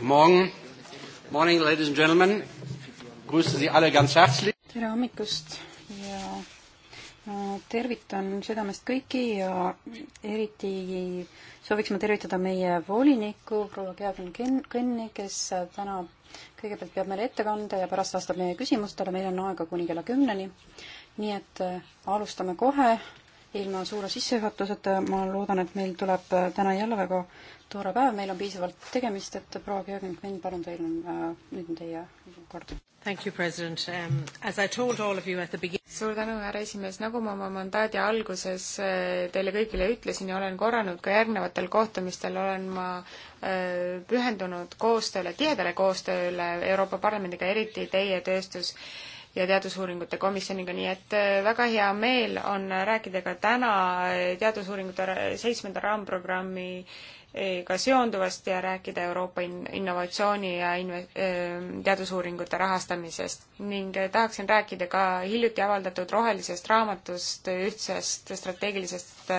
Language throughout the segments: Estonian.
Morgen. Morning, ladies and gentlemen. Grüße Sie alle ganz herzlich. tere hommikust ja tervitan südamest kõiki ja eriti sooviks ma tervitada meie volinikku, proua Gergen Kõnni, kes täna kõigepealt peab meile ettekande ja pärast vastab meie küsimustele, meil on aega kuni kella kümneni. nii et äh, alustame kohe ilma suure sissejuhatuseta, ma loodan, et meil tuleb äh, täna jälle väga tore päev, meil on piisavalt tegemist, et proua Jürgen-Kven, palun, teil on, äh, nüüd on teie kord. Thank you, president um,. As I told all of you at the beginning suur tänu, härra esimees, nagu ma oma mandaadi alguses äh, teile kõigile ütlesin ja olen korranud ka järgnevatel kohtumistel, olen ma pühendunud koostööle, tihedale koostööle Euroopa Parlamendiga, eriti teie tööstus- ja Teadusuuringute Komisjoniga, nii et äh, väga hea meel on rääkida ka täna äh, teadusuuringute seitsmenda raamprogrammi äh, ka seonduvast ja rääkida Euroopa in-, innovatsiooni ja inve-, teadusuuringute rahastamisest. ning tahaksin rääkida ka hiljuti avaldatud rohelisest raamatust, ühtsest strateegilisest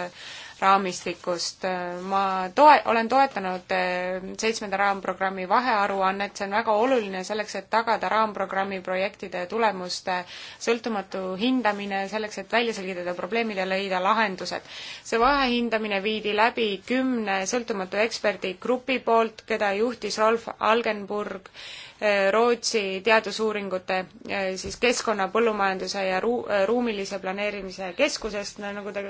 raamistikust. ma toe-, olen toetanud eh, seitsmenda raamprogrammi vahearuannet, see on väga oluline selleks, et tagada raamprogrammi projektide tulemuste sõltumatu hindamine, selleks, et välja selgitada probleemid ja leida lahendused. see vahehindamine viidi läbi kümne sõltumatu eksperdigrupi poolt, keda juhtis Rolf Algenburg, eh, Rootsi teadusuuringute eh, siis keskkonna, põllumajanduse ja ruu-, ruumilise planeerimise keskusest, nagu te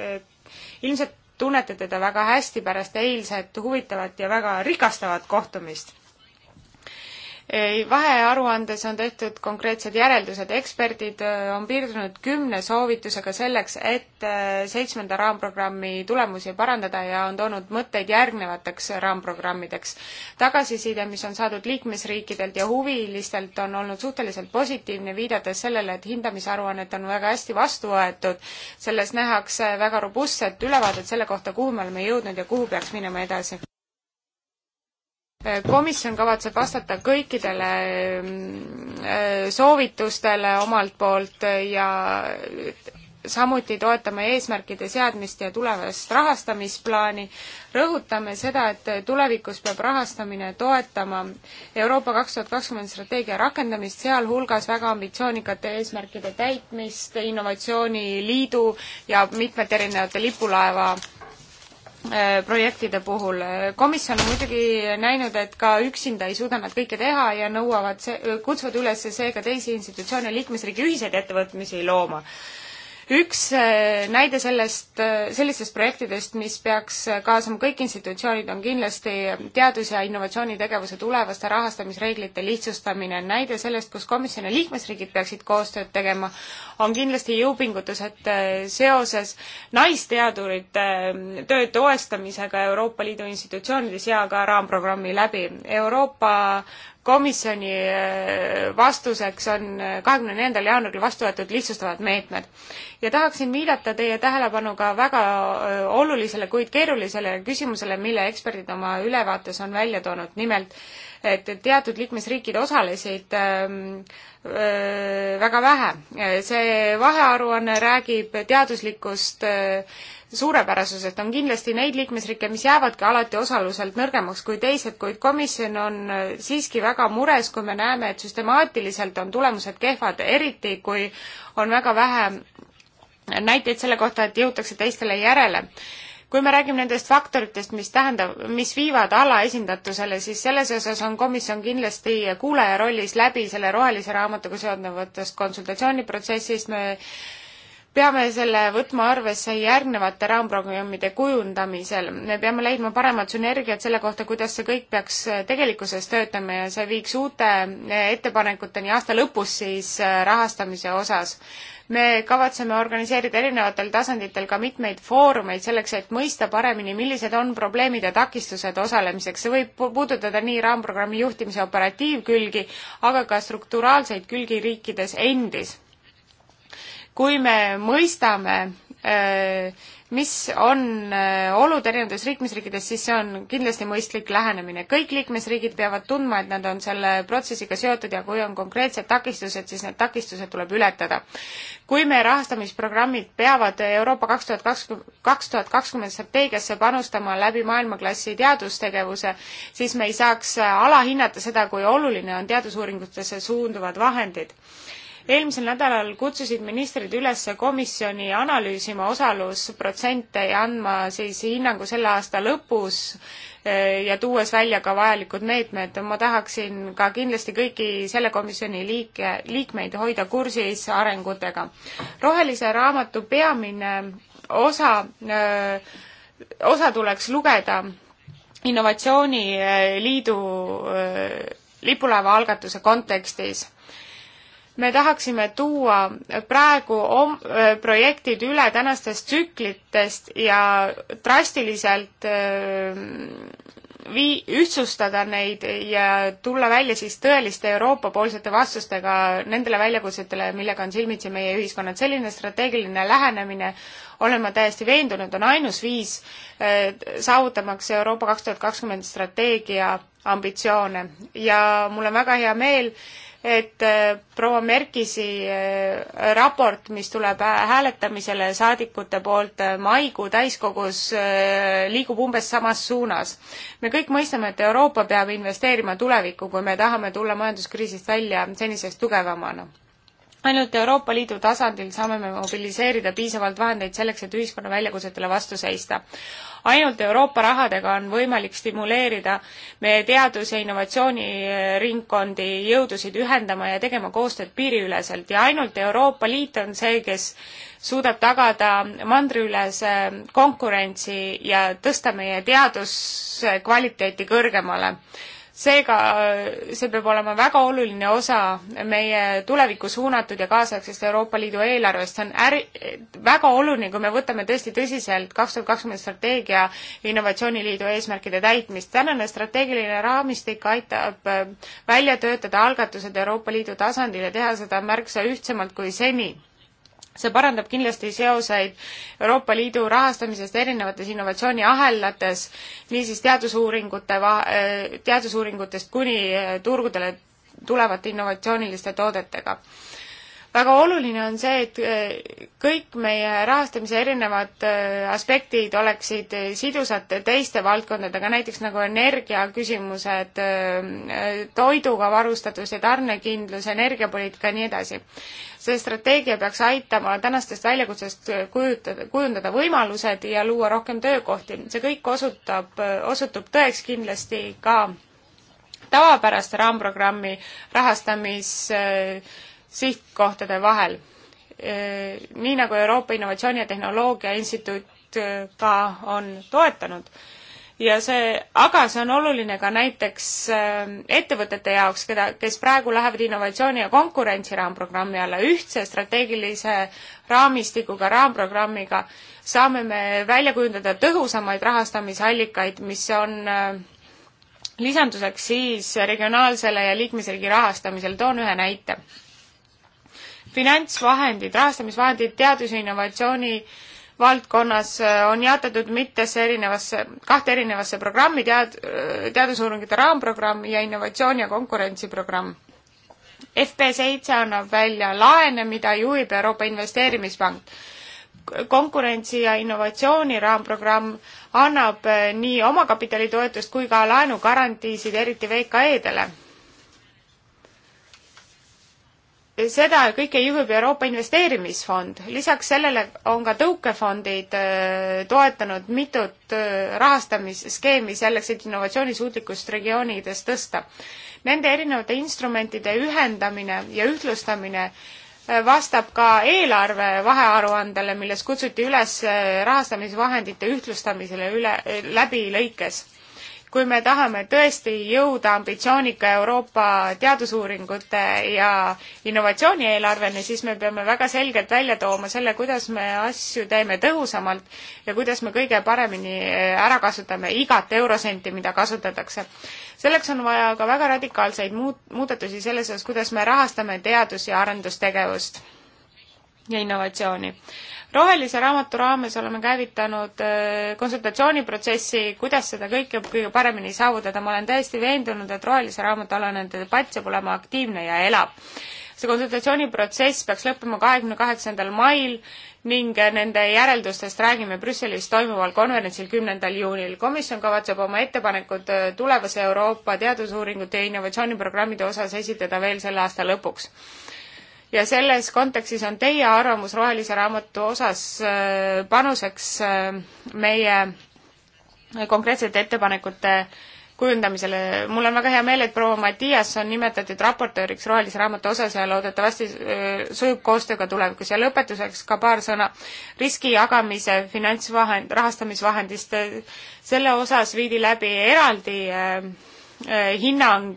ilmselt tunnete teda väga hästi pärast eilset huvitavat ja väga rikastavat kohtumist vahearuandes on tehtud konkreetsed järeldused, eksperdid äh, on piirdunud kümne soovitusega selleks, et äh, seitsmenda raamprogrammi tulemusi parandada ja on toonud mõtteid järgnevateks raamprogrammideks. tagasiside, mis on saadud liikmesriikidelt ja huvilistelt, on olnud suhteliselt positiivne, viidates sellele, et hindamisaruannet on väga hästi vastu võetud. selles nähakse väga robustset ülevaadet selle kohta, kuhu me oleme jõudnud ja kuhu peaks minema edasi komisjon kavatseb vastata kõikidele mm, äh, soovitustele omalt poolt ja samuti toetame eesmärkide seadmist ja tulevast rahastamisplaani. rõhutame seda, et tulevikus peab rahastamine toetama Euroopa kaks tuhat kakskümmend strateegia rakendamist, sealhulgas väga ambitsioonikate eesmärkide täitmist, innovatsiooniliidu ja mitmete erinevate lipulaeva Äh, projektide puhul. komisjon on muidugi näinud, et ka üksinda ei suuda nad kõike teha ja nõuavad, kutsuvad üles seega teisi institutsioone liikmesriigi ühiseid ettevõtmisi looma üks äh, näide sellest, äh, sellistest projektidest, mis peaks äh, kaasama kõik institutsioonid, on kindlasti teadus- ja innovatsioonitegevuse tulevaste rahastamisreeglite lihtsustamine. näide sellest, kus komisjoni liikmesriigid peaksid koostööd tegema, on kindlasti jõupingutused seoses naisteadurite töö toestamisega Euroopa Liidu institutsioonides ja ka raamprogrammi läbi. Euroopa komisjoni eh, vastuseks on eh, kahekümne neljandal jaanuaril vastu võetud lihtsustavad meetmed. ja tahaksin viidata teie tähelepanu ka väga eh, olulisele, kuid keerulisele küsimusele, mille eksperdid oma ülevaates on välja toonud, nimelt et teatud liikmesriigid osalesid ehm, väga vähe. see vahearuanne räägib teaduslikust öö, suurepärasusest. on kindlasti neid liikmesriike, mis jäävadki alati osaluselt nõrgemaks kui teised, kuid komisjon on äh, siiski väga mures, kui me näeme, et süstemaatiliselt on tulemused kehvad, eriti kui on väga vähe näiteid selle kohta, et jõutakse teistele järele kui me räägime nendest faktoritest, mis tähendab, mis viivad alaesindatusele, siis selles osas on komisjon kindlasti kuulaja rollis läbi selle rohelise raamatuga seonduvatest konsultatsiooniprotsessist, me peame selle võtma arvesse järgnevate raamprogrammide kujundamisel. me peame leidma paremad sünergiad selle kohta, kuidas see kõik peaks tegelikkuses töötama ja see viiks uute ettepanekuteni aasta lõpus siis äh, rahastamise osas. me kavatseme organiseerida erinevatel tasanditel ka mitmeid foorumeid selleks, et mõista paremini, millised on probleemid ja takistused osalemiseks. see võib puudutada nii raamprogrammi juhtimise operatiivkülgi, aga ka strukturaalseid külgi riikides endis kui me mõistame, äh, mis on äh, olud erinevates liikmesriikides, siis see on kindlasti mõistlik lähenemine. kõik liikmesriigid peavad tundma, et nad on selle protsessiga seotud ja kui on konkreetsed takistused, siis need takistused tuleb ületada. kui meie rahastamisprogrammid peavad Euroopa kaks tuhat kakskümmend, kaks tuhat kakskümmend strateegiasse panustama läbi maailmaklassi teadustegevuse, siis me ei saaks alahinnata seda, kui oluline on teadusuuringutesse suunduvad vahendid eelmisel nädalal kutsusid ministrid üles komisjoni analüüsima osalusprotsente ja andma siis hinnangu selle aasta lõpus eh, ja tuues välja ka vajalikud meetmed. ma tahaksin ka kindlasti kõiki selle komisjoni liike, liikmeid hoida kursis arengutega. rohelise raamatu peamine osa, eh, osa tuleks lugeda innovatsiooniliidu eh, lipulaeva algatuse kontekstis me tahaksime tuua praegu om-, äh, projektid üle tänastest tsüklitest ja drastiliselt äh, vii-, ühtsustada neid ja tulla välja siis tõeliste Euroopa-poolsete vastustega nendele väljakutsetele, millega on silmitsi meie ühiskonnad. selline strateegiline lähenemine, olen ma täiesti veendunud, on ainus viis äh, saavutamaks Euroopa kaks tuhat kakskümmend strateegia ambitsioone ja mul on väga hea meel, et äh, proua Merkisi äh, raport, mis tuleb äh, hääletamisele saadikute poolt maikuu täiskogus, liigub umbes samas suunas. me kõik mõistame, et Euroopa peab investeerima tulevikku, kui me tahame tulla majanduskriisist välja senisest tugevamana ainult Euroopa Liidu tasandil saame me mobiliseerida piisavalt vahendeid selleks, et ühiskonna väljakutsetele vastu seista ainult Euroopa rahadega on võimalik stimuleerida meie teadus- ja innovatsiooniringkondi jõudusid ühendama ja tegema koostööd piiriüleselt ja ainult Euroopa Liit on see, kes suudab tagada mandriülese konkurentsi ja tõsta meie teaduse kvaliteeti kõrgemale seega see peab olema väga oluline osa meie tulevikku suunatud ja kaasaegsest Euroopa Liidu eelarvest, see on äri-, väga oluline, kui me võtame tõesti tõsiselt kaks tuhat kakskümmend strateegia Innovatsiooniliidu eesmärkide täitmist. tänane strateegiline raamistik aitab äh, välja töötada algatused Euroopa Liidu tasandil ja teha seda märksa ühtsemalt kui seni see parandab kindlasti seoseid Euroopa Liidu rahastamisest erinevates innovatsiooniahelates, niisiis teadusuuringute, teadusuuringutest kuni eh, turgudele tulevate innovatsiooniliste toodetega väga oluline on see, et eh, kõik meie rahastamise erinevad eh, aspektid oleksid eh, sidusad teiste valdkondadega, näiteks nagu energiaküsimused, toiduga varustatus ja tarnekindlus, energiapoliitika ja nii edasi. see strateegia peaks aitama tänastest väljakutsest kujutada, kujundada võimalused ja luua rohkem töökohti. see kõik osutab, osutub tõeks kindlasti ka tavapärast raamprogrammi rahastamis äh, sihtkohtade vahel. nii nagu Euroopa Innovatsiooni ja Tehnoloogia Instituut e, ka on toetanud ja see, aga see on oluline ka näiteks e, ettevõtete jaoks, keda, kes praegu lähevad innovatsiooni ja konkurentsi raamprogrammi alla, ühtse strateegilise raamistikuga, raamprogrammiga saame me välja kujundada tõhusamaid rahastamisallikaid, mis on e, lisanduseks siis regionaalsele ja liikmesriigi rahastamisele, toon ühe näite finantsvahendid, rahastamisvahendid teadus- ja innovatsiooni valdkonnas äh, on jaotatud mitmesse erinevasse, kahte erinevasse programmi, tead-, äh, teadusuuringute raamprogramm ja innovatsiooni- ja konkurentsiprogramm. FP seitse annab välja laene, mida juhib Euroopa Investeerimispank. konkurentsi- ja innovatsiooni raamprogramm annab äh, nii omakapitalitoetust kui ka laenugarantiisid, eriti VKE-dele seda kõike juhib Euroopa Investeerimisfond, lisaks sellele on ka tõukefondid äh, toetanud mitut äh, rahastamisskeemi selleks, et innovatsioonisuutlikkust regioonides tõsta. Nende erinevate instrumentide ühendamine ja ühtlustamine äh, vastab ka eelarve vahearuandele, milles kutsuti üles rahastamisvahendite ühtlustamisele üle, läbi lõikes kui me tahame tõesti jõuda ambitsioonika Euroopa teadusuuringute ja innovatsiooni eelarveni, siis me peame väga selgelt välja tooma selle, kuidas me asju teeme tõhusamalt ja kuidas me kõige paremini äh, ära kasutame igat eurosenti, mida kasutatakse. selleks on vaja ka väga radikaalseid muut-, muudatusi selles osas, kuidas me rahastame teadus- ja arendustegevust ja innovatsiooni rohelise raamatu raames oleme käivitanud äh, konsultatsiooniprotsessi, kuidas seda kõike kõige paremini saavutada, ma olen täiesti veendunud, et rohelise raamatu alane debatt saab olema aktiivne ja elab. see konsultatsiooniprotsess peaks lõppema kahekümne kaheksandal mail ning nende järeldustest räägime Brüsselis toimuval konverentsil kümnendal juunil. komisjon kavatseb oma ettepanekud äh, tulevase Euroopa teadusuuringute ja innovatsiooniprogrammide osas esitada veel selle aasta lõpuks ja selles kontekstis on teie arvamus Rohelise raamatu osas äh, panuseks äh, meie konkreetsete ettepanekute kujundamisele. mul on väga hea meel, et proua Matias on nimetatud raportööriks Rohelise raamatu osas ja loodetavasti äh, sujub koostöö ka tulevikus. ja lõpetuseks ka paar sõna riski jagamise finantsvahend, rahastamisvahendist. selle osas viidi läbi eraldi hinnang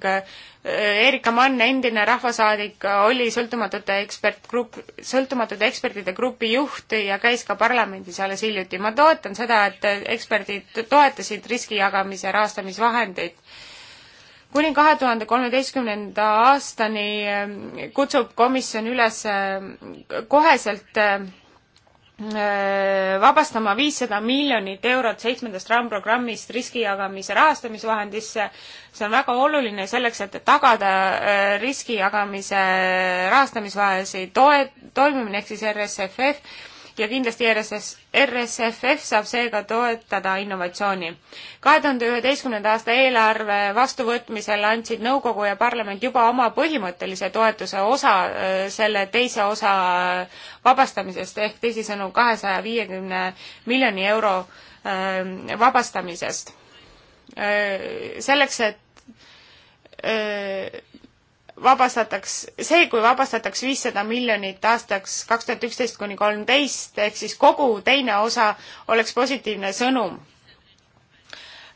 Erika Mann, endine rahvasaadik, oli sõltumatute ekspertgrupp, sõltumatute ekspertide grupi juht ja käis ka parlamendis alles hiljuti. ma toetan seda, et eksperdid toetasid riskijagamise rahastamisvahendeid. kuni kahe tuhande kolmeteistkümnenda aastani kutsub komisjon üles koheselt Äh, vabastama viissada miljonit eurot seitsmendast raamprogrammist riskijagamise rahastamisvahendisse. see on väga oluline selleks, et tagada äh, riskijagamise rahastamisvahelisi toe-, toimimine ehk siis RSFF ja kindlasti RSS, RSFF saab seega toetada innovatsiooni. kahe tuhande üheteistkümnenda aasta eelarve vastuvõtmisel andsid nõukogu ja parlament juba oma põhimõttelise toetuse osa äh, selle teise osa äh, vabastamisest ehk teisisõnu kahesaja viiekümne miljoni euro äh, vabastamisest. selleks, et vabastataks, see, kui vabastataks viissada miljonit aastaks kaks tuhat üksteist kuni kolmteist, ehk siis kogu teine osa oleks positiivne sõnum.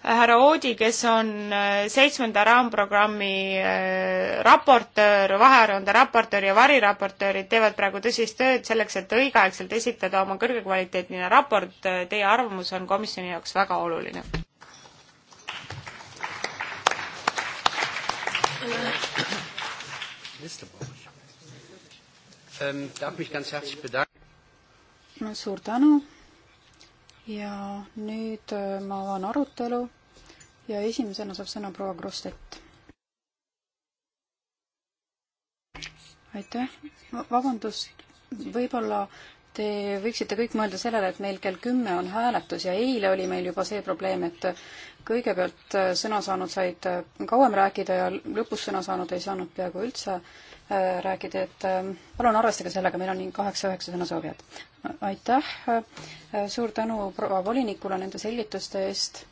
härra Oodi, kes on äh, seitsmenda raamprogrammi äh, raportöör, vahearuande raportöör ja variraportöörid, teevad praegu tõsist tööd selleks, et õigeaegselt esitada oma kõrgekvaliteetne raport. Äh, teie arvamus on komisjoni jaoks väga oluline. Ähm, suur tänu ja nüüd äh, ma avan arutelu ja esimesena saab sõna proua Krostet. aitäh, vabandust, võib-olla te võiksite kõik mõelda sellele, et meil kell kümme on hääletus ja eile oli meil juba see probleem, et kõigepealt äh, sõna saanud said äh, kauem rääkida ja lõpus sõna saanud ei saanud peaaegu üldse äh, rääkida, et ähm, palun arvestage sellega, meil on kaheksa-üheksa sõnasoovijat. aitäh, suur tänu proua volinikule nende selgituste eest,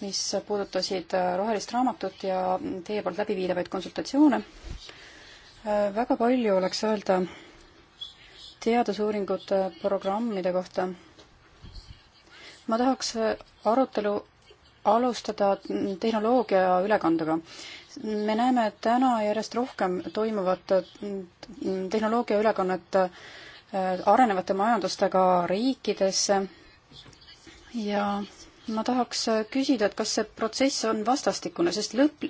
mis puudutasid Rohelist Raamatut ja teie poolt läbiviidavaid konsultatsioone. väga palju oleks öelda teadusuuringute programmide kohta ma tahaks arutelu alustada tehnoloogia ülekandega. me näeme täna järjest rohkem toimuvat mm, tehnoloogia ülekannet äh, arenevate majandustega riikidesse ja ma tahaks äh, küsida, et kas see protsess on vastastikune, sest lõpp,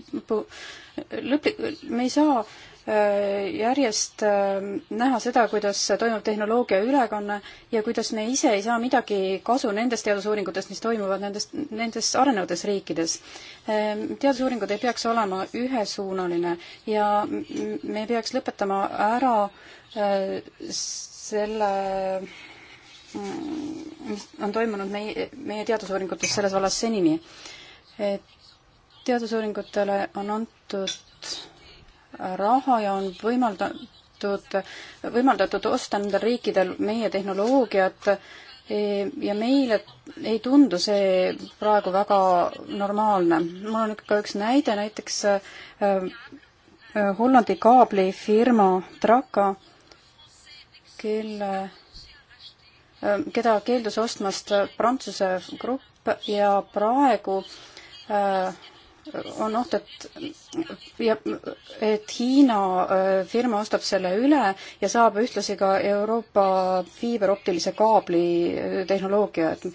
lõpp, me ei saa Äh, järjest äh, näha seda, kuidas toimub tehnoloogia ülekanne ja kuidas me ise ei saa midagi kasu nendest teadusuuringutest, mis toimuvad nendest, nendes arenevates riikides. Äh, teadusuuringud ei peaks olema ühesuunaline ja me peaks lõpetama ära selle mm, mis on toimunud meie, meie teadusuuringutes selles vallas senini. teadusuuringutele on antud raha ja on võimaldatud, võimaldatud osta nendel riikidel meie tehnoloogiat e, ja meile ei tundu see praegu väga normaalne. mul on ka üks näide, näiteks e, e, Hollandi kaablifirma Traka, kelle, keda keeldus ostmast Prantsuse grupp ja praegu äh, on oht, et ja et Hiina äh, firma ostab selle üle ja saab ühtlasi ka Euroopa fiiberoptilise kaabli äh, tehnoloogia, et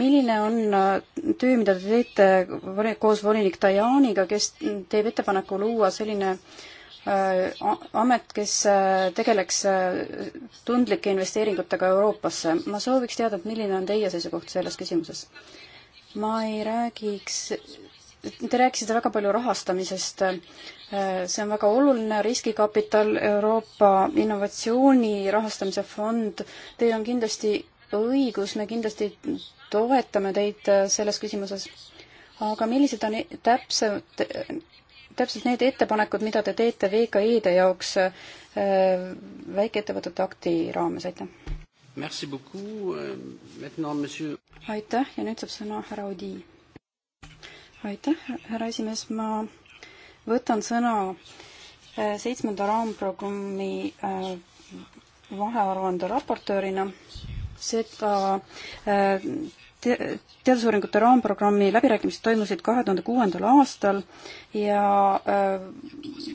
milline on äh, töö, mida te teete koos volinik Tajaniga, kes teeb ettepaneku luua selline amet, kes tegeleks tundlike investeeringutega Euroopasse. ma sooviks teada, et milline on teie seisukoht selles küsimuses? ma ei räägiks Te rääkisite väga palju rahastamisest. see on väga oluline riskikapital, Euroopa Innovatsiooni Rahastamise Fond. Teil on kindlasti õigus, me kindlasti toetame teid selles küsimuses. aga millised on täpselt, täpselt need ettepanekud, mida te teete VKI-de jaoks äh, väikeettevõtete akti raames, aitäh! Euh, aitäh ja nüüd saab sõna härra Odi aitäh, härra esimees, ma võtan sõna äh, seitsmenda raamprogrammi äh, vahearuande raportöörina. seda äh, te teadusuuringute raamprogrammi läbirääkimised toimusid kahe tuhande kuuendal aastal ja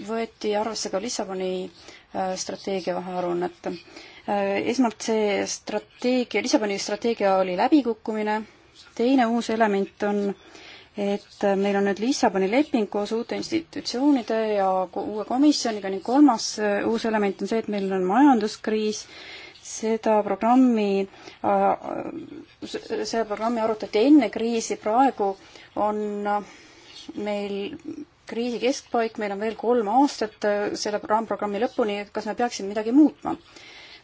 võeti arvesse ka Lissaboni strateegia vahearuannet. esmalt see strateegia, Lissaboni strateegia oli läbikukkumine, teine uus element on äh, et meil on nüüd Lissaboni leping koos uute institutsioonide ja uue komisjoniga ning kolmas äh, uus element on see, et meil on majanduskriis, seda programmi, äh, seda programmi arutati enne kriisi, praegu on äh, meil kriisi keskpaik, meil on veel kolm aastat selle raamprogrammi lõpuni, et kas me peaksime midagi muutma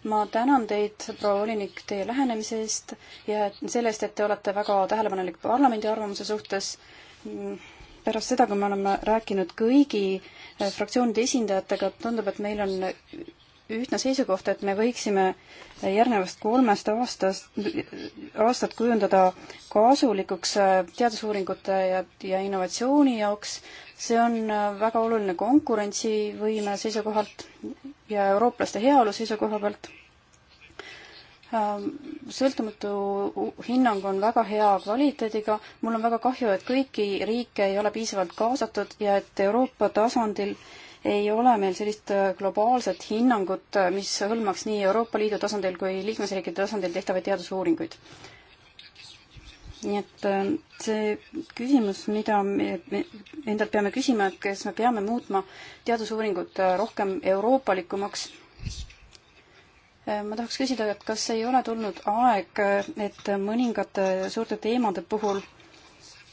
ma tänan teid, proua volinik, teie lähenemise eest ja selle eest, et te olete väga tähelepanelik parlamendi arvamuse suhtes. pärast seda, kui me oleme rääkinud kõigi eh, fraktsioonide esindajatega, tundub, et meil on ühtne seisukoht, et me võiksime järgnevast kolmest aastast, aastat kujundada kasulikuks äh, teadusuuringute ja, ja innovatsiooni jaoks. see on äh, väga oluline konkurentsivõime seisukohalt ja eurooplaste heaolu seisukoha pealt. Ähm, sõltumatu hinnang on väga hea kvaliteediga. mul on väga kahju, et kõiki riike ei ole piisavalt kaasatud ja et Euroopa tasandil äh, ei ole meil sellist äh, globaalset hinnangut, äh, mis hõlmaks nii Euroopa Liidu tasandil kui liikmesriikide tasandil tehtavaid teadusuuringuid. nii et äh, see küsimus, mida me, me endalt peame küsima, et kas me peame muutma teadusuuringut rohkem euroopalikumaks, ma tahaks küsida, et kas ei ole tulnud aeg, et mõningate suurte teemade puhul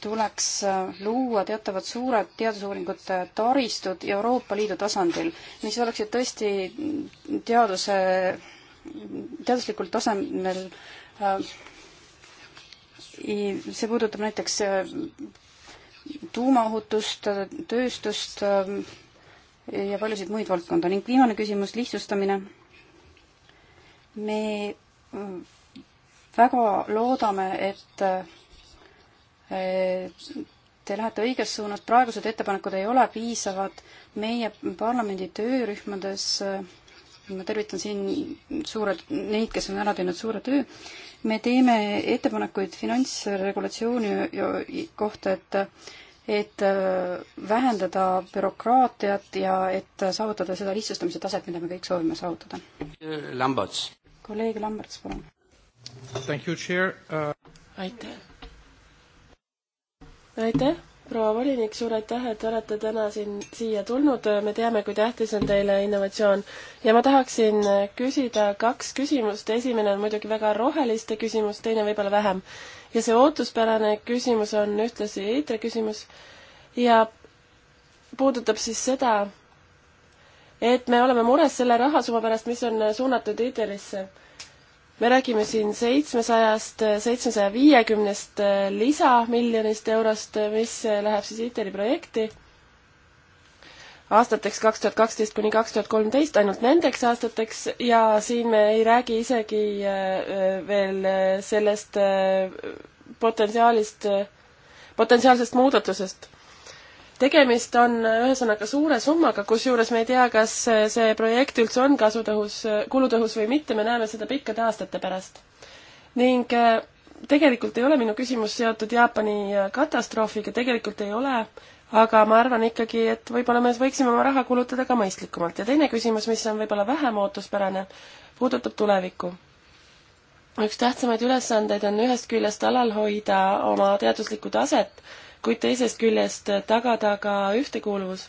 tuleks äh, luua teatavad suured teadusuuringute äh, taristud Euroopa Liidu tasandil, mis oleksid tõesti teaduse, teaduslikul tasemel äh, see puudutab näiteks tuumaohutust, tööstust ja paljusid muid valdkonda ning viimane küsimus, lihtsustamine. me väga loodame, et Te lähete õiges suunas, praegused ettepanekud ei ole piisavad. meie parlamendi töörühmades, ma tervitan siin suure, neid, kes on ära teinud suure töö, me teeme ettepanekuid finantsregulatsiooni kohta, et et vähendada bürokraatiat ja et saavutada seda lihtsustamise taset, mida me kõik soovime saavutada. Lamberts. kolleeg Lamberts, palun. Uh... aitäh aitäh, proua volinik, suur aitäh, et olete täna siin, siia tulnud, me teame, kui tähtis on teile innovatsioon. ja ma tahaksin küsida kaks küsimust, esimene on muidugi väga roheliste küsimus, teine võib-olla vähem. ja see ootuspärane küsimus on ühtlasi Eitre küsimus ja puudutab siis seda, et me oleme mures selle rahasumma pärast, mis on suunatud ITER-isse me räägime siin seitsmesajast, seitsmesaja viiekümnest äh, lisamiljonist eurost, äh, mis äh, läheb siis ITER-i projekti aastateks kaks tuhat kaksteist kuni kaks tuhat kolmteist, ainult nendeks aastateks ja siin me ei räägi isegi veel sellest potentsiaalist, potentsiaalsest muudatusest tegemist on ühesõnaga suure summaga, kusjuures me ei tea, kas see projekt üldse on kasutõhus, kulutõhus või mitte, me näeme seda pikkade aastate pärast. ning äh, tegelikult ei ole minu küsimus seotud Jaapani äh, katastroofiga, tegelikult ei ole, aga ma arvan ikkagi, et võib-olla me võiksime oma raha kulutada ka mõistlikumalt ja teine küsimus, mis on võib-olla vähem ootuspärane, puudutab tulevikku. üks tähtsamaid ülesandeid on ühest küljest alal hoida oma teaduslikku taset, kuid teisest küljest tagada ka ühtekuuluvus.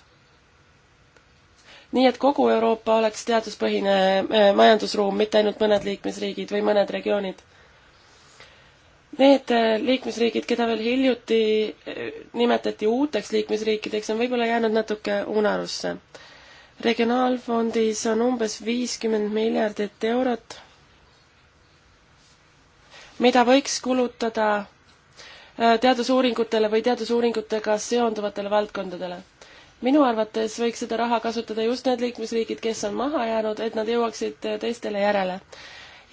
nii et kogu Euroopa oleks teaduspõhine äh, majandusruum, mitte ainult mõned liikmesriigid või mõned regioonid. Need äh, liikmesriigid, keda veel hiljuti äh, nimetati uuteks liikmesriikideks, on võib-olla jäänud natuke unarusse. regionaalfondis on umbes viiskümmend miljardit eurot, mida võiks kulutada Äh, teadusuuringutele või teadusuuringutega seonduvatele valdkondadele. minu arvates võiks seda raha kasutada just need liikmesriigid, kes on maha jäänud, et nad jõuaksid äh, teistele järele.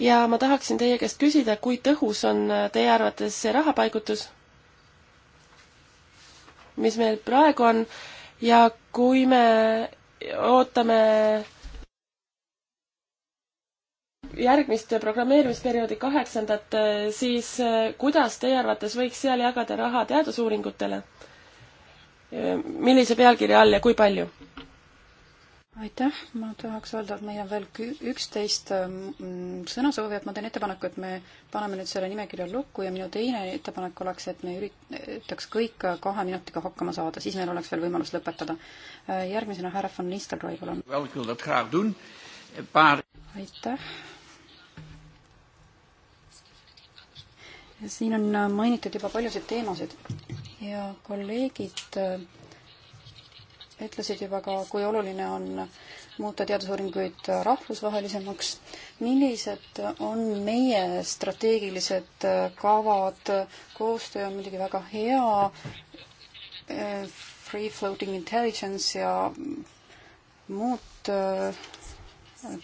ja ma tahaksin teie käest küsida, kui tõhus on äh, teie arvates see rahapaigutus, mis meil praegu on ja kui me ootame järgmist programmeerimisperioodi kaheksandat, siis eh, kuidas teie arvates võiks seal jagada raha teadusuuringutele? Eh, millise pealkirja all ja kui palju? aitäh, ma tahaks öelda, et meil on veel üksteist mm, sõnasoovi, et ma teen ettepaneku, et me paneme nüüd selle nimekirja lukku ja minu teine ettepanek oleks, et me üritaks kõik kahe minutiga hakkama saada, siis meil oleks veel võimalus lõpetada. Eh, järgmisena härra von Nistelrooy, palun. aitäh siin on äh, mainitud juba paljusid teemasid ja kolleegid äh, ütlesid juba ka, kui oluline on muuta teadusuuringuid äh, rahvusvahelisemaks. millised on meie strateegilised kavad? koostöö on muidugi väga hea. Free floating intelligence ja muud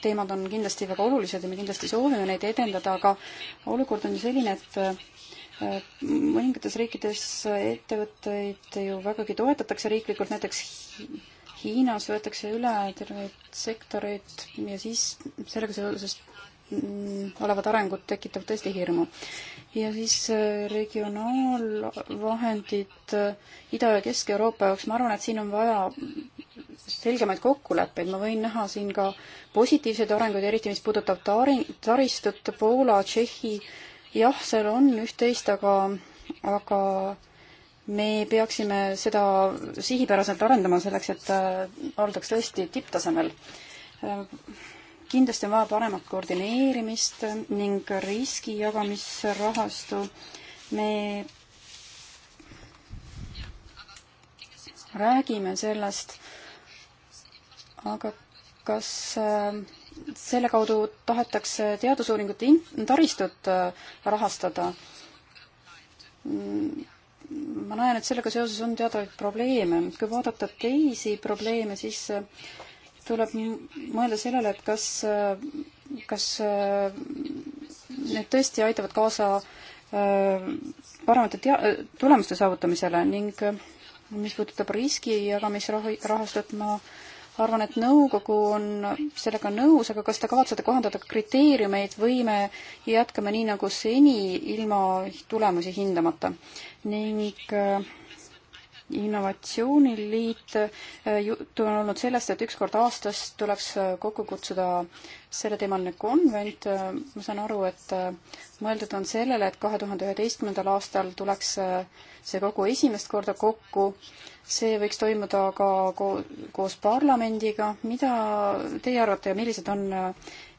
teemad on kindlasti väga olulised ja me kindlasti soovime neid edendada, aga olukord on ju selline, et äh, mõningates riikides ettevõtteid ju vägagi toetatakse riiklikult, näiteks Hiinas võetakse üle terveid sektoreid ja siis sellega seoses Mm, olevad arengud tekitavad tõesti hirmu. ja siis äh, regionaalvahendid äh, Ida- ja Kesk-Euroopa jaoks, ma arvan, et siin on vaja selgemaid kokkuleppeid, ma võin näha siin ka positiivseid arenguid, eriti mis puudutab tari-, taristut, Poola, Tšehhi, jah, seal on üht-teist, aga, aga me peaksime seda sihipäraselt arendama selleks, et äh, oldaks tõesti tipptasemel kindlasti on vaja paremat koordineerimist ning riski jagamisrahastu. me räägime sellest, aga kas äh, selle kaudu tahetakse teadusuuringute taristut äh, rahastada? Mm, ma näen, et sellega seoses on teatavaid probleeme. kui vaadata teisi probleeme, siis äh, tuleb mõelda sellele, et kas, kas äh, need tõesti aitavad kaasa äh, paremate tea-, tulemuste saavutamisele ning äh, mis puudutab riski jagamisrahastut, ma arvan, et nõukogu on sellega nõus, aga kas te kavatsete kohandada kriteeriumeid või me jätkame nii nagu seni, ilma tulemusi hindamata? ning äh, innovatsiooniliit, äh, juttu on olnud sellest, et üks kord aastas tuleks äh, kokku kutsuda selleteemaline konvent, äh, ma saan aru, et mõeldud on sellele, et kahe tuhande üheteistkümnendal aastal tuleks see kogu esimest korda kokku, see võiks toimuda ka ko koos parlamendiga, mida teie arvate ja millised on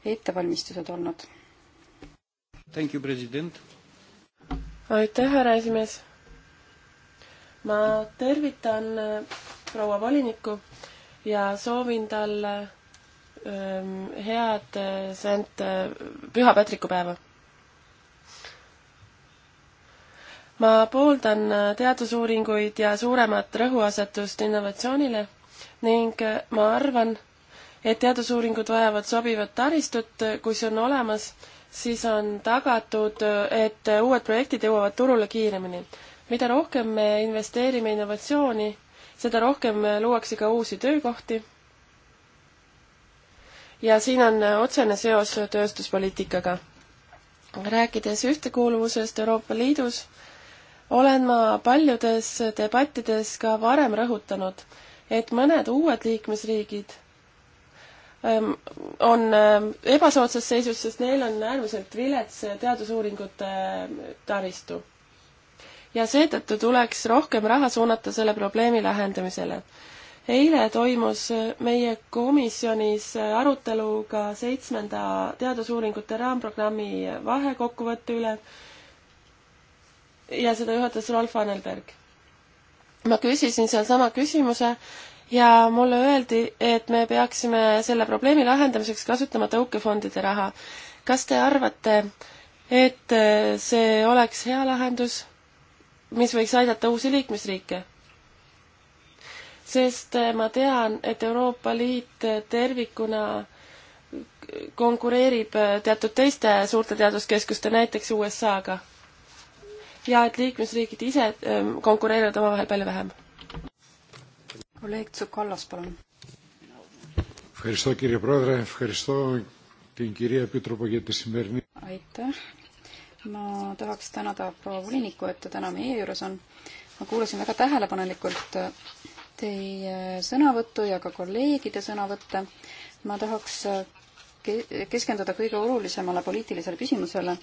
ettevalmistused olnud? aitäh, härra esimees ma tervitan äh, proua volinikku ja soovin talle ähm, head äh, Saint äh, Püha Patriku päeva. ma pooldan teadusuuringuid ja suuremat rõhuasetust innovatsioonile ning ma arvan, et teadusuuringud vajavad sobivat taristut, kui see on olemas, siis on tagatud, et uued projektid jõuavad turule kiiremini mida rohkem me investeerime innovatsiooni, seda rohkem luuakse ka uusi töökohti. ja siin on otsene seos tööstuspoliitikaga. rääkides ühtekuuluvusest Euroopa Liidus, olen ma paljudes debattides ka varem rõhutanud, et mõned uued liikmesriigid ähm, on ähm, ebasoodsas seisus, sest neil on äärmiselt vilets teadusuuringute taristu ja seetõttu tuleks rohkem raha suunata selle probleemi lahendamisele. eile toimus meie komisjonis arutelu ka seitsmenda teadusuuringute raamprogrammi vahekokkuvõtte üle ja seda juhatas Rolf Annelberg. ma küsisin seal sama küsimuse ja mulle öeldi, et me peaksime selle probleemi lahendamiseks kasutama tõukefondide raha. kas te arvate, et see oleks hea lahendus? mis võiks aidata uusi liikmesriike. sest eh, ma tean, et Euroopa Liit eh, tervikuna konkureerib eh, teatud teiste suurte teaduskeskuste, näiteks USA-ga. ja et liikmesriigid ise konkureerivad omavahel palju vähem. kolleeg Tsukallas, palun. aitäh, ma tahaks tänada proua volinikku, et ta täna meie juures on. ma kuulasin väga tähelepanelikult teie sõnavõttu ja ka kolleegide sõnavõtte. ma tahaks keskenduda kõige olulisemale poliitilisele küsimusele,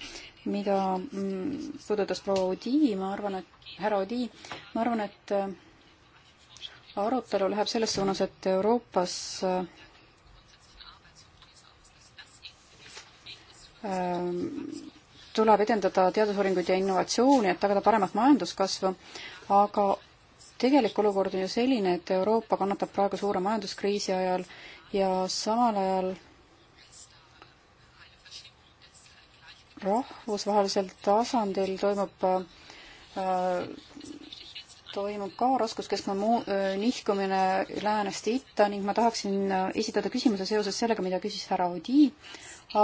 mida mm, puudutas proua Odi, ma arvan, et härra Odi, ma arvan, et äh, arutelu läheb selles suunas, et Euroopas äh, tuleb edendada teadusuuringuid ja innovatsiooni, et tagada paremat majanduskasvu, aga tegelik olukord on ju selline, et Euroopa kannatab praegu suure majanduskriisi ajal ja samal ajal rahvusvahelisel tasandil toimub äh, toimub ka raskuskeskme muu-, äh, nihkumine läänest itta ning ma tahaksin äh, esitada küsimuse seoses sellega, mida küsis härra Odi,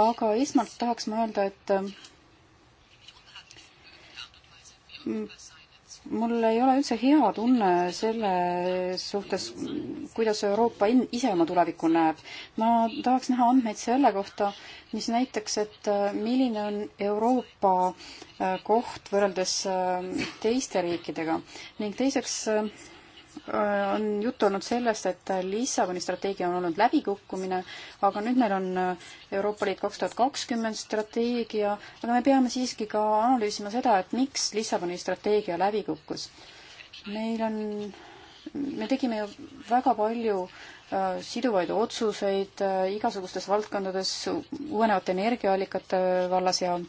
aga esmalt tahaks ma öelda, et äh, mul ei ole üldse hea tunne selle suhtes, kuidas Euroopa ise oma tulevikku näeb. ma tahaks näha andmeid selle kohta, mis näitaks, et äh, milline on Euroopa äh, koht võrreldes äh, teiste riikidega ning teiseks Äh, on juttu olnud sellest, et Lissaboni strateegia on olnud läbikukkumine, aga nüüd meil on äh, Euroopa Liit kaks tuhat kakskümmend strateegia, aga me peame siiski ka analüüsima seda, et miks Lissaboni strateegia läbi kukkus. meil on, me tegime ju väga palju äh, siduvaid otsuseid igasugustes valdkondades, uuenevate energiaallikate vallas ja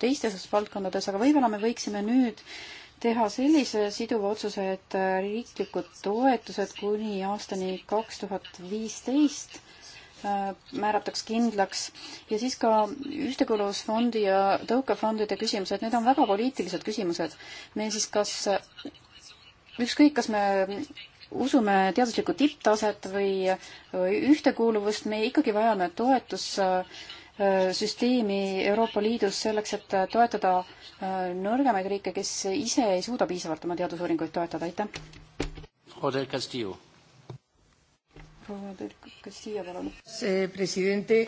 teistes valdkondades, aga võib-olla me võiksime nüüd äh, teha sellise siduva otsuse, et riiklikud toetused kuni aastani kaks tuhat viisteist äh, määrataks kindlaks ja siis ka ühtekuuluvusfondi ja tõukefondide küsimused, need on väga poliitilised küsimused. me siis kas, ükskõik, kas me usume teaduslikku tipptaset või ühtekuuluvust, me ikkagi vajame toetus äh, Äh, süsteemi Euroopa Liidus selleks, et äh, toetada äh, nõrgemaid riike, kes ise ei suuda piisavalt oma teadusuuringuid toetada, aitäh! Joder Castillo. proua Joder Castillo, palun. see presidenti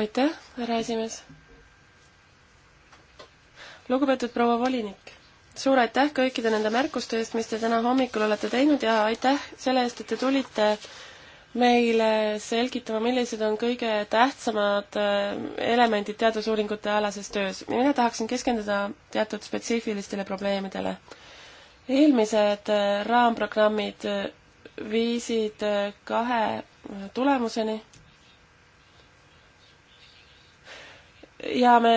aitäh, härra esimees! lugupeetud proua volinik, suur aitäh kõikide nende märkuste eest, mis te täna hommikul olete teinud ja aitäh selle eest, et te tulite meile selgitama, millised on kõige tähtsamad äh, elemendid teadusuuringute alases töös. mina tahaksin keskenduda teatud spetsiifilistele probleemidele. eelmised äh, raamprogrammid äh, viisid kahe tulemuseni. ja me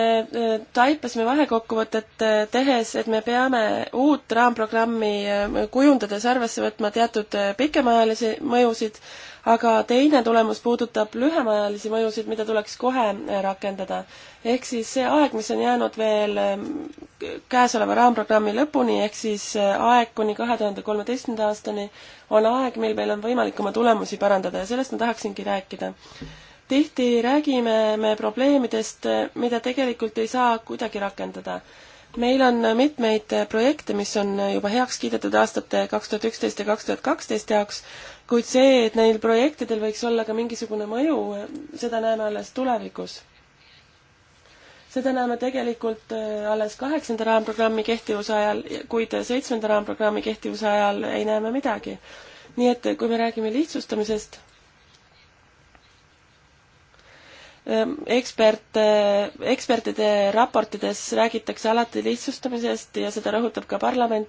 taipasime vahekokkuvõtet tehes, et me peame uut raamprogrammi kujundades arvesse võtma teatud pikemaajalisi mõjusid, aga teine tulemus puudutab lühemaajalisi mõjusid, mida tuleks kohe eh, rakendada. ehk siis see aeg, mis on jäänud veel ehm, käesoleva raamprogrammi lõpuni, ehk siis eh, aeg kuni kahe tuhande kolmeteistkümnenda aastani, on aeg, mil meil on võimalik oma tulemusi parandada ja sellest ma tahaksingi rääkida. tihti räägime me probleemidest, eh, mida tegelikult ei saa kuidagi rakendada meil on mitmeid projekte, mis on juba heaks kiidetud aastate kaks tuhat üksteist ja kaks tuhat kaksteist jaoks, kuid see, et neil projektidel võiks olla ka mingisugune mõju, seda näeme alles tulevikus. seda näeme tegelikult äh, alles kaheksanda raamprogrammi kehtivuse ajal, kuid seitsmenda raamprogrammi kehtivuse ajal ei näe me midagi. nii et kui me räägime lihtsustamisest Ehm, eksperte, ekspertide raportides räägitakse alati lihtsustamisest ja seda rõhutab ka parlament.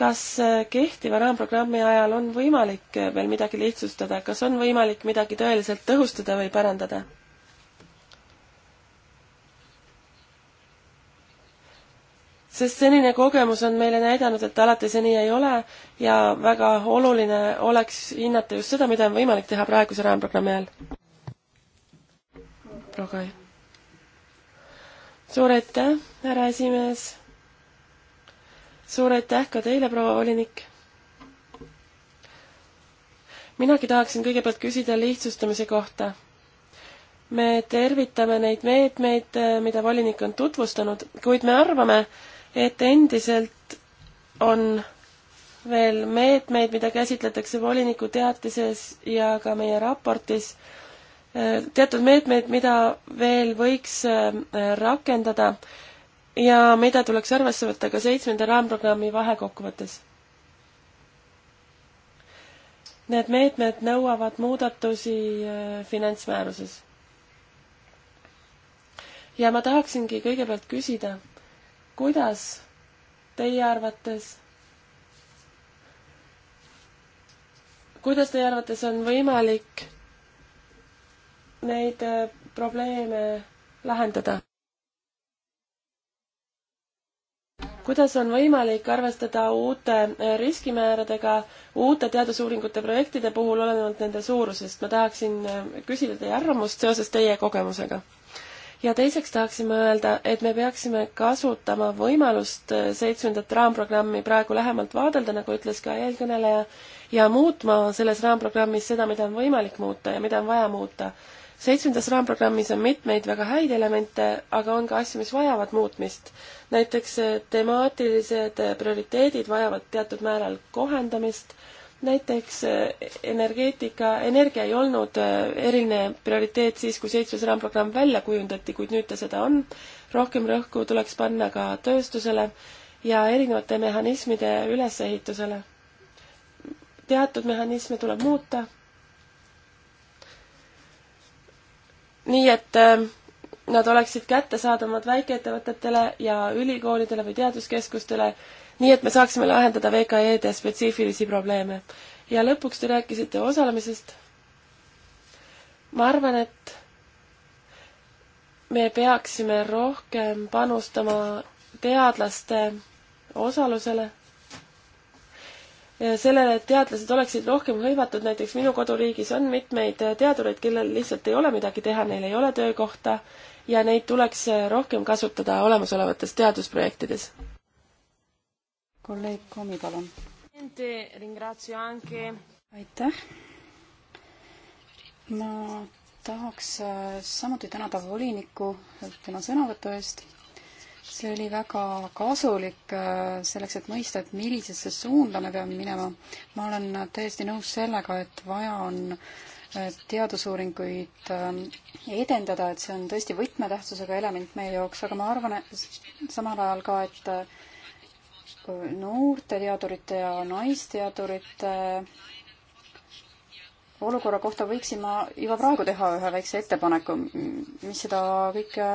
kas äh, kehtiva raamprogrammi ajal on võimalik äh, veel midagi lihtsustada, kas on võimalik midagi tõeliselt tõhustada või parandada? sest senine kogemus on meile näidanud, et alati see nii ei ole ja väga oluline oleks hinnata just seda, mida on võimalik teha praeguse raamprogrammi ajal. Rogai. suur aitäh, härra esimees. suur aitäh ka teile, proua volinik. minagi tahaksin kõigepealt küsida lihtsustamise kohta me tervitame neid meetmeid, mida volinik on tutvustanud, kuid me arvame, et endiselt on veel meetmeid, mida käsitletakse voliniku teatises ja ka meie raportis, Äh, teatud meetmeid, mida veel võiks äh, rakendada ja mida tuleks arvesse võtta ka seitsmenda raamprogrammi vahekokkuvõttes. Need meetmed nõuavad muudatusi äh, finantsmääruses. ja ma tahaksingi kõigepealt küsida, kuidas teie arvates kuidas teie arvates on võimalik neid äh, probleeme lahendada? kuidas on võimalik arvestada uute äh, riskimääradega uute teadusuuringute projektide puhul, olenevalt nende suurusest? ma tahaksin äh, küsida teie arvamust seoses teie kogemusega. ja teiseks tahaksin ma öelda, et me peaksime kasutama võimalust seitsmendat raamprogrammi praegu lähemalt vaadelda, nagu ütles ka eelkõneleja, ja muutma selles raamprogrammis seda, mida on võimalik muuta ja mida on vaja muuta seitsmendas raamprogrammis on mitmeid väga häid elemente, aga on ka asju, mis vajavad muutmist. näiteks eh, temaatilised eh, prioriteedid vajavad teatud määral kohendamist, näiteks eh, energeetika, energia ei olnud eriline prioriteet siis, kui seitsmes raamprogramm välja kujundati, kuid nüüd ta seda on. rohkem rõhku tuleks panna ka tööstusele ja erinevate mehhanismide ülesehitusele. teatud mehhanisme tuleb muuta nii et äh, nad oleksid kättesaadavad väikeettevõtetele ja ülikoolidele või teaduskeskustele, nii et me saaksime lahendada VKE-de spetsiifilisi probleeme. ja lõpuks te rääkisite osalemisest. ma arvan, et me peaksime rohkem panustama teadlaste osalusele sellele, et teadlased oleksid rohkem hõivatud, näiteks minu koduriigis on mitmeid teadureid, kellel lihtsalt ei ole midagi teha, neil ei ole töökohta ja neid tuleks rohkem kasutada olemasolevates teadusprojektides. kolleeg Komi, palun. aitäh. ma tahaks äh, samuti tänada volinikku tema sõnavõtu eest see oli väga kasulik äh, selleks, et mõista, et millisesse suunda me peame minema. ma olen täiesti nõus sellega, et vaja on äh, teadusuuringuid äh, edendada, et see on tõesti võtmetähtsusega element meie jaoks, aga ma arvan samal ajal ka, et noorte teadurite ja naisteadurite olukorra kohta võiksin ma juba praegu teha ühe väikse ettepaneku, mis seda kõike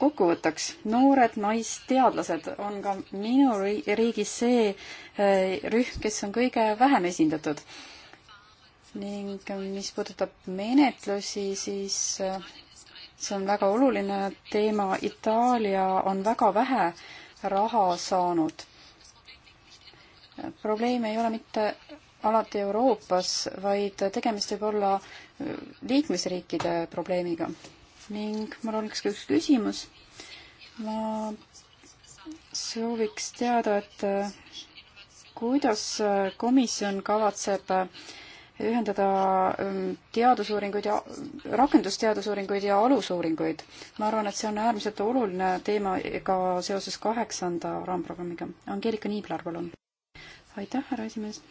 kokkuvõtteks, noored naisteadlased on ka minu riigis see eh, rühm, kes on kõige vähem esindatud. ning eh, mis puudutab menetlusi, siis eh, see on väga oluline teema. Itaalia on väga vähe raha saanud. probleem ei ole mitte alati Euroopas, vaid tegemist võib olla liikmesriikide probleemiga ning mul oleks ka üks küsimus. ma sooviks teada, et äh, kuidas äh, komisjon kavatseb äh, ühendada ähm, teadusuuringuid ja rakendusteadusuuringuid ja alusuuringuid. ma arvan, et see on äärmiselt oluline teema ka seoses kaheksanda raamprogrammiga. Angeelika Niiblar, palun. aitäh, härra esimees.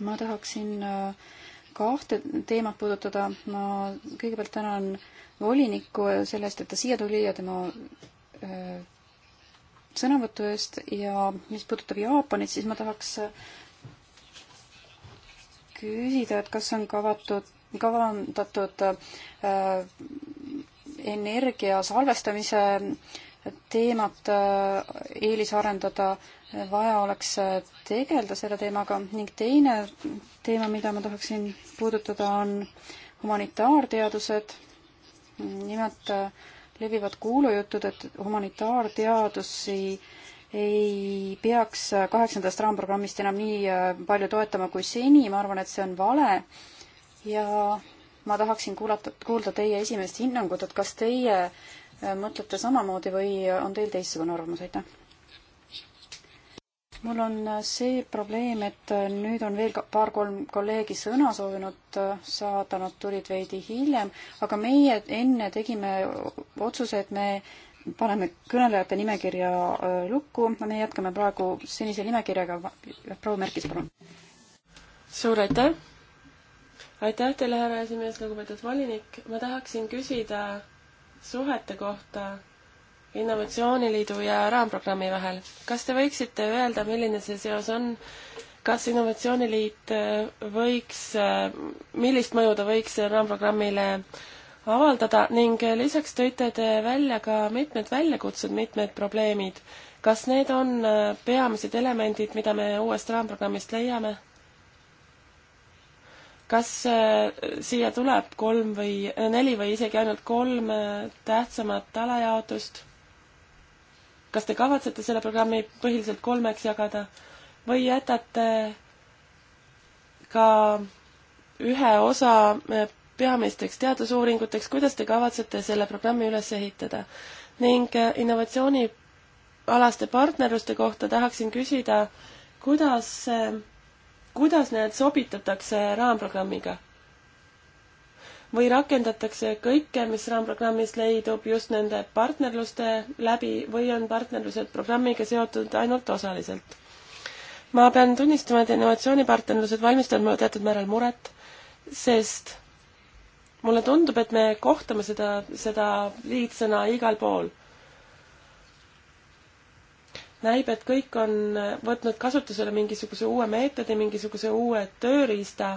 ma tahaksin äh, kahte teemat puudutada. ma kõigepealt tänan volinikku selle eest, et ta siia tuli ja tema öö, äh, sõnavõtu eest ja mis puudutab Jaapanit, siis ma tahaks küsida, et kas on kavatud, kavandatud äh, energia salvestamise äh, teemat äh, eelisarendada, äh, vaja oleks äh, tegeleda selle teemaga ning teine teema, mida ma tahaksin puudutada, on humanitaarteadused. nimelt levivad kuulujutud, et humanitaarteadusi ei peaks kaheksandast raamprogrammist enam nii palju toetama kui seni, ma arvan, et see on vale ja ma tahaksin kuulata, kuulda teie esimest hinnangut, et kas teie mõtlete samamoodi või on teil teistsugune arvamus, aitäh? mul on äh, see probleem, et äh, nüüd on veel paar-kolm kolleegi sõna soovinud äh, saada, nad tulid veidi hiljem, aga meie enne tegime otsuse, et me paneme kõnelejate nimekirja lukku, me jätkame praegu senise nimekirjaga. proua Merkis, palun. suur aitäh! aitäh teile, härra esimees, lugupeetud volinik, ma tahaksin küsida suhete kohta Innovatsiooniliidu ja Raamprogrammi vahel. kas te võiksite öelda, milline see seos on? kas Innovatsiooniliit äh, võiks, äh, millist mõju ta võiks raamprogrammile avaldada ning äh, lisaks tõite te välja ka mitmed väljakutsed, mitmed probleemid. kas need on peamised elemendid, mida me uuest raamprogrammist leiame? kas äh, siia tuleb kolm või äh, neli või isegi ainult kolm äh, tähtsamat alajaotust? kas te kavatsete selle programmi põhiliselt kolmeks jagada või jätate ka ühe osa peamisteks teadusuuringuteks, kuidas te kavatsete selle programmi üles ehitada? ning innovatsioonialaste partnerluste kohta tahaksin küsida, kuidas kuidas need sobitatakse raamprogrammiga? või rakendatakse kõike, mis raamprogrammist leidub just nende partnerluste läbi või on partnerlused programmiga seotud ainult osaliselt? ma pean tunnistama, et innovatsioonipartnerlused valmistavad mulle teatud määral muret, sest mulle tundub, et me kohtame seda, seda liitsõna igal pool näib, et kõik on võtnud kasutusele mingisuguse uue meetodi, mingisuguse uue tööriista,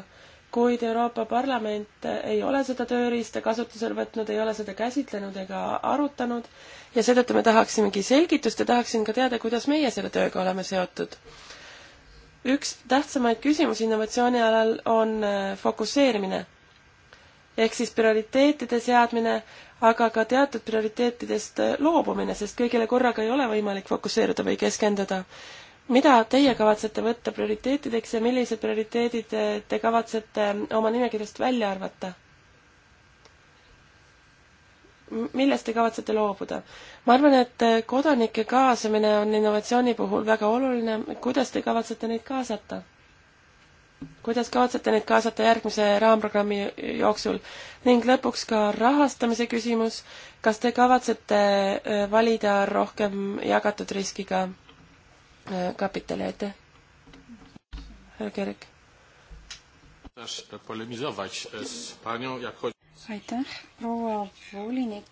kuid Euroopa Parlament ei ole seda tööriista kasutusele võtnud, ei ole seda käsitlenud ega arutanud ja seetõttu me tahaksimegi selgitust ja tahaksin ka teada, kuidas meie selle tööga oleme seotud. üks tähtsamaid küsimusi innovatsiooni alal on äh, fokusseerimine ehk siis prioriteetide seadmine, aga ka teatud prioriteetidest loobumine, sest kõigile korraga ei ole võimalik fokusseeruda või keskenduda. mida teie kavatsete võtta prioriteetideks ja millised prioriteedid te kavatsete oma nimekirjast välja arvata? millest te kavatsete loobuda? ma arvan, et kodanike kaasamine on innovatsiooni puhul väga oluline, kuidas te kavatsete neid kaasata? kuidas kavatsete neid kaasata järgmise raamprogrammi jooksul ning lõpuks ka rahastamise küsimus, kas te kavatsete äh, valida rohkem jagatud riskiga äh, kapitali, aitäh? härra Kerek. E, aitäh, proua volinik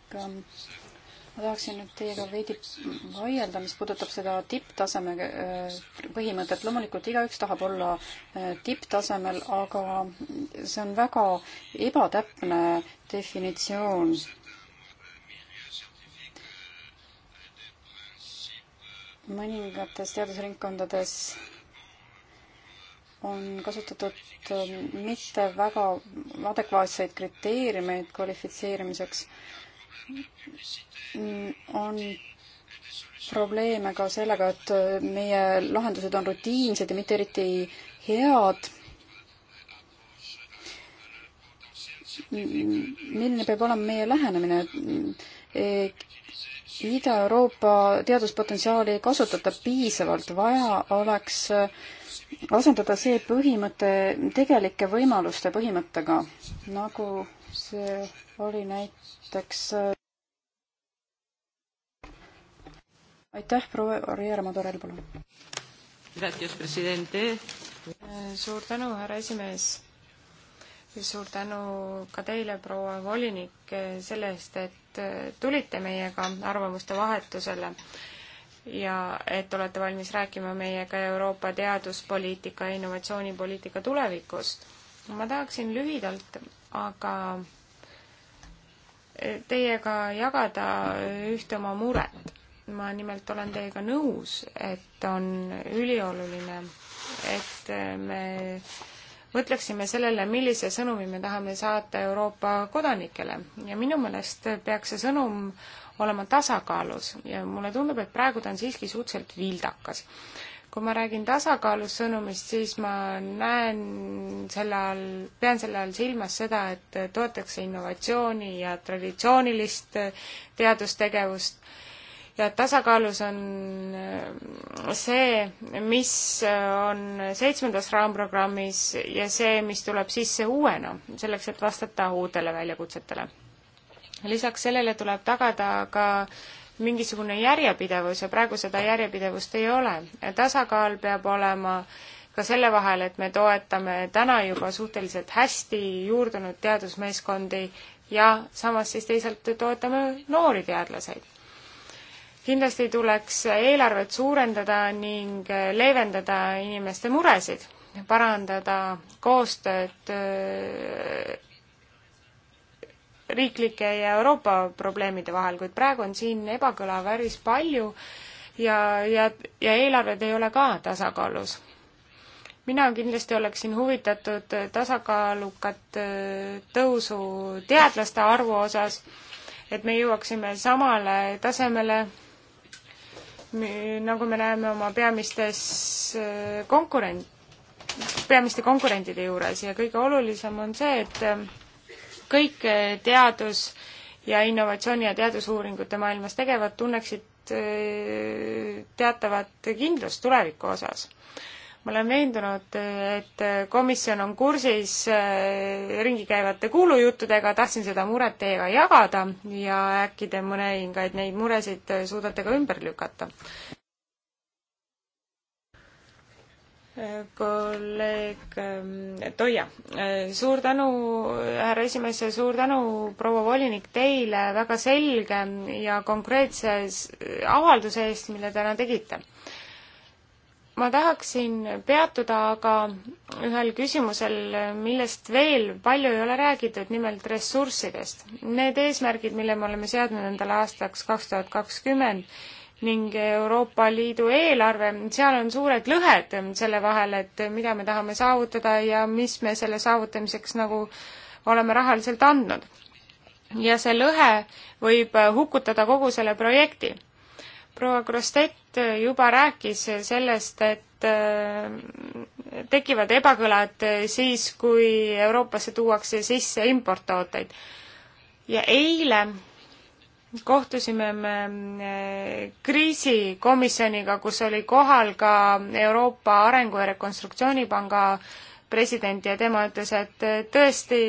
ma tahaksin nüüd teiega veidi vaielda, mis puudutab seda tipptaseme äh, põhimõtet. loomulikult igaüks tahab olla äh, tipptasemel, aga see on väga ebatäpne definitsioon. mõningates teadusringkondades on kasutatud äh, mitte väga adekvaatseid kriteeriumeid kvalifitseerimiseks on probleeme ka sellega, et meie lahendused on rutiinsed ja mitte eriti head. milline peab olema meie lähenemine? Ida-Euroopa teaduspotentsiaali ei kasutata piisavalt, vaja oleks asendada see põhimõte tegelike võimaluste põhimõttega, nagu see oli näiteks aitäh, proua Riera Madorel, palun. suur tänu, härra esimees. suur tänu ka teile, proua volinik, selle eest, et tulite meiega arvamuste vahetusele ja et olete valmis rääkima meiega Euroopa teaduspoliitika ja innovatsioonipoliitika tulevikust. ma tahaksin lühidalt aga teiega jagada ühte oma muret ma nimelt olen teiega nõus, et on ülioluline, et me mõtleksime sellele, millise sõnumi me tahame saata Euroopa kodanikele ja minu meelest peaks see sõnum olema tasakaalus ja mulle tundub, et praegu ta on siiski suhteliselt vildakas. kui ma räägin tasakaalus sõnumist, siis ma näen selle all, pean selle all silmas seda, et toetatakse innovatsiooni ja traditsioonilist teadustegevust ja tasakaalus on äh, see, mis äh, on seitsmendas raamprogrammis ja see, mis tuleb sisse uuena, selleks et vastata uutele väljakutsetele. lisaks sellele tuleb tagada ka mingisugune järjepidevus ja praegu seda järjepidevust ei ole. tasakaal peab olema ka selle vahel, et me toetame täna juba suhteliselt hästi juurdunud teadusmeeskondi ja samas siis teisalt toetame noori teadlaseid kindlasti tuleks eelarvet suurendada ning leevendada inimeste muresid, parandada koostööd äh, riiklike ja Euroopa probleemide vahel, kuid praegu on siin ebakõla päris palju ja, ja, ja eelarved ei ole ka tasakaalus. mina kindlasti oleksin huvitatud tasakaalukat äh, tõusu teadlaste arvu osas, et me jõuaksime samale tasemele nagu me näeme oma peamistes äh, konkurent, peamiste konkurentide juures ja kõige olulisem on see, et äh, kõik äh, teadus ja innovatsiooni ja teadusuuringute maailmas tegevad tunneksid teatavat kindlust tuleviku osas ma olen veendunud, et komisjon on kursis äh, ringi käivate kuulujuttudega, tahtsin seda muret teiega jagada ja äkki te mõningaid neid muresid suudate ka ümber lükata. kolleeg ähm, Toia, äh, suur tänu, härra esimees, suur tänu, proua volinik, teile väga selge ja konkreetse avalduse eest, mille täna tegite ma tahaksin peatuda aga ühel küsimusel, millest veel palju ei ole räägitud, nimelt ressurssidest. Need eesmärgid, mille me oleme seadnud endale aastaks kaks tuhat kakskümmend ning Euroopa Liidu eelarve, seal on suured lõhed selle vahel, et mida me tahame saavutada ja mis me selle saavutamiseks nagu oleme rahaliselt andnud. ja see lõhe võib hukutada kogu selle projekti proua Krostet juba rääkis sellest, et äh, tekivad ebakõlad siis, kui Euroopasse tuuakse sisse importtooteid. ja eile kohtusime me äh, kriisikomisjoniga, kus oli kohal ka Euroopa Arengu- ja Rekonstruktsioonipanga president ja tema ütles, et äh, tõesti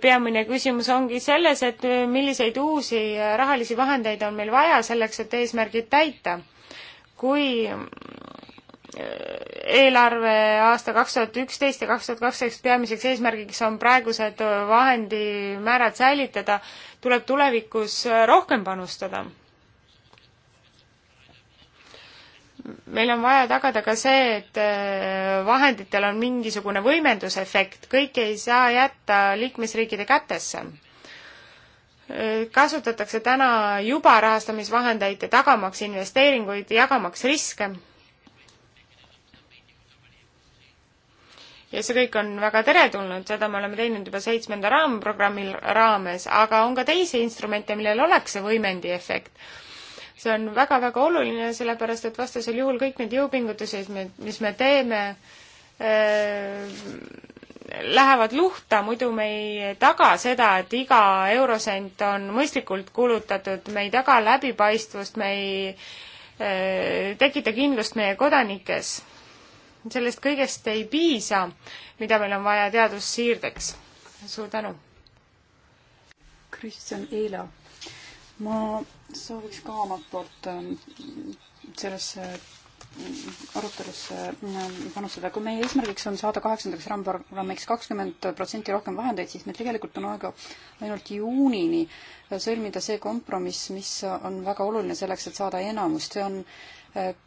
peamine küsimus ongi selles, et äh, milliseid uusi äh, rahalisi vahendeid on meil vaja selleks, et eesmärgid täita. kui äh, eelarve aasta kaks tuhat üksteist ja kaks tuhat kaksteist peamiseks eesmärgiks on praegused vahendimäärad säilitada, tuleb tulevikus rohkem panustada meil on vaja tagada ka see, et äh, vahenditel on mingisugune võimendusefekt, kõike ei saa jätta liikmesriikide kätesse. Äh, kasutatakse täna juba rahastamisvahendeid tagamaks investeeringuid, jagamaks riske. ja see kõik on väga teretulnud, seda me oleme teinud juba seitsmenda raamprogrammi raames, aga on ka teisi instrumente, millel oleks see võimendiefekt see on väga-väga oluline, sellepärast et vastasel juhul kõik need jõupingutused, mis me teeme äh,, lähevad luhta, muidu me ei taga seda, et iga eurosent on mõistlikult kulutatud, me ei taga läbipaistvust, me ei äh, tekita kindlust meie kodanikes. sellest kõigest ei piisa, mida meil on vaja teadussiirdeks. suur tänu! Kristjan Eila, ma sooviks ka omalt poolt ähm, sellesse mm, arutelusse mm, panustada. kui meie eesmärgiks on saada kaheksandaks raamprogrammiks kakskümmend protsenti rohkem vahendeid, siis meil tegelikult on aega ainult juunini sõlmida see kompromiss, mis on väga oluline selleks, et saada enamust. see on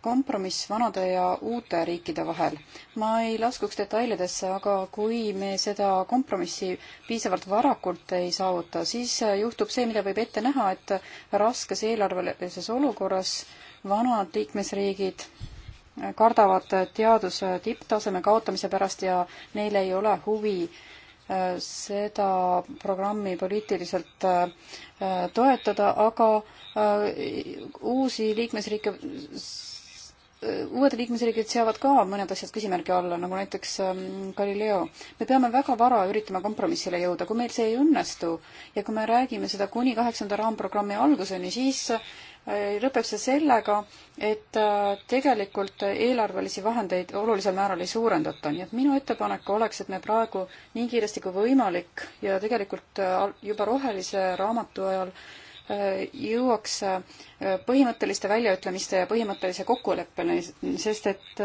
kompromiss vanade ja uute riikide vahel. ma ei laskuks detailidesse, aga kui me seda kompromissi piisavalt varakult ei saavuta, siis juhtub see, mida võib ette näha, et raskes eelarvelises olukorras vanad liikmesriigid kardavad teaduse tipptaseme kaotamise pärast ja neil ei ole huvi äh, Äh, seda programmi poliitiliselt äh, toetada, aga äh, uusi liikmesriike, uued liikmesriigid seavad ka mõned asjad küsimärgi alla, nagu näiteks ähm, Galileo. me peame väga vara üritama kompromissile jõuda, kui meil see ei õnnestu ja kui me räägime seda kuni kaheksanda raamprogrammi alguseni, siis lõpeb see sellega, et äh, tegelikult eelarvelisi vahendeid olulisel määral ei suurendata, nii et minu ettepanek oleks, et me praegu nii kiiresti kui võimalik ja tegelikult äh, juba rohelise raamatu ajal äh, jõuaks põhimõtteliste väljaütlemiste ja põhimõttelise kokkuleppeni, sest et,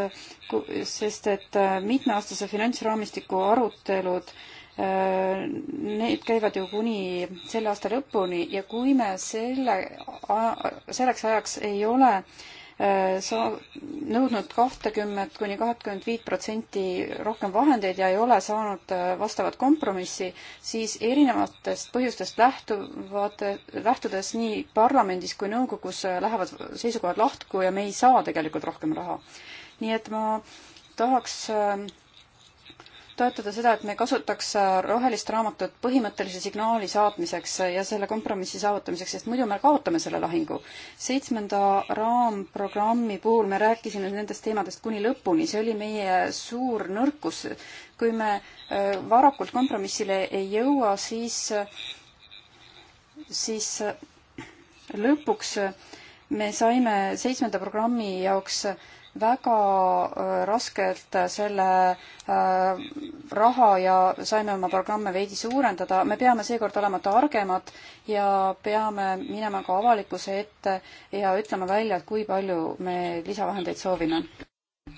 sest et mitmeaastase finantsraamistiku arutelud äh, Äh, need käivad ju kuni selle aasta lõpuni ja kui me selle, selleks ajaks ei ole äh, saa-, nõudnud kahtekümmet kuni kahtekümmet viit protsenti rohkem vahendeid ja ei ole saanud äh, vastavat kompromissi, siis erinevatest põhjustest lähtuvad, lähtudes nii parlamendis kui nõukogus lähevad seisukohad lahku ja me ei saa tegelikult rohkem raha. nii et ma tahaks toetada seda, et me kasutaks äh, rohelist raamatut põhimõttelise signaali saatmiseks äh, ja selle kompromissi saavutamiseks, sest muidu me kaotame selle lahingu. seitsmenda raamprogrammi puhul me rääkisime nendest teemadest kuni lõpuni, see oli meie suur nõrkus. kui me äh, varakult kompromissile ei jõua, siis, siis lõpuks me saime seitsmenda programmi jaoks äh, väga äh, raskelt selle äh, raha ja saime oma programme veidi suurendada. me peame seekord olema targemad ja peame minema ka avalikkuse ette ja ütlema välja, et kui palju me lisavahendeid soovime.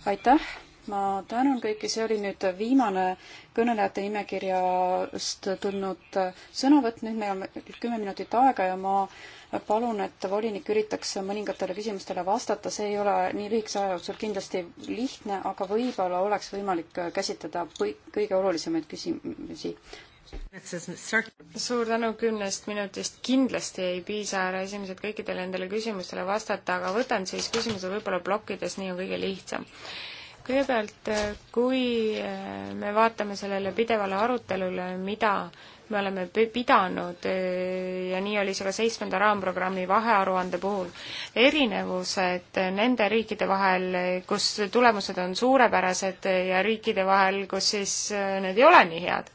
aitäh! ma tänan kõiki, see oli nüüd viimane kõnelejate nimekirjast tulnud sõnavõtt, nüüd meil on kümme minutit aega ja ma palun, et volinik üritaks mõningatele küsimustele vastata, see ei ole nii lühikese aja jooksul kindlasti lihtne, aga võib-olla oleks võimalik käsitleda kõige olulisemaid küsimusi. suur tänu kümnest minutist, kindlasti ei piisa, härra esimees, et kõikidele nendele küsimustele vastata, aga võtan siis küsimuse võib-olla plokkides, nii on kõige lihtsam kõigepealt, kui me vaatame sellele pidevale arutelule, mida me oleme pidanud eh, ja nii oli see ka seitsmenda raamprogrammi vahearuande puhul, erinevused nende riikide vahel, kus tulemused on suurepärased ja riikide vahel, kus siis eh, need ei ole nii head.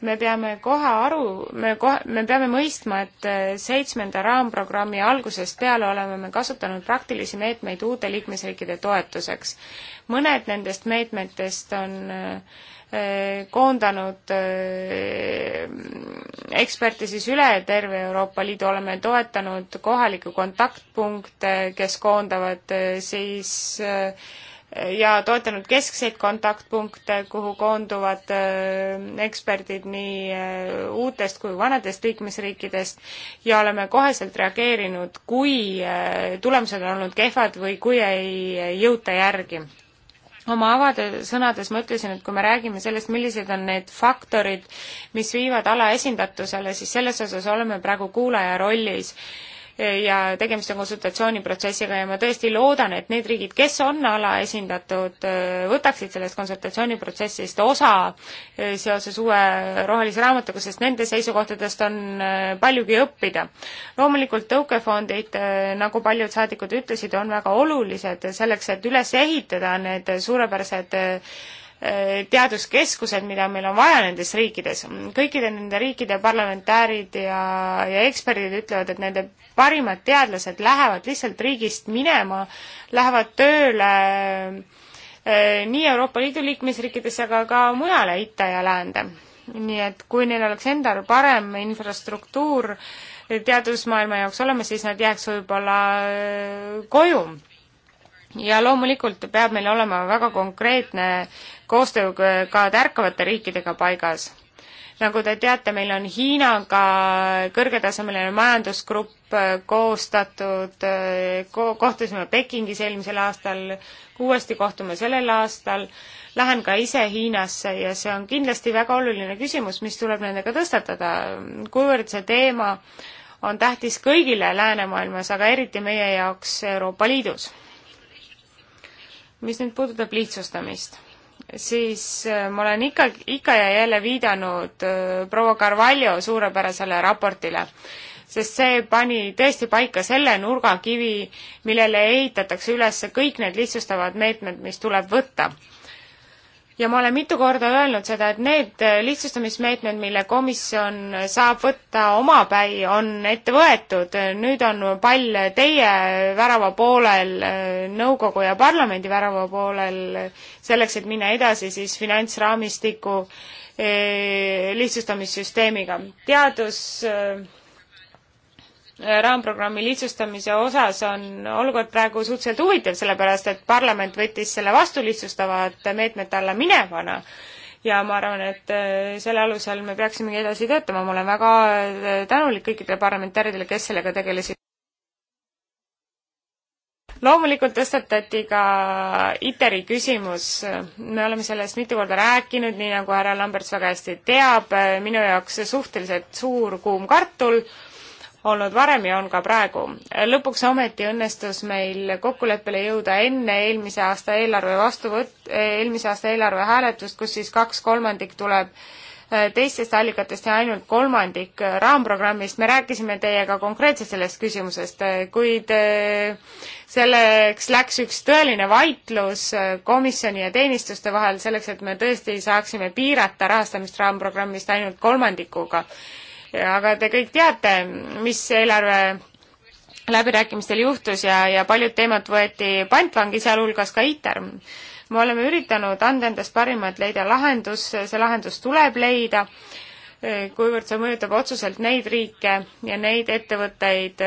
me peame kohe aru, me kohe, me peame mõistma, et eh, seitsmenda raamprogrammi algusest peale oleme me kasutanud praktilisi meetmeid uute liikmesriikide toetuseks. mõned nendest meetmetest on äh, Eh, koondanud eh, eksperte siis üle terve Euroopa Liidu, oleme toetanud kohalikke kontaktpunkte, kes koondavad eh, siis ja toetanud keskseid kontaktpunkte, kuhu koonduvad eksperdid nii uutest kui vanadest liikmesriikidest ja oleme koheselt reageerinud, kui tulemused on olnud kehvad või kui ei jõuta järgi oma avasõnades ma ütlesin, et kui me räägime sellest, millised on need faktorid, mis viivad alaesindatusele, siis selles osas oleme praegu kuulaja rollis ja tegemist on konsultatsiooniprotsessiga ja ma tõesti loodan, et need riigid, kes on alaesindatud, võtaksid sellest konsultatsiooniprotsessist osa eh, seoses uue rohelise raamatuga, sest nende seisukohtadest on eh, paljugi õppida. loomulikult tõukefondid, eh, nagu paljud saadikud ütlesid, on väga olulised selleks, et üles ehitada need suurepärased Eh, teaduskeskused, mida meil on vaja nendes riikides. kõikide nende riikide parlamentäärid ja, ja eksperdid ütlevad, et nende parimad teadlased lähevad lihtsalt riigist minema, lähevad tööle eh, nii Euroopa Liidu liikmesriikidesse, aga ka mujale, itta ja läände. nii et kui neil oleks endal parem infrastruktuur teadusmaailma jaoks olemas, siis nad jääks võib-olla eh, koju ja loomulikult peab meil olema väga konkreetne koostöö ka tärkavate riikidega paigas. nagu te teate, meil on Hiinaga kõrgetasemeline majandusgrupp äh, koostatud, äh, kohtusime Pekingis eelmisel aastal, uuesti kohtume sellel aastal, lähen ka ise Hiinasse ja see on kindlasti väga oluline küsimus, mis tuleb nendega tõstatada, kuivõrd see teema on tähtis kõigile läänemaailmas, aga eriti meie jaoks Euroopa Liidus mis nüüd puudutab lihtsustamist, siis äh, ma olen ikka, ikka ja jälle viidanud äh, proua Carvalho suurepärasele raportile, sest see pani tõesti paika selle nurgakivi, millele ehitatakse üles kõik need lihtsustavad meetmed, mis tuleb võtta ja ma olen mitu korda öelnud seda, et need lihtsustamismeetmed, mille komisjon saab võtta omapäi, on ette võetud, nüüd on pall teie värava poolel, nõukogu ja parlamendi värava poolel, selleks, et minna edasi siis finantsraamistiku eh, lihtsustamissüsteemiga. teadus eh, raamprogrammi lihtsustamise osas on olukord praegu suhteliselt huvitav, sellepärast et parlament võttis selle vastu lihtsustavate meetmete alla minevana ja ma arvan, et äh, selle alusel me peaksimegi edasi töötama, ma olen väga äh, tänulik kõikidele parlamentääridele, kes sellega tegelesid. loomulikult tõstatati ka ITER-i küsimus, me oleme sellest mitu korda rääkinud, nii nagu härra Lamberts väga hästi teab, minu jaoks suhteliselt suur kuum kartul olnud varem ja on ka praegu. lõpuks ometi õnnestus meil kokkuleppele jõuda enne eelmise aasta eelarve vastuvõtt-, eelmise aasta eelarve hääletust, kus siis kaks kolmandik tuleb äh, teistest allikatest ja ainult kolmandik äh, raamprogrammist. me rääkisime teiega konkreetselt sellest küsimusest, äh, kuid selleks läks üks tõeline vaidlus komisjoni ja teenistuste vahel selleks, et me tõesti saaksime piirata rahastamist raamprogrammist ainult kolmandikuga aga te kõik teate, mis eelarve läbirääkimistel juhtus ja, ja paljud teemad võeti pantvangi, sealhulgas ka ITER. me oleme üritanud anda endast parima, et leida lahendus, see lahendus tuleb leida, kuivõrd see mõjutab otseselt neid riike ja neid ettevõtteid,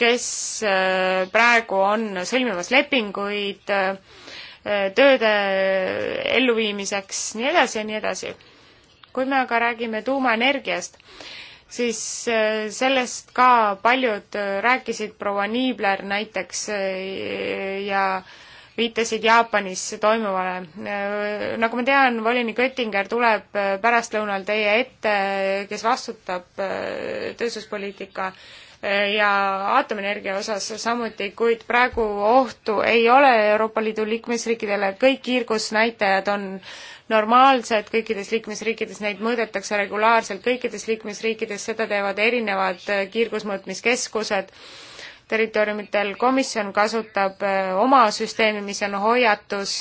kes äh, praegu on sõlmimas lepinguid äh, tööde elluviimiseks, nii edasi ja nii edasi. kui me aga räägime tuumaenergiast, siis äh, sellest ka paljud äh, rääkisid, proua Niibler näiteks äh, ja viitasid Jaapanis toimuvale. nagu ma tean, volinik Oettinger tuleb pärastlõunal teie ette, kes vastutab tööstuspoliitika ja aatomienergia osas samuti, kuid praegu ohtu ei ole Euroopa Liidu liikmesriikidele, kõik kiirgusnäitajad on normaalsed kõikides liikmesriikides, neid mõõdetakse regulaarselt kõikides liikmesriikides, seda teevad erinevad äh, kiirgusmõõtmiskeskused territooriumitel, komisjon kasutab äh, oma süsteemi, mis on hoiatus,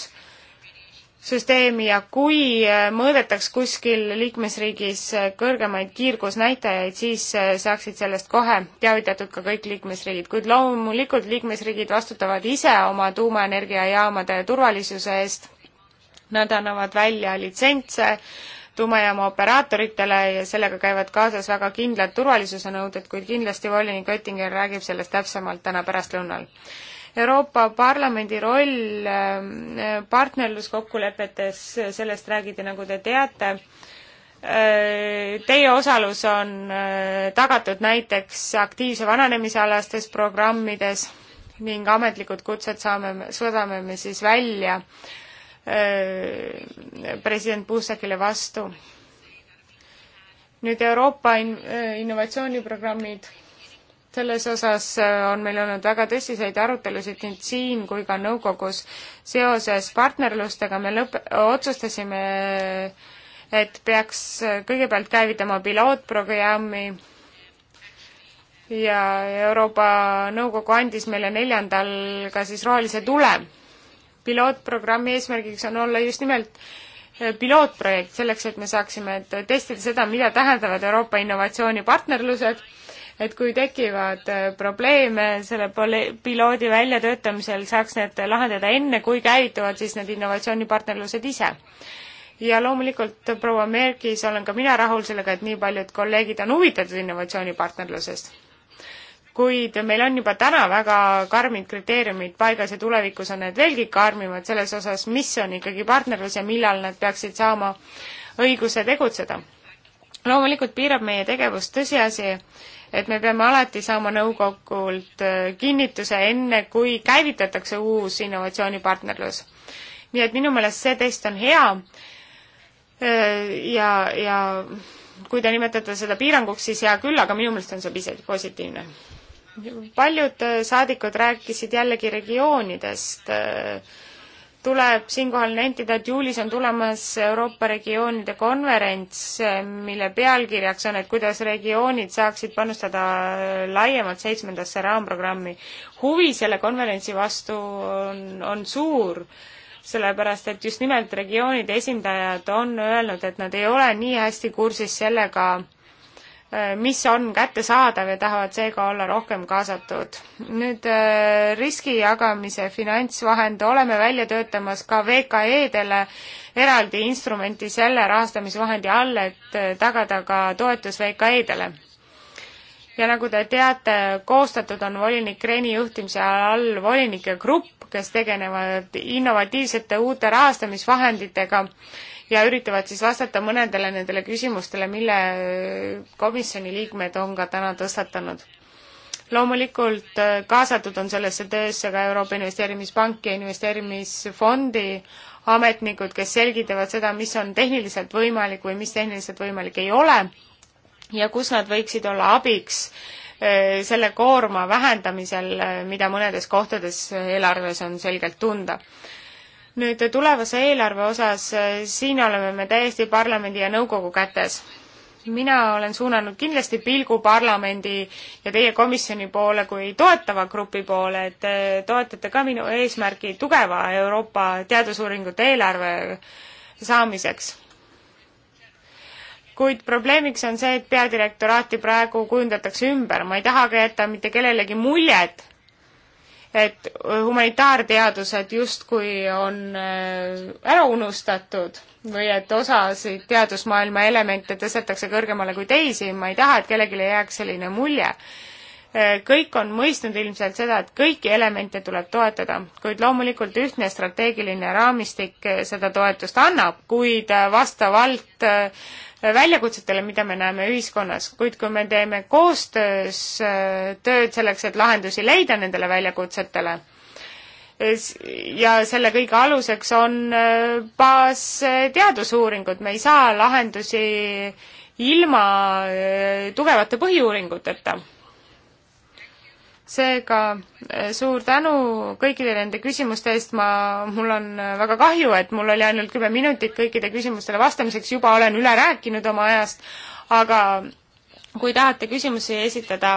süsteemi ja kui äh, mõõdetaks kuskil liikmesriigis kõrgemaid kiirgusnäitajaid, siis saaksid sellest kohe teavitatud ka kõik liikmesriigid, kuid loomulikult liikmesriigid vastutavad ise oma tuumaenergiajaamade turvalisuse eest Nad annavad välja litsentse tuumajaama operaatoritele ja sellega käivad kaasas väga kindlad turvalisuse nõuded, kuid kindlasti volinik Oettinger räägib sellest täpsemalt täna pärastlõunal. Euroopa Parlamendi roll ähm, partnerluskokkulepetes, sellest räägiti, nagu te teate, äh, Teie osalus on äh, tagatud näiteks aktiivse vananemise alastes programmides ning ametlikud kutsed saame, suudame me siis välja äh, Äh, president Buzekile vastu. nüüd Euroopa in-, äh, innovatsiooniprogrammid, selles osas äh, on meil olnud väga tõsiseid arutelusid nii siin kui ka nõukogus. seoses partnerlustega me lõp-, otsustasime, et peaks kõigepealt käivitama pilootprogrammi ja Euroopa Nõukogu andis meile neljandal ka siis rohelise tule pilootprogrammi eesmärgiks on olla just nimelt eh, pilootprojekt selleks, et me saaksime testida seda, mida tähendavad Euroopa innovatsioonipartnerlused, et kui tekivad eh, probleeme selle piloodi väljatöötamisel, saaks need lahendada enne, kui käivituvad siis need innovatsioonipartnerlused ise. ja loomulikult proua Merkis olen ka mina rahul sellega, et nii paljud kolleegid on huvitatud innovatsioonipartnerlusest kuid meil on juba täna väga karmid kriteeriumid paigas ja tulevikus on need veelgi karmimad selles osas, mis on ikkagi partnerlus ja millal nad peaksid saama õiguse tegutseda. loomulikult piirab meie tegevust tõsiasi, et me peame alati saama nõukogult äh, kinnituse, enne kui käivitatakse uus innovatsioonipartnerlus. nii et minu meelest see test on hea äh, ja, ja kui te nimetate seda piiranguks, siis hea küll, aga minu meelest on see pisut positiivne paljud äh, saadikud rääkisid jällegi regioonidest. Äh, tuleb siinkohal nentida, et juulis on tulemas Euroopa regioonide konverents, äh, mille pealkirjaks on, et kuidas regioonid saaksid panustada laiemalt seitsmendasse raamprogrammi. huvi selle konverentsi vastu on, on suur sellepärast et just nimelt regioonide esindajad on öelnud, et nad ei ole nii hästi kursis sellega, Äh, mis on kättesaadav ja tahavad seega olla rohkem kaasatud. nüüd äh, riski jagamise finantsvahend oleme välja töötamas ka VKE-dele eraldi instrumenti selle rahastamisvahendi all, et äh, tagada ka toetus VKE-dele. ja nagu te teate, koostatud on volinik Reni juhtimise all volinike grupp, kes tegelevad innovatiivsete uute rahastamisvahenditega ja üritavad siis vastata mõnedele nendele küsimustele, mille komisjoni liikmed on ka täna tõstatanud. loomulikult äh, kaasatud on sellesse töösse ka Euroopa Investeerimispank ja Investeerimisfondi ametnikud, kes selgitavad seda, mis on tehniliselt võimalik või mis tehniliselt võimalik ei ole ja kus nad võiksid olla abiks äh, selle koorma vähendamisel, äh, mida mõnedes kohtades eelarves on selgelt tunda nüüd tulevase eelarve osas, äh, siin oleme me täiesti parlamendi ja nõukogu kätes. mina olen suunanud kindlasti pilgu parlamendi ja teie komisjoni poole kui toetava grupi poole, et te äh, toetate ka minu eesmärgi tugeva Euroopa teadusuuringute eelarve saamiseks kuid probleemiks on see, et peadirektoraati praegu kujundatakse ümber, ma ei taha ka jätta mitte kellelegi muljet, et humanitaarteadused justkui on äh, ära unustatud või et osasid teadusmaailma elemente tõstetakse kõrgemale kui teisi, ma ei taha, et kellelegi jääks selline mulje. Äh, kõik on mõistnud ilmselt seda, et kõiki elemente tuleb toetada, kuid loomulikult ühtne strateegiline raamistik äh, seda toetust annab, kuid vastavalt äh, väljakutsetele, mida me näeme ühiskonnas, kuid kui me teeme koostöös äh, tööd selleks, et lahendusi leida nendele väljakutsetele, ja selle kõige aluseks on äh, baasteadusuuringud, me ei saa lahendusi ilma äh, tugevate põhiuuringuteta seega eh, suur tänu kõigile nende küsimuste eest, ma, mul on eh, väga kahju, et mul oli ainult kümme minutit kõikide küsimustele vastamiseks, juba olen üle rääkinud oma ajast, aga kui tahate küsimusi esitada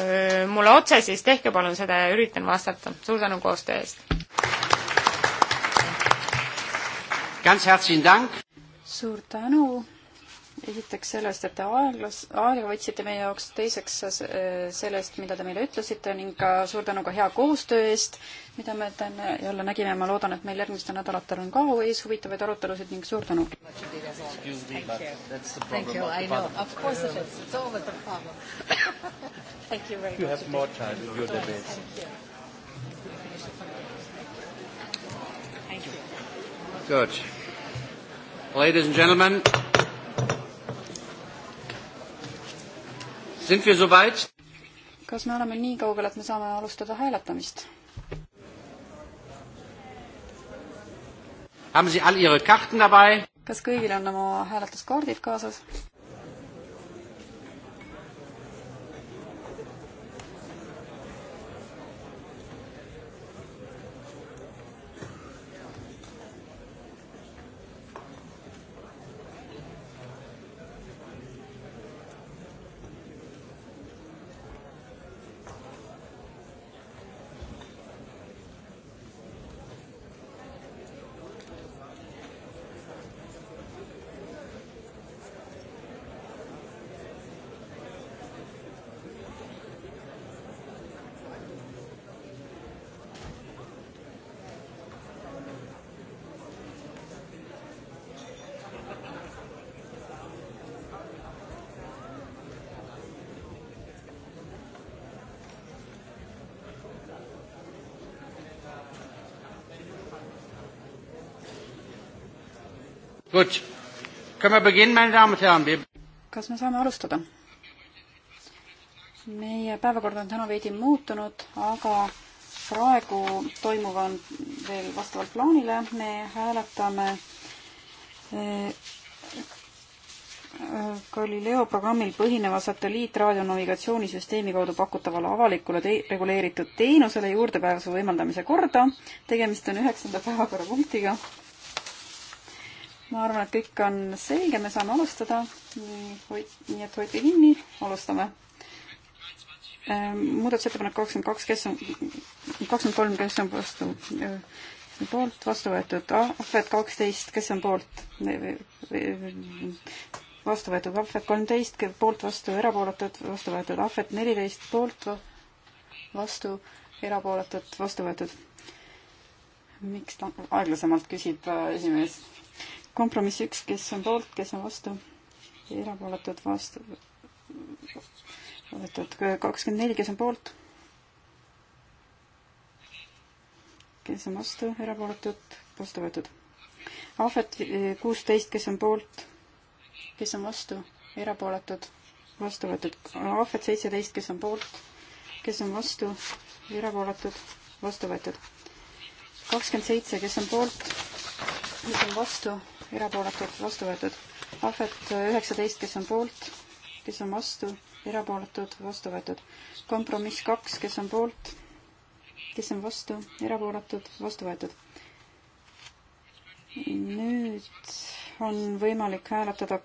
eh, mulle otse, siis tehke palun seda ja üritan vastata. suur tänu koostöö eest! suur tänu! esiteks sellest, et te aeglas, aega võtsite meie jaoks, teiseks sellest, mida te meile ütlesite ning ka suur tänu ka hea koostöö eest, mida me täna jälle nägime, ma loodan, et meil järgmistel nädalatel on ka ees huvitavaid arutelusid ning suur tänu! You have more time in your debates. Good. Ladies and gentlemen, kas me oleme nii kaugel, et me saame alustada hääletamist? kas kõigil on oma hääletuskaardid kaasas? kas me saame alustada? meie päevakord on täna veidi muutunud, aga praegu toimuv on veel vastavalt plaanile, me hääletame eh, Galileo programmil põhineva satelliitraadio navigatsioonisüsteemi kaudu pakutavale avalikule te reguleeritud teenusele juurdepääsu võimaldamise korda. tegemist on üheksanda päevakorrapunktiga ma arvan, et kõik on selge, me saame alustada. nii et hoidke kinni, alustame. Ehm, muudatusettepanek kakskümmend kaks, kes on, kakskümmend kolm, kes on vastu? Ehm, poolt, vastu võetud. ahved kaksteist, kes on poolt? vastu võetud. ahved kolmteist, poolt, vastu, erapooletud, vastu võetud. ahved neliteist, poolt, vastu, erapooletud, vastu võetud. miks ta aeglasemalt küsib äh, esimees? kompromiss üks, kes on poolt, kes on vastu, erapooletud vastu, oletad kakskümmend neli, kes on poolt, kes on vastu, erapooletud, vastu võetud. ahvet eh, kuusteist, kes on poolt, kes on vastu, erapooletud, vastu võetud. ahvet seitseteist, kes on poolt, kes on vastu, erapooletud, vastu võetud. kakskümmend seitse, kes on poolt, kes on vastu erapooletud, vastu võetud. ahvet äh, üheksateist, kes on poolt, kes on vastu, erapooletud, vastu võetud. kompromiss kaks, kes on poolt, kes on vastu, erapooletud, vastu võetud. nüüd on võimalik hääletada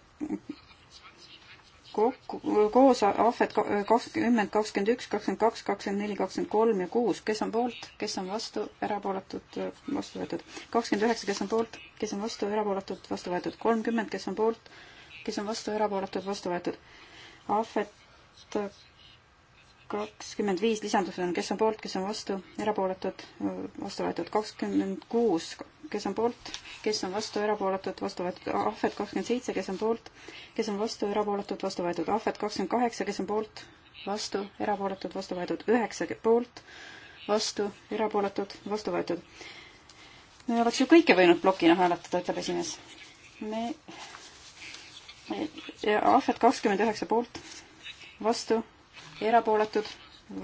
kokku, koos ahved kakskümmend, kakskümmend üks, kakskümmend kaks, kakskümmend neli, kakskümmend kolm ja kuus, kes on poolt, kes on vastu, erapooletud, vastu võetud. kakskümmend üheksa, kes on poolt, kes on vastu, erapooletud, vastu võetud. kolmkümmend, kes on poolt, kes on vastu, erapooletud, vastu võetud. ahvet kakskümmend viis lisandus on, kes on poolt, kes on vastu, erapooletud, vastu võetud. kakskümmend kuus kes on poolt, kes on vastu, erapooletud, vastu võetud, ahvet kakskümmend seitse, kes on poolt, kes on vastu, erapooletud, vastu võetud, ahvet kakskümmend kaheksa, kes on poolt, vastu, erapooletud, vastu võetud, üheksa poolt, vastu, erapooletud, vastu võetud. me oleks ju kõike võinud plokina hääletada, ütleb esimees. me, ahvet kakskümmend üheksa poolt, vastu, erapooletud,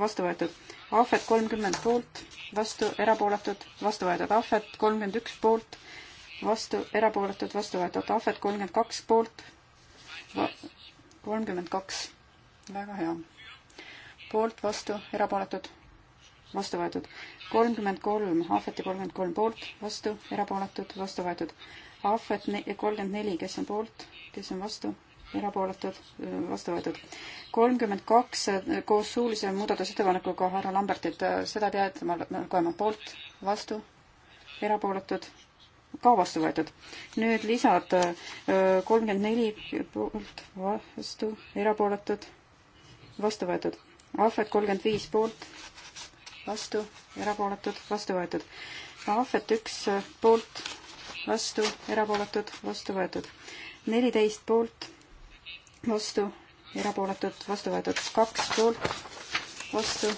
vastu võetud ahvet kolmkümmend poolt, vastu, erapooletud, vastu võetud, ahvet kolmkümmend üks poolt, vastu, erapooletud, vastu võetud, ahvet kolmkümmend kaks poolt, kolmkümmend kaks, väga hea. poolt, vastu, erapooletud, vastu võetud, kolmkümmend kolm, ahveti kolmkümmend kolm poolt, vastu, erapooletud, vastu võetud, ahvet kolmkümmend neli, kes on poolt, kes on vastu erapooletud, vastu võetud. kolmkümmend kaks eh, koos suulise muudatusettepanekuga härra Lambertilt, eh, seda tead, ma loen poolt, vastu, erapooletud, ka vastu võetud. nüüd lisad eh, kolmkümmend neli poolt, vastu, erapooletud, vastu võetud. ahvet kolmkümmend viis poolt, vastu, erapooletud, vastu võetud. ahvet üks poolt, vastu, erapooletud, vastu võetud. neliteist poolt vastu, erapooletud, vastu võetud. kaks poolt, vastu,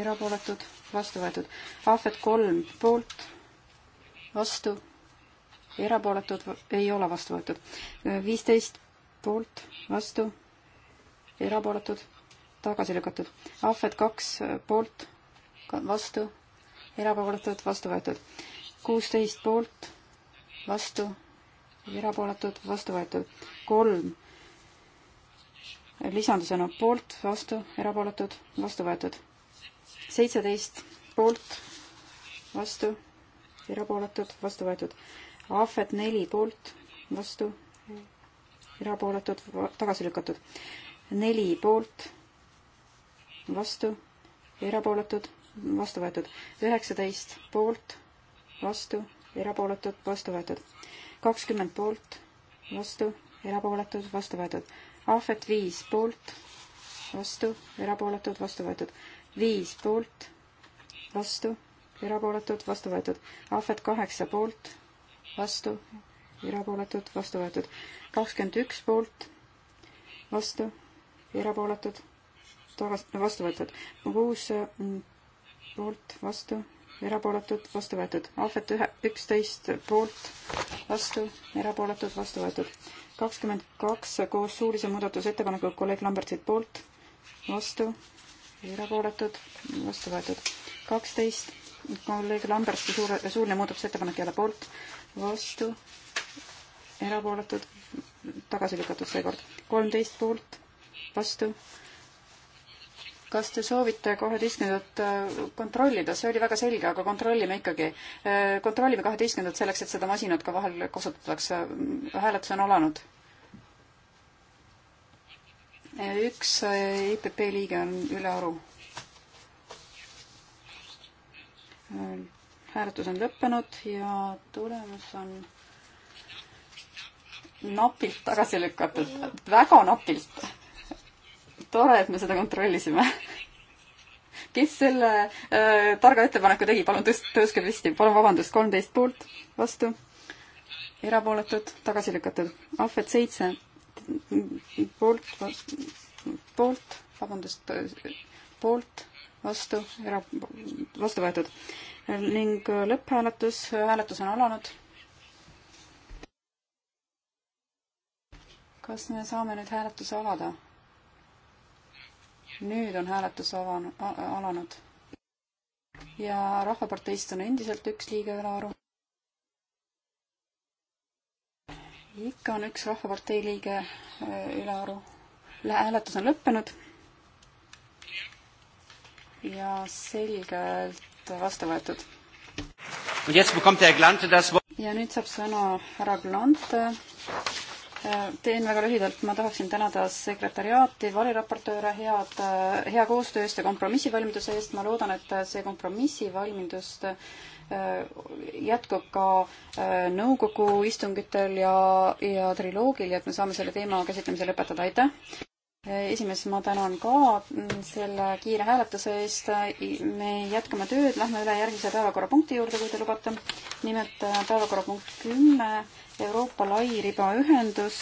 erapooletud, vastu võetud. ahvet kolm poolt, vastu, erapooletud, ei ole vastu võetud. viisteist poolt, vastu, erapooletud, tagasi lükatud. ahvet kaks poolt, vastu, erapooletud, vastu võetud. kuusteist poolt, vastu, erapooletud, vastu võetud. kolm lisandusena poolt, vastu, erapooletud, vastu võetud. seitseteist poolt, vastu, erapooletud, vastu võetud. ahvet neli poolt, vastu, erapooletud, tagasi lükatud. neli poolt, vastu, erapooletud, vastu võetud. üheksateist poolt, vastu, erapooletud, vastu võetud. kakskümmend poolt, vastu, erapooletud, vastu võetud ahvet viis poolt, vastu, erapooletud, vastu võetud. viis poolt, vastu, erapooletud, vastu võetud. ahvet kaheksa poolt, vastu, erapooletud, vastu võetud. kakskümmend üks poolt, vastu, erapooletud, tagasi, vastu võetud. kuus mm, poolt, vastu, erapooletud, vastu võetud. ahvet ühe, üksteist poolt, vastu, erapooletud, vastu võetud. kakskümmend kaks koos suulise muudatusettepanekuga kolleeg Lambertsit poolt, vastu, erapooletud, vastu võetud. kaksteist kolleeg Lambertsi suure, suuline muudatusettepanek jälle poolt, vastu, erapooletud, tagasi lükatud seekord. kolmteist poolt, vastu kas te soovite kaheteistkümnendat äh, kontrollida, see oli väga selge, aga kontrollime ikkagi. Äh, kontrollime kaheteistkümnendat selleks, et seda masinat ka vahel kasutatakse. Äh, hääletus on alanud. üks IPP liige on ülearu. hääletus on lõppenud ja tulemus on napilt tagasi lükatud, väga napilt tore, et me seda kontrollisime. kes selle äh, targa ettepaneku tegi, palun tõst-, tõuske püsti, palun vabandust, kolmteist poolt, vastu, erapooletud, tagasi lükatud. ahved seitse, poolt, poolt, vabandust, poolt, vastu, era-, vastu võetud. ning lõpphääletus, hääletus on alanud kas me saame nüüd hääletuse avada? nüüd on hääletus avan-, alanud. ja Rahvaparteist on endiselt üks liige üle aru. ikka on üks Rahvapartei liige äh, üle aru. hääletus on lõppenud. ja selgelt vastu võetud. ja nüüd saab sõna härra Glante teen väga lühidalt, ma tahaksin tänada sekretäriaati, variraportööre head, hea koostöö eest ja kompromissivalmiduse eest, ma loodan, et see kompromissivalmidus äh, jätkub ka äh, nõukogu istungitel ja, ja triloogil ja et me saame selle teema käsitlemise lõpetada, aitäh! esimees, ma tänan ka selle kiire hääletuse eest. me jätkame tööd, lähme üle järgmise päevakorrapunkti juurde, kui te lubate. nimelt päevakorrapunkt kümme, Euroopa lairibaühendus.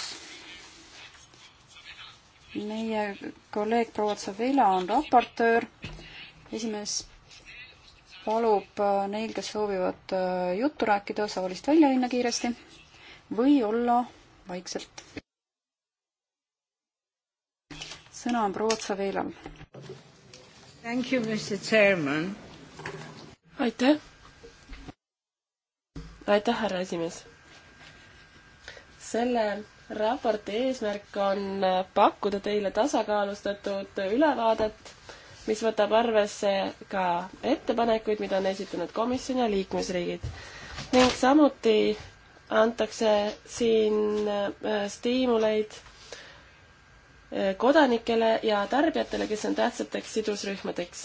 meie kolleeg proua Tsavela on raportöör. esimees palub neil, kes soovivad juttu rääkida, saalist välja minna kiiresti või olla vaikselt sõna on proua Otsa-Veelal. aitäh. aitäh, härra esimees. selle raporti eesmärk on pakkuda teile tasakaalustatud ülevaadet, mis võtab arvesse ka ettepanekuid, mida on esitanud komisjon ja liikmesriigid. ning samuti antakse siin stiimuleid Eh, kodanikele ja tarbijatele, kes on tähtsateks sidusrühmadeks.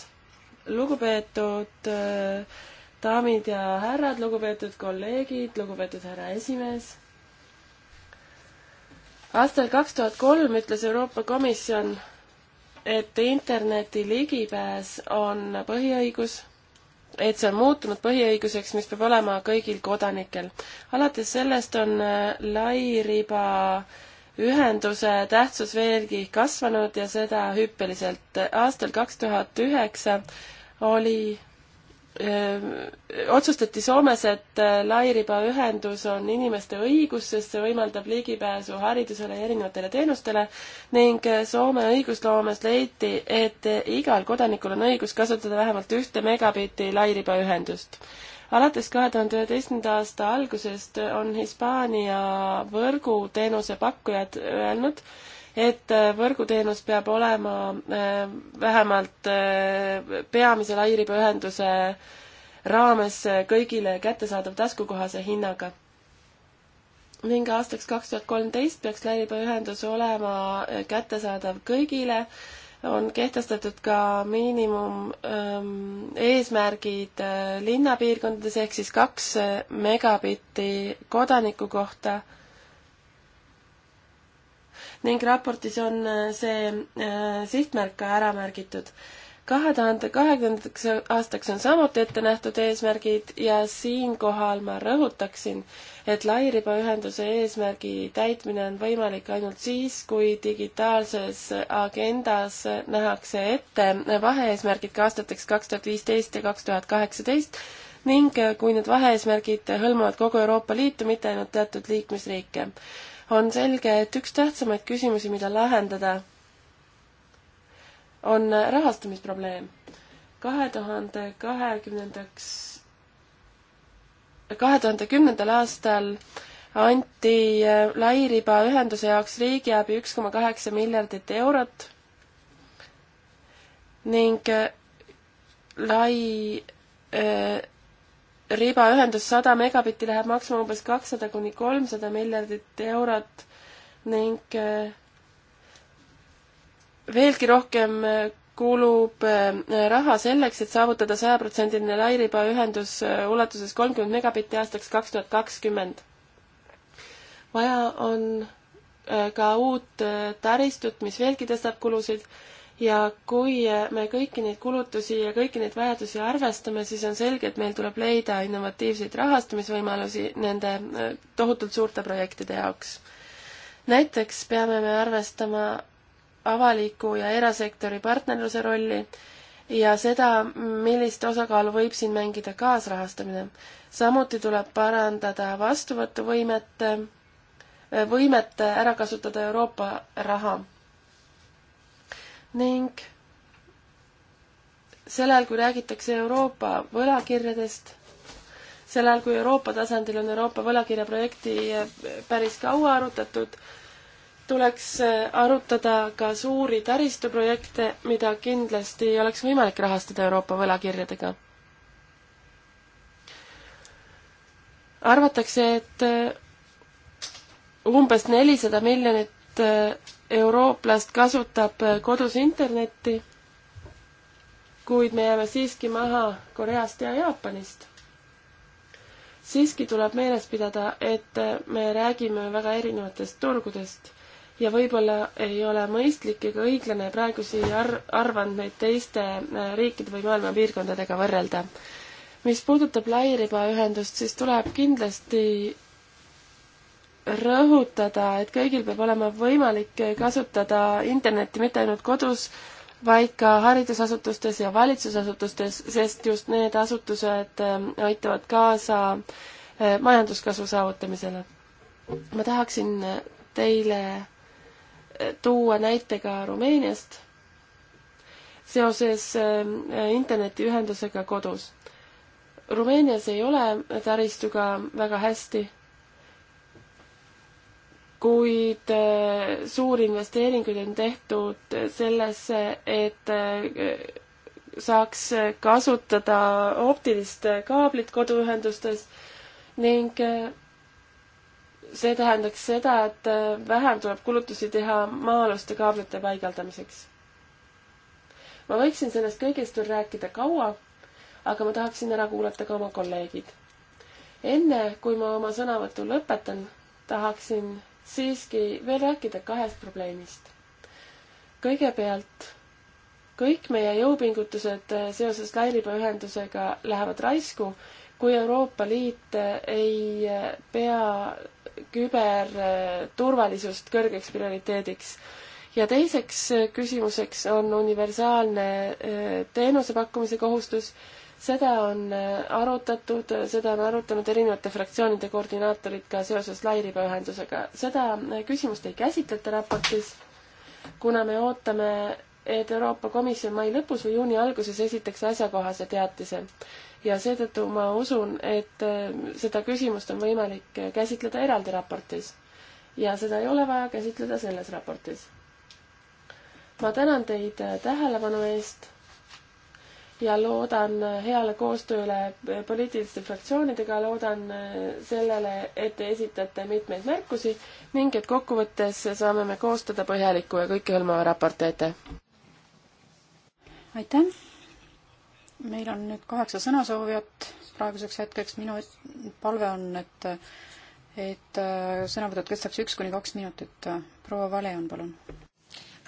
lugupeetud eh, daamid ja härrad, lugupeetud kolleegid, lugupeetud härra esimees. aastal kaks tuhat kolm ütles Euroopa Komisjon, et interneti ligipääs on põhiõigus et see on muutunud põhiõiguseks, mis peab olema kõigil kodanikel. alates sellest on eh, lairiba ühenduse tähtsus veelgi kasvanud ja seda hüppeliselt. aastal kaks tuhat üheksa oli öö, otsustati Soomes, et äh, lairibaühendus on inimeste õigus, sest see võimaldab ligipääsu haridusele ja erinevatele teenustele ning äh, Soome õigusloomes leiti, et äh, igal kodanikul on õigus kasutada vähemalt ühte megabitti lairibaühendust alates kahe tuhande üheteistkümnenda aasta algusest on Hispaania võrguteenuse pakkujad öelnud, et äh, võrguteenus peab olema äh, vähemalt äh, peamise lairibaühenduse raames kõigile kättesaadav taskukohase hinnaga. ning aastaks kaks tuhat kolmteist peaks lairibaühendus olema kättesaadav kõigile on kehtestatud ka miinimum ähm, eesmärgid äh, linnapiirkondades ehk siis kaks äh, megabitti kodaniku kohta. ning raportis on äh, see äh, sihtmärk ka ära märgitud kahe tuhande kahekümnendaks aastaks on samuti ette nähtud eesmärgid ja siinkohal ma rõhutaksin, et lairibaühenduse eesmärgi täitmine on võimalik ainult siis, kui digitaalses agendas nähakse ette vaheeesmärgid ka aastateks kaks tuhat viisteist ja kaks tuhat kaheksateist ning kui need vaheeesmärgid hõlmavad kogu Euroopa Liitu, mitte ainult teatud liikmesriike. on selge, et üks tähtsamaid küsimusi, mida lahendada on rahastamisprobleem. kahe tuhande kahekümnendaks, kahe tuhande kümnendal aastal anti lairibaühenduse jaoks riigiabi üks koma kaheksa miljardit eurot ning lai äh, ribaühendus sada megabitti läheb maksma umbes kakssada kuni kolmsada miljardit eurot ning äh, veelgi rohkem äh, kulub äh, raha selleks, et saavutada sajaprotsendiline lairibaühendus äh, ulatuses kolmkümmend megabitti aastaks kaks tuhat kakskümmend. vaja on ka uut taristut, mis veelgi tõstab kulusid ja kui me kõiki neid kulutusi ja kõiki neid vajadusi arvestame, siis on selge, et meil tuleb leida innovatiivseid rahastamisvõimalusi nende tohutult suurte projektide jaoks. näiteks peame me arvestama avaliku ja erasektori partnerluse rolli ja seda, millist osakaalu võib siin mängida kaasrahastamine. samuti tuleb parandada vastuvõtuvõimet, eh, võimet ära kasutada Euroopa raha. ning sel ajal, kui räägitakse Euroopa võlakirjadest, sel ajal, kui Euroopa tasandil on Euroopa võlakirjaprojekti eh, päris kaua arutatud, tuleks äh, arutada ka suuri taristuprojekte, mida kindlasti oleks võimalik rahastada Euroopa võlakirjadega. arvatakse, et äh, umbes nelisada miljonit äh, eurooplast kasutab kodus internetti, kuid me jääme siiski maha Koreast ja Jaapanist siiski tuleb meeles pidada, et me räägime väga erinevatest turgudest ja võib-olla ei ole mõistlik ega õiglane praegusi ar-, arvandmeid teiste äh, riikide või maailmapiirkondadega võrrelda. mis puudutab lairibaühendust, siis tuleb kindlasti rõhutada, et kõigil peab olema võimalik kasutada Internetti mitte ainult kodus, vaid ka haridusasutustes ja valitsusasutustes, sest just need asutused ähm, aitavad kaasa äh, majanduskasvu saavutamisele. ma tahaksin äh, teile tuua näite ka Rumeeniast seoses äh, internetiühendusega kodus. Rumeenias ei ole taristuga väga hästi, kuid äh, suuri investeeringuid on tehtud sellesse, et äh, saaks kasutada optilist kaablit koduühendustes ning see tähendaks seda, et äh, vähem tuleb kulutusi teha maa-aluste kaablite paigaldamiseks. ma võiksin sellest kõigest veel rääkida kaua, aga ma tahaksin ära kuulata ka oma kolleegid. enne, kui ma oma sõnavõtu lõpetan, tahaksin siiski veel rääkida kahest probleemist. kõigepealt, kõik meie jõupingutused äh, seoses lairibaühendusega lähevad raisku, kui Euroopa Liit äh, ei pea küberturvalisust kõrgeks prioriteediks. ja teiseks küsimuseks on universaalne äh, teenuse pakkumise kohustus. seda on äh, arutatud, seda on arutanud erinevate fraktsioonide koordinaatorid ka seoses lairibaühendusega. seda äh, küsimust ei käsitleta raportis, kuna me ootame et Euroopa Komisjon mai lõpus või juuni alguses esitaks asjakohase teatise ja seetõttu ma usun, et äh, seda küsimust on võimalik äh, käsitleda eraldi raportis. ja seda ei ole vaja käsitleda selles raportis. ma tänan teid äh, tähelepanu eest ja loodan heale koostööle poliitiliste fraktsioonidega, loodan sellele, et te esitate mitmeid märkusi ning et kokkuvõttes saame me koostada põhjaliku ja kõikehõlmava raporti, aitäh! aitäh! meil on nüüd kaheksa sõnasoovijat praeguseks hetkeks, minu palve on, et et äh, sõnavõtud kestaks üks kuni kaks minutit. proua Vale on, palun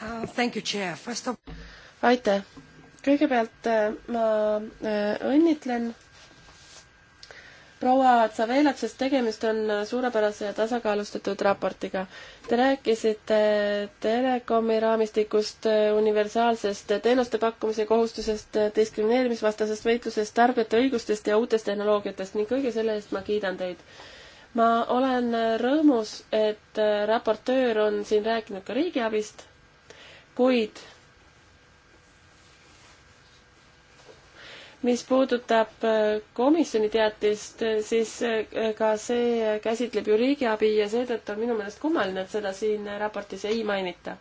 uh,. Of... aitäh. kõigepealt äh, ma äh, õnnitlen proua Tsavelat, sest tegemist on suurepärase ja tasakaalustatud raportiga. Te rääkisite telekomi raamistikust, universaalsest teenuste pakkumise kohustusest, diskrimineerimisvastasest võitlusest, tarbijate õigustest ja uutest tehnoloogiatest ning kõige selle eest ma kiidan teid. ma olen rõõmus, et raportöör on siin rääkinud ka riigiabist, kuid mis puudutab äh, komisjoni teatist, äh, siis äh, ka see käsitleb ju riigiabi ja seetõttu on minu meelest kummaline, et seda siin raportis ei mainita.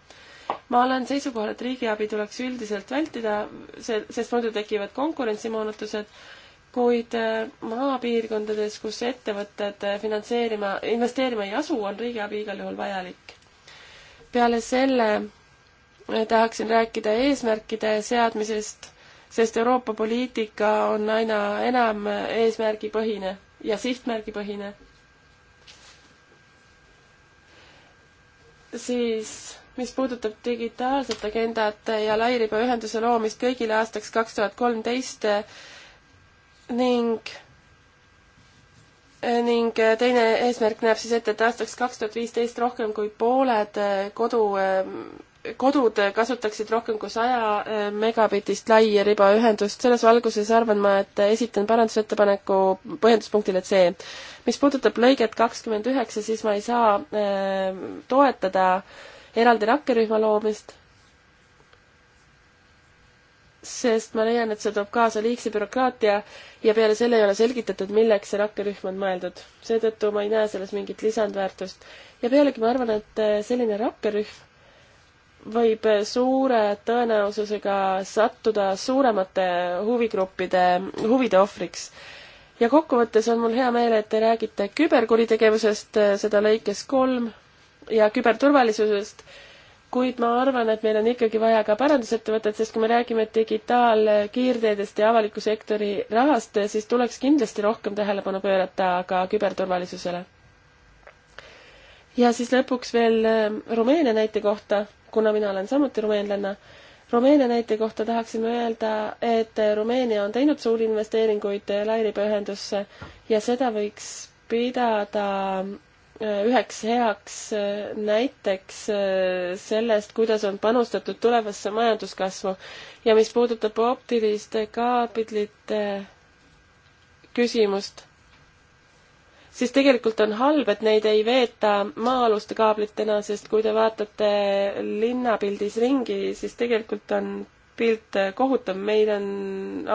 ma olen seisukohal, et riigiabi tuleks üldiselt vältida, see, sest muidu tekivad konkurentsimoonutused, kuid maapiirkondades, kus ettevõtted finantseerima, investeerima ei asu, on riigiabi igal juhul vajalik. peale selle tahaksin rääkida eesmärkide seadmisest sest Euroopa poliitika on aina enam eesmärgipõhine ja sihtmärgipõhine, siis mis puudutab digitaalset agendat ja lairibaühenduse loomist kõigile aastaks kaks tuhat kolmteist ning ning teine eesmärk näeb siis ette, et aastaks kaks tuhat viisteist rohkem kui pooled kodu kodud kasutaksid rohkem kui saja eh, megabitist laia ribaühendust, selles valguses arvan ma, et esitan parandusettepaneku põhjenduspunktile C. mis puudutab lõiget kakskümmend üheksa, siis ma ei saa äh, toetada eraldi rakkerühma loomist, sest ma leian, et see toob kaasa liigse bürokraatia ja peale selle ei ole selgitatud, milleks see rakkerühm on mõeldud. seetõttu ma ei näe selles mingit lisandväärtust. ja pealegi ma arvan, et eh, selline rakkerühm võib suure tõenäosusega sattuda suuremate huvigruppide huvide ohvriks. ja kokkuvõttes on mul hea meel, et te räägite küberkuritegevusest, seda lõikes kolm, ja küberturvalisusest, kuid ma arvan, et meil on ikkagi vaja ka parandusettevõtet, sest kui me räägime digitaalkiirteedest ja avaliku sektori rahast, siis tuleks kindlasti rohkem tähelepanu pöörata ka küberturvalisusele. ja siis lõpuks veel äh, Rumeenia näite kohta kuna mina olen samuti rumeenlanna, Rumeenia näite kohta tahaksime öelda, et Rumeenia on teinud suuri investeeringuid lairibaühendusse ja seda võiks pidada äh, üheks heaks äh, näiteks äh, sellest, kuidas on panustatud tulevasse majanduskasvu ja mis puudutab optiliste kaablite küsimust, siis tegelikult on halb, et neid ei veeta maa-aluste kaablitena, sest kui te vaatate linnapildis ringi, siis tegelikult on pilt kohutav, meil on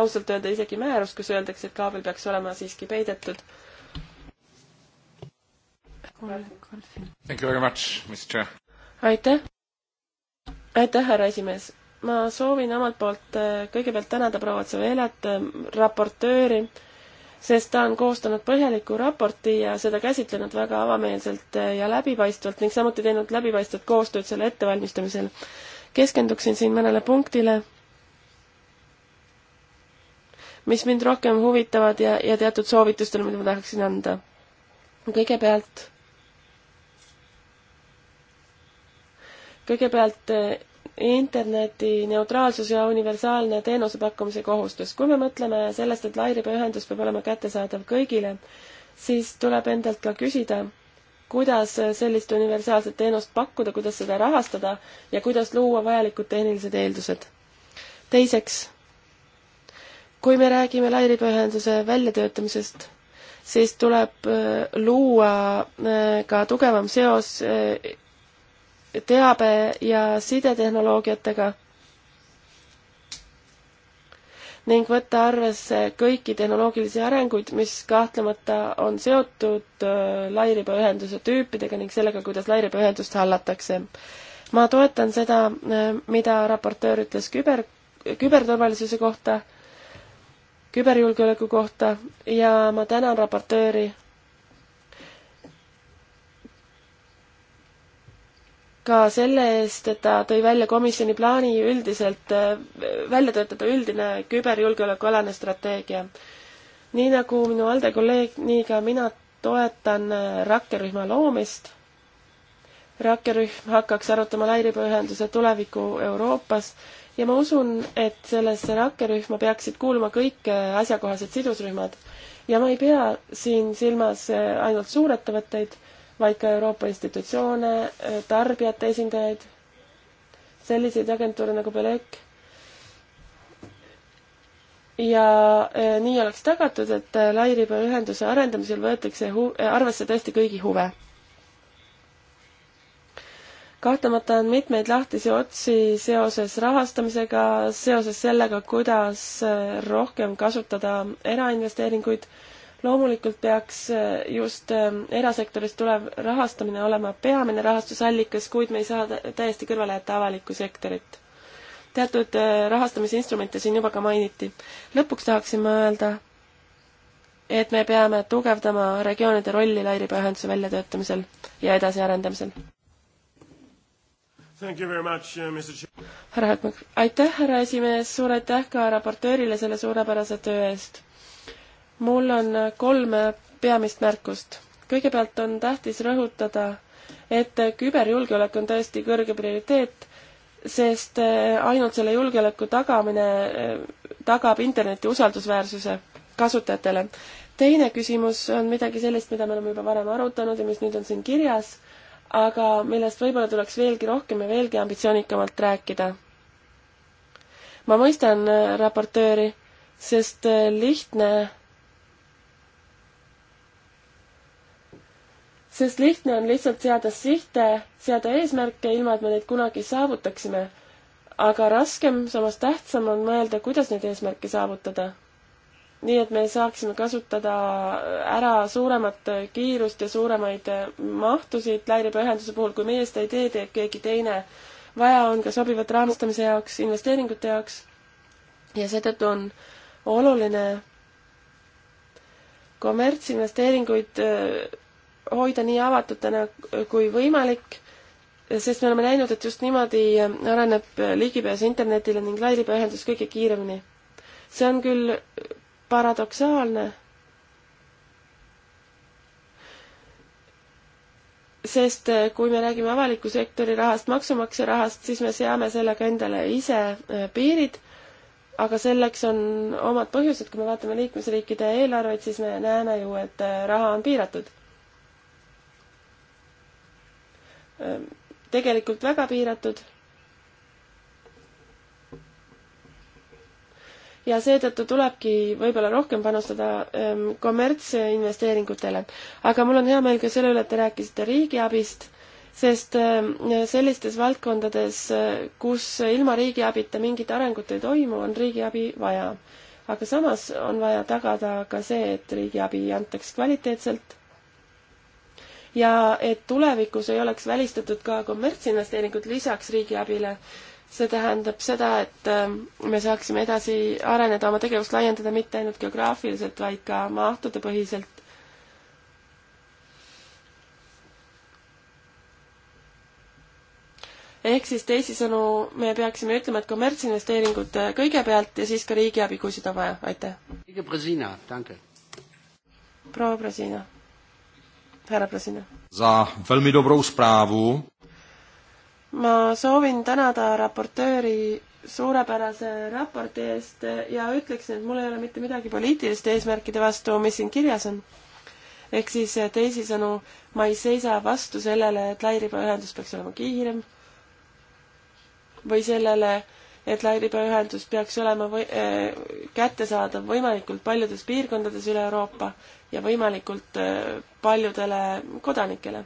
ausalt öelda isegi määrus, kus öeldakse, et kaabel peaks olema siiski peidetud. aitäh, aitäh, härra esimees. ma soovin omalt poolt kõigepealt tänada proua Tsevelat, raportööri sest ta on koostanud põhjaliku raporti ja seda käsitlenud väga avameelselt ja läbipaistvalt ning samuti teinud läbipaistvat koostööd selle ettevalmistamisel. keskenduksin siin mõnele punktile, mis mind rohkem huvitavad ja, ja teatud soovitustele, mida ma tahaksin anda. kõigepealt, kõigepealt eh, interneti neutraalsus ja universaalne teenuse pakkumise kohustus. kui me mõtleme sellest, et lairibaühendus peab olema kättesaadav kõigile, siis tuleb endalt ka küsida, kuidas sellist universaalset teenust pakkuda, kuidas seda rahastada ja kuidas luua vajalikud tehnilised eeldused. teiseks, kui me räägime lairibaühenduse väljatöötamisest, siis tuleb äh, luua äh, ka tugevam seos äh, teabe- ja sidetehnoloogiatega ning võtta arvesse kõiki tehnoloogilisi arenguid, mis kahtlemata on seotud äh, lairibaühenduse tüüpidega ning sellega, kuidas lairibaühendust hallatakse. ma toetan seda, äh, mida raportöör ütles küber, küberturvalisuse kohta, küberjulgeoleku kohta ja ma tänan raportööri ka selle eest, et ta tõi välja komisjoni plaani üldiselt äh, välja töötada üldine küberjulgeolekualane strateegia. nii nagu minu ALDE kolleeg, nii ka mina toetan äh, rakkerühma loomist. rakkerühm hakkaks arutama lairibaühenduse tulevikku Euroopas ja ma usun, et sellesse rakkerühma peaksid kuuluma kõik äh, asjakohased sidusrühmad. ja ma ei pea siin silmas ainult suurettevõtteid vaid ka Euroopa institutsioone, äh, tarbijate esindajaid, selliseid agentuure nagu Belek. ja äh, nii oleks tagatud, et äh, lairibaühenduse arendamisel võetakse hu-, arvesse tõesti kõigi huve. kahtlemata on mitmeid lahtisi otsi seoses rahastamisega, seoses sellega, kuidas rohkem kasutada erainvesteeringuid loomulikult peaks eh, just eh, erasektorist tulev rahastamine olema peamine rahastusallikas, kuid me ei saa täiesti kõrvale jätta avalikku sektorit. teatud eh, rahastamisinstrumente siin juba ka mainiti. lõpuks tahaksin ma öelda, et me peame tugevdama regioonide rolli lairibaühenduse väljatöötamisel ja edasiarendamisel. Uh, härra Hetmak, aitäh, härra esimees, suur aitäh ka raportöörile selle suurepärase töö eest mul on kolm peamist märkust. kõigepealt on tähtis rõhutada, et küberjulgeolek on tõesti kõrge prioriteet, sest ainult selle julgeoleku tagamine eh, tagab interneti usaldusväärsuse kasutajatele. teine küsimus on midagi sellist, mida me oleme juba varem arutanud ja mis nüüd on siin kirjas, aga millest võib-olla tuleks veelgi rohkem ja veelgi ambitsioonikamalt rääkida. ma mõistan eh, raportööri, sest eh, lihtne sest lihtne on lihtsalt seada sihte, seada eesmärke, ilma et me neid kunagi saavutaksime. aga raskem, samas tähtsam on mõelda, kuidas neid eesmärke saavutada. nii et me saaksime kasutada ära suuremat kiirust ja suuremaid mahtusid lairibaühenduse puhul, kui meie seda ei tee, teeb keegi teine. vaja on ka sobivat raamistamise jaoks, investeeringute jaoks ja seetõttu on oluline kommertsinvesteeringuid hoida nii avatutena kui võimalik, sest me oleme näinud, et just niimoodi areneb ligipääs internetile ning lairibaühendus kõige kiiremini. see on küll paradoksaalne, sest kui me räägime avaliku sektori rahast, maksumaksja rahast, siis me seame sellega endale ise äh, piirid, aga selleks on omad põhjused, kui me vaatame liikmesriikide eelarveid, siis me näeme ju, et äh, raha on piiratud Ehm, tegelikult väga piiratud. ja seetõttu tulebki võib-olla rohkem panustada ehm, kommertsinvesteeringutele. aga mul on hea meel ka selle üle, et te rääkisite riigiabist sest ehm, sellistes valdkondades, kus ilma riigiabita mingit arengut ei toimu, on riigiabi vaja. aga samas on vaja tagada ka see, et riigiabi antaks kvaliteetselt ja et tulevikus ei oleks välistatud ka kommertsinvesteeringud lisaks riigiabile. see tähendab seda, et ähm, me saaksime edasi areneda, oma tegevust laiendada mitte ainult geograafiliselt, vaid ka mahtude põhiselt. ehk siis teisisõnu, me peaksime ütlema, et kommertsinvesteeringud äh, kõigepealt ja siis ka riigiabi, kui seda on vaja, aitäh. proua Brasina härra Prasina. za velmi dobrou zprávu. ma soovin tänada raportööri suurepärase raporti eest ja ütleksin, et mul ei ole mitte midagi poliitiliste eesmärkide vastu, mis siin kirjas on. ehk siis teisisõnu, ma ei seisa vastu sellele, et lairibaühendus peaks olema kiirem või sellele, et lairibaühendus peaks olema või, äh, kättesaadav võimalikult paljudes piirkondades üle Euroopa ja võimalikult äh, paljudele kodanikele.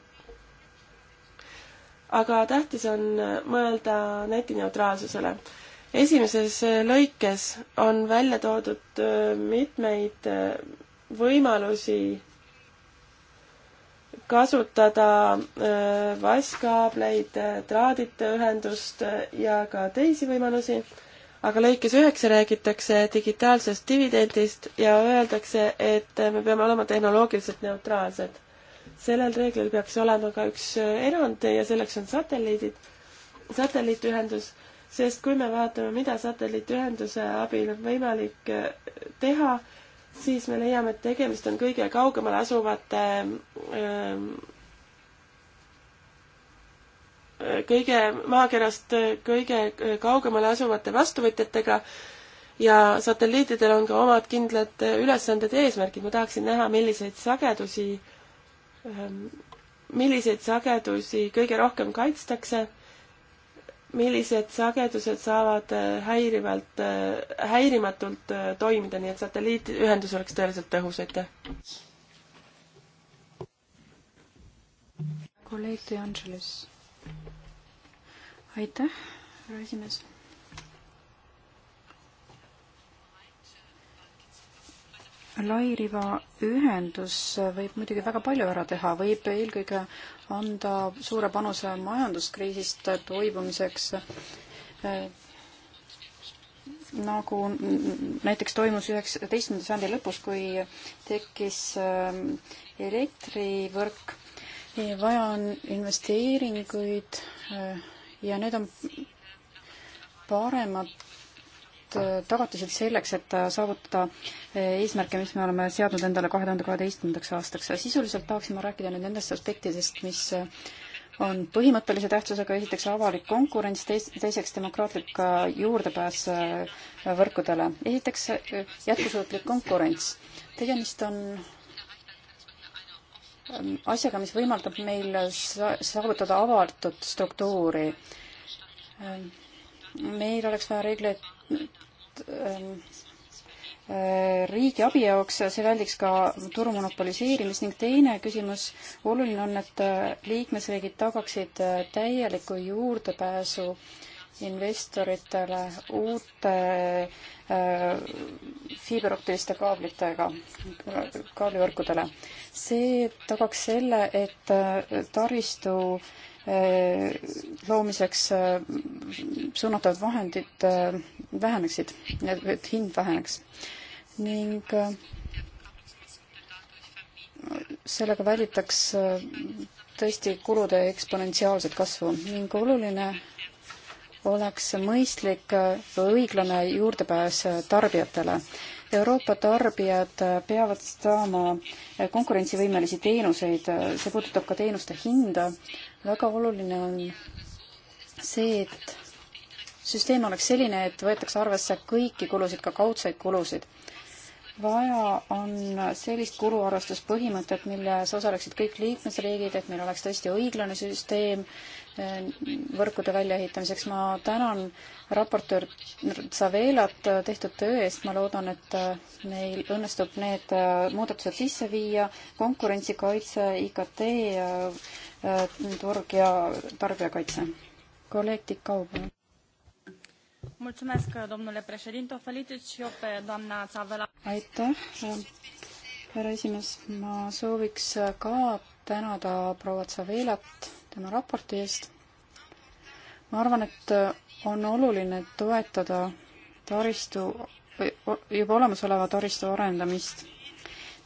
aga tähtis on eh, mõelda netineutraalsusele. esimeses lõikes on välja toodud äh, mitmeid äh, võimalusi äh, kasutada äh, vaskkaableid, äh, traadita ühendust äh, ja ka teisi võimalusi, aga lõikes üheksa räägitakse digitaalsest dividendist ja öeldakse, et me peame olema tehnoloogiliselt neutraalsed. sellel reeglil peaks olema ka üks erand ja selleks on satelliidid, satelliitühendus, sest kui me vaatame, mida satelliitühenduse abil on võimalik teha, siis me leiame, et tegemist on kõige kaugemal asuvate ähm, kõige maakerast kõige äh, kaugemal asuvate vastuvõtjatega ja satelliitidel on ka omad kindlad äh, ülesanded ja eesmärgid. ma tahaksin näha, milliseid sagedusi, ähm, milliseid sagedusi kõige rohkem kaitstakse millised sagedused saavad äh, häirivalt, äh, häirimatult äh, toimida, nii et satelliitühendus oleks tõeliselt tõhus, aitäh. kolleeg De Angelis. aitäh, härra esimees. lairiva ühendus võib muidugi väga palju ära teha, võib eelkõige anda suure panuse majanduskriisist toibumiseks, nagu näiteks toimus üheksateistkümnenda sajandi lõpus, kui tekkis ähm, elektrivõrk. vaja on investeeringuid äh, ja need on paremad Äh, tagatised selleks, et äh, saavutada äh, eesmärke, mis me oleme seadnud endale kahe tuhande kaheteistkümnendaks aastaks. sisuliselt tahaksin ma rääkida nüüd nendest aspektidest, mis on põhimõttelise tähtsusega esiteks avalik konkurents, teis-, teiseks demokraatlik juurdepääs võrkudele. esiteks jätkusuutlik konkurents. tegemist on ähm, asjaga, mis võimaldab meil saavutada avatud struktuuri. Ähm, meil oleks vaja reegleid Äh, riigi abi jaoks, see väldiks ka turu monopoliseerimist ning teine küsimus, oluline on, et äh, liikmesriigid tagaksid äh, täieliku juurdepääsu investoritele uute fiiberoptiliste kaablitega, kaablivõrkudele. see tagaks selle, et taristu äh, Äh, loomiseks äh, suunatavad vahendid äh, väheneksid, et hind väheneks. ning sellega välitaks tõesti kulude eksponentsiaalset kasvu ning oluline oleks mõistlik õiglane juurdepääs tarbijatele. Euroopa tarbijad peavad saama konkurentsivõimelisi teenuseid, see puudutab ka teenuste hinda väga oluline on see, et süsteem oleks selline, et võetakse arvesse kõiki kulusid, ka kaudseid kulusid. vaja on sellist kuluarvestuspõhimõtet, milles osaleksid kõik liikmesriigid, et meil oleks tõesti õiglane süsteem eh, võrkude väljaehitamiseks. ma tänan raportöör Savelat tehtud töö eest, ma loodan, et eh, meil õnnestub need eh, muudatused sisse viia, konkurentsikaitse, IKT Äh, turg ja tarbijakaitse. kolleeg Tikau, palun. Mulțumesc, domnule președinte. O felicit și eu pe doamna Țavela. Aitäh, härra esimees. Ma sooviks ka tänada proua Tsavelat tema raporti eest. ma arvan, et on oluline toetada taristu, juba olemasoleva taristu arendamist.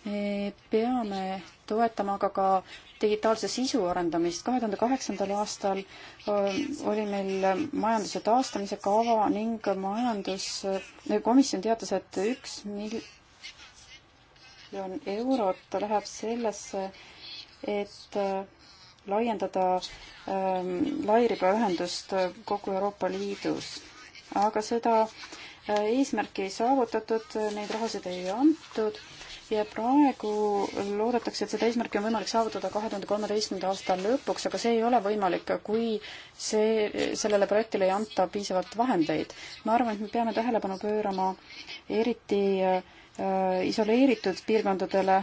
me peame toetama aga ka digitaalse sisu arendamist. kahe tuhande kaheksandal aastal oli meil majanduse taastamise kava ning majandus, äh, komisjon teatas, et üks miljon eurot läheb sellesse, et äh, laiendada ähm, lairibaühendust äh, kogu Euroopa Liidus. aga seda eesmärki ei saavutatud, neid rahasid ei antud ja praegu loodetakse, et seda eesmärki on võimalik saavutada kahe tuhande kolmeteistkümnenda aasta lõpuks, aga see ei ole võimalik, kui see, sellele projektile ei anta piisavalt vahendeid. ma arvan, et me peame tähelepanu pöörama eriti äh, isoleeritud piirkondadele,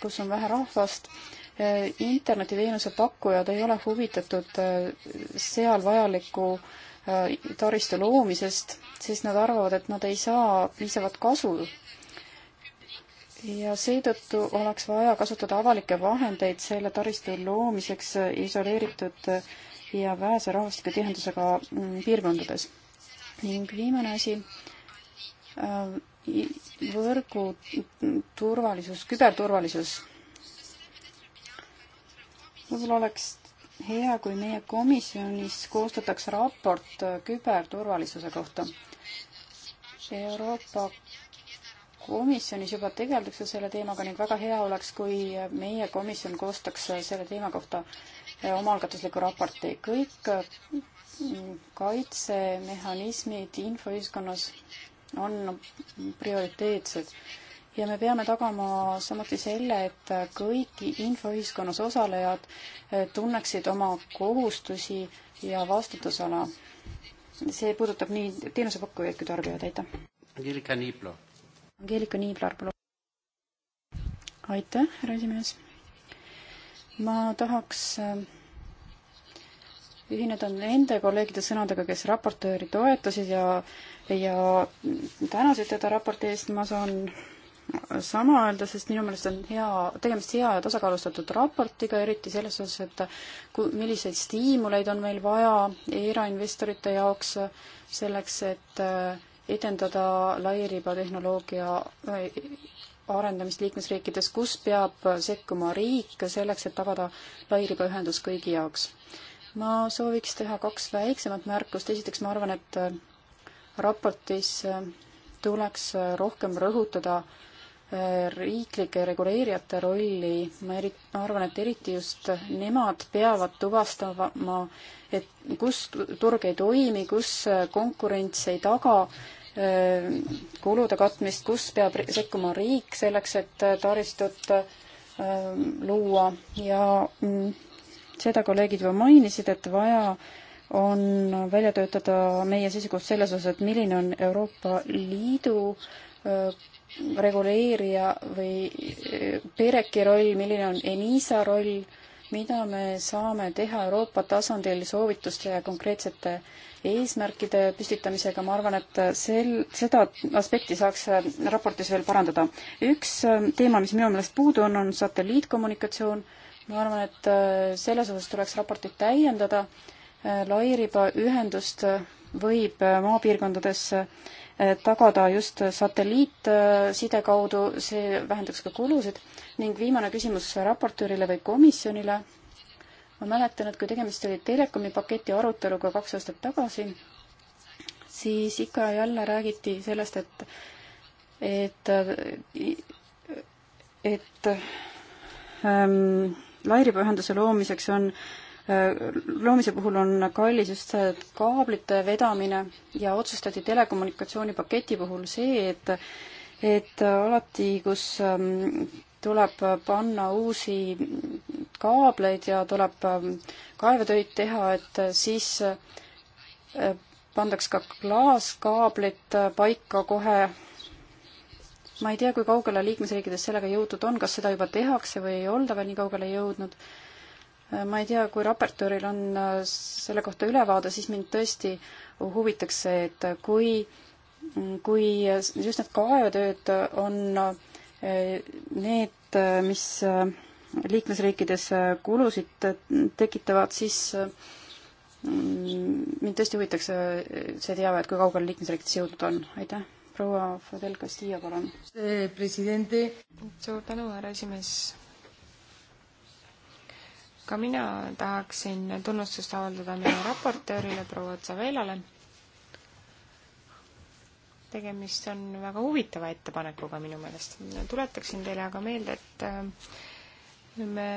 kus on vähe rahvast äh,, internetiteenuse pakkujad ei ole huvitatud äh, seal vajaliku äh, taristu loomisest, sest nad arvavad, et nad ei saa piisavat kasu ja seetõttu oleks vaja kasutada avalikke vahendeid selle taristu loomiseks isoleeritud ja vähese rahvastiku tihendusega mm, piirkondades. ning viimane asi, äh, võrgu turvalisus, küberturvalisus. võib-olla oleks hea, kui meie komisjonis koostataks raport küberturvalisuse kohta. Euroopa komisjonis juba tegeldakse selle teemaga ning väga hea oleks, kui meie komisjon koostaks selle teema kohta omaalgatusliku raporti. kõik mm, kaitsemehhanismid infoühiskonnas on prioriteetsed ja me peame tagama samuti selle, et kõik infoühiskonnas osalejad eh, tunneksid oma kohustusi ja vastutusala. see puudutab nii teenusepakkujaid kui tarbijaid, aitäh. Angelika Niiblo Angeelika Niiblar, palun. aitäh, härra esimees. ma tahaks äh, ühineda nende kolleegide sõnadega, kes raportööri toetasid ja, ja tänasid teda raporti eest, ma saan sama öelda, sest minu meelest on hea, tegemist hea ja tasakaalustatud raportiga, eriti selles osas, et ku-, milliseid stiimuleid on meil vaja erainvestorite jaoks selleks, et äh, edendada lairibatehnoloogia äh, arendamist liikmesriikides, kus peab sekkuma riik selleks, et tagada lairibaühendus kõigi jaoks. ma sooviks teha kaks väiksemat märkust, esiteks ma arvan, et raportis äh, tuleks äh, rohkem rõhutada äh, riiklike reguleerijate rolli, ma eri-, arvan, et eriti just nemad peavad tuvastama, et kus turg ei toimi, kus konkurents ei taga äh, kulude katmist, kus peab sekkuma riik selleks, et taristut äh, luua ja mm, seda kolleegid juba mainisid, et vaja on välja töötada meie seisukoht selles osas, et milline on Euroopa Liidu äh, reguleerija või eh, pereki roll, milline on Enisa roll, mida me saame teha Euroopa tasandil soovituste ja konkreetsete eesmärkide püstitamisega, ma arvan, et sel, seda aspekti saaks raportis veel parandada. üks eh, teema, mis minu meelest puudu on, on satelliitkommunikatsioon. ma arvan, et eh, selles osas tuleks raportit täiendada. lairiba ühendust võib maapiirkondades Eh, tagada just satelliitside kaudu, see vähendaks ka kulusid. ning viimane küsimus raportöörile või komisjonile. ma mäletan, et kui tegemist oli telekomi paketi aruteluga kaks aastat tagasi, siis ikka ja jälle räägiti sellest, et, et, et ähm, lairibaühenduse loomiseks on äh, Äh, loomise puhul on kallis just see kaablite vedamine ja otsustati telekommunikatsioonipaketi puhul see, et et alati, kus ähm, tuleb panna uusi kaableid ja tuleb ähm, kaevetöid teha, et siis äh, pandaks ka klaaskaablit äh, paika kohe. ma ei tea, kui kaugele liikmesriikides sellega jõutud on, kas seda juba tehakse või ei olda veel nii kaugele jõudnud ma ei tea, kui raportööril on äh, selle kohta ülevaade, siis mind tõesti huvitaks see, et kui, kui just need kaevetööd on äh, need, äh, mis liikmesriikides kulusid tekitavad, siis mm, mind tõesti huvitaks see teave, et kui kaugele liikmesriikides jõudnud on, aitäh. proua Fadel Castillo, palun. suur tänu, härra esimees ka mina tahaksin tunnustust avaldada meie raportöörile, proua Otsavelale. tegemist on väga huvitava ettepanekuga minu meelest. tuletaksin teile aga meelde, et äh, me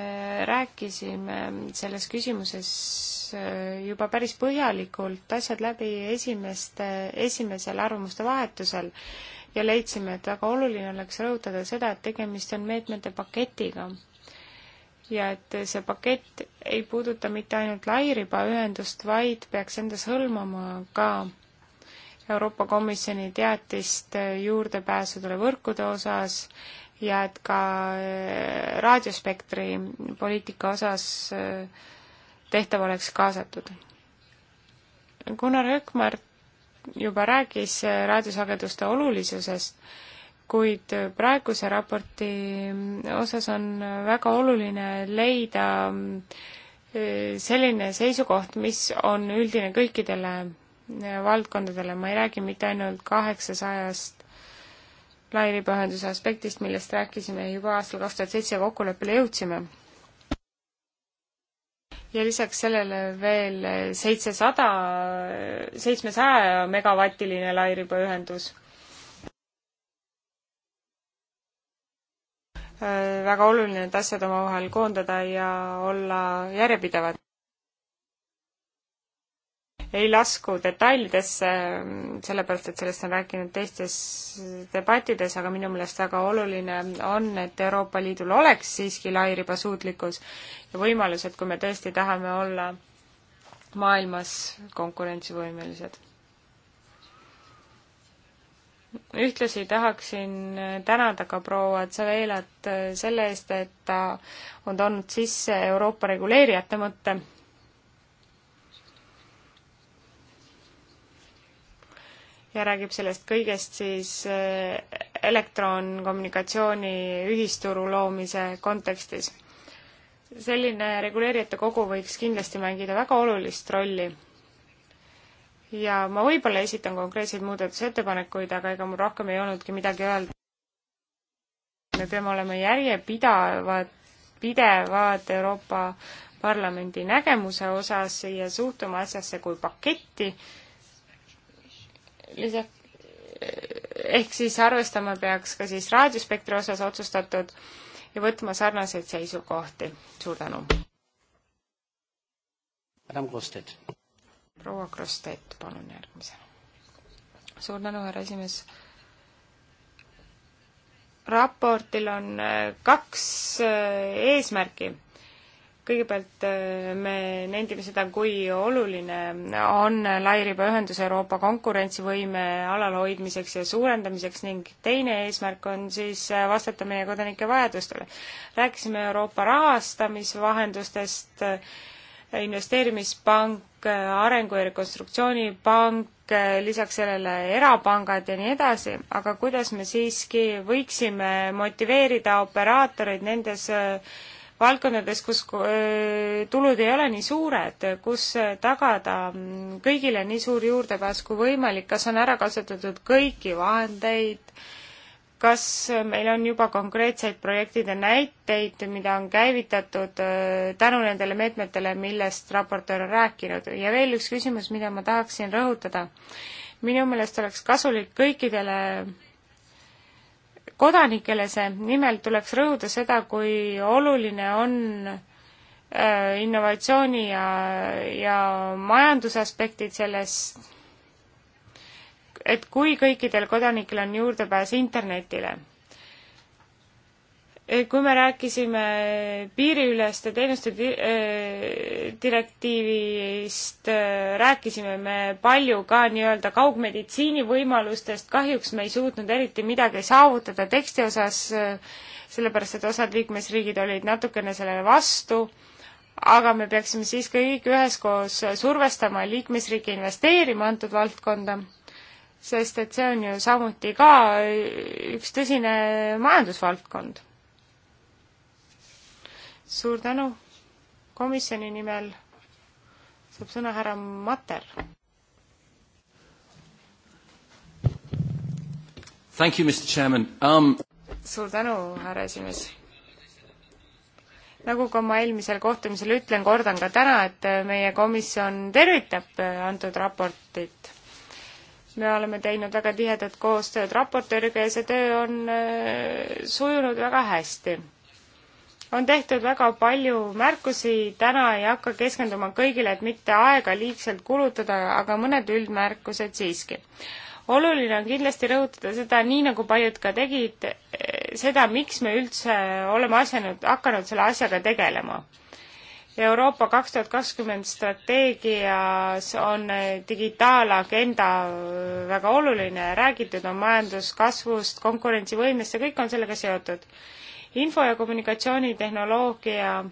rääkisime selles küsimuses äh, juba päris põhjalikult asjad läbi esimeste, esimesel arvamuste vahetusel ja leidsime, et väga oluline oleks rõhutada seda, et tegemist on meetmete paketiga ja et see pakett ei puuduta mitte ainult lairibaühendust, vaid peaks endas hõlmama ka Euroopa Komisjoni teatist juurdepääsudele võrkude osas ja et ka eh, raadiospektri poliitika osas eh, tehtav oleks kaasatud. Gunnar Hökmar juba rääkis eh, raadiosageduste olulisusest kuid praeguse raporti osas on väga oluline leida eh, selline seisukoht, mis on üldine kõikidele eh, valdkondadele, ma ei räägi mitte ainult kaheksasajast lairipühenduse aspektist, millest rääkisime juba aastal kaks tuhat seitse kokkuleppele jõudsime. ja lisaks sellele veel seitsesada, seitsmesaja megavatiline lairibühendus Äh, väga oluline need asjad omavahel koondada ja olla järjepidevad. ei lasku detailidesse, sellepärast et sellest on rääkinud teistes debattides, aga minu meelest väga oluline on, et Euroopa Liidul oleks siiski lairibasuutlikkus ja võimalused, kui me tõesti tahame olla maailmas konkurentsivõimelised ühtlasi tahaksin tänada ka proua Tsavelat äh, selle eest, et ta on toonud sisse Euroopa reguleerijate mõtte. ja räägib sellest kõigest siis äh, elektronkommunikatsiooni ühisturu loomise kontekstis. selline reguleerijate kogu võiks kindlasti mängida väga olulist rolli ja ma võib-olla esitan konkreetseid muudatusettepanekuid, aga ega mul rohkem ei olnudki midagi öelda. me peame olema järjepidavad, pidevad Euroopa Parlamendi nägemuse osas ja suhtuma asjasse kui paketti. lisaks, ehk siis arvestama peaks ka siis raadiospektri osas otsustatud ja võtma sarnaseid seisukohti. suur tänu! Madame Grosstedt proua Krossett, palun järgmisena. suur tänu, härra esimees. raportil on äh, kaks äh, eesmärki kõigepealt äh, me nendime seda, kui oluline on lairibaühendus Euroopa konkurentsivõime alalhoidmiseks ja suurendamiseks ning teine eesmärk on siis vastata meie kodanike vajadustele. rääkisime Euroopa rahastamisvahendustest investeerimispank, Arengu- ja Rekonstruktsioonipank, lisaks sellele erapangad ja nii edasi, aga kuidas me siiski võiksime motiveerida operaatoreid nendes äh, valdkondades, kus äh, tulud ei ole nii suured, kus äh, tagada mm, kõigile nii suur juurdepääs kui võimalik, kas on ära kasutatud kõiki vahendeid, kas meil on juba konkreetseid projektide näiteid, mida on käivitatud äh, tänu nendele meetmetele, millest raportöör on rääkinud? ja veel üks küsimus, mida ma tahaksin rõhutada. minu meelest oleks kasulik kõikidele kodanikele see, nimelt tuleks rõhuda seda, kui oluline on äh, innovatsiooni ja, ja majandusaspektid sellest et kui kõikidel kodanikel on juurdepääs internetile, eh, kui me rääkisime piiriüleste teenuste eh, direktiivist, eh, rääkisime me palju ka nii-öelda kaugmeditsiini võimalustest, kahjuks me ei suutnud eriti midagi saavutada teksti osas, sellepärast et osad liikmesriigid olid natukene sellele vastu, aga me peaksime siis kõik üheskoos survestama liikmesriike investeerima antud valdkonda sest et see on ju samuti ka üks tõsine majandusvaldkond. suur tänu komisjoni nimel saab sõna härra Mater. Thank you, Mr Chairman um.... suur tänu, härra esimees. nagu ka oma eelmisel kohtumisel ütlen, kordan ka täna, et meie komisjon tervitab antud raportit me oleme teinud väga tihedat koostööd raportööriga ja see töö on äh, sujunud väga hästi. on tehtud väga palju märkusi, täna ei hakka keskenduma kõigile, et mitte aega liigselt kulutada, aga mõned üldmärkused siiski. oluline on kindlasti rõhutada seda, nii nagu paljud ka tegid, äh, seda, miks me üldse oleme asjanud, hakanud selle asjaga tegelema Euroopa kaks tuhat kakskümmend strateegias on digitaalagenda väga oluline, räägitud on majanduskasvust, konkurentsivõimest, see kõik on sellega seotud. info- ja kommunikatsioonitehnoloogia äh,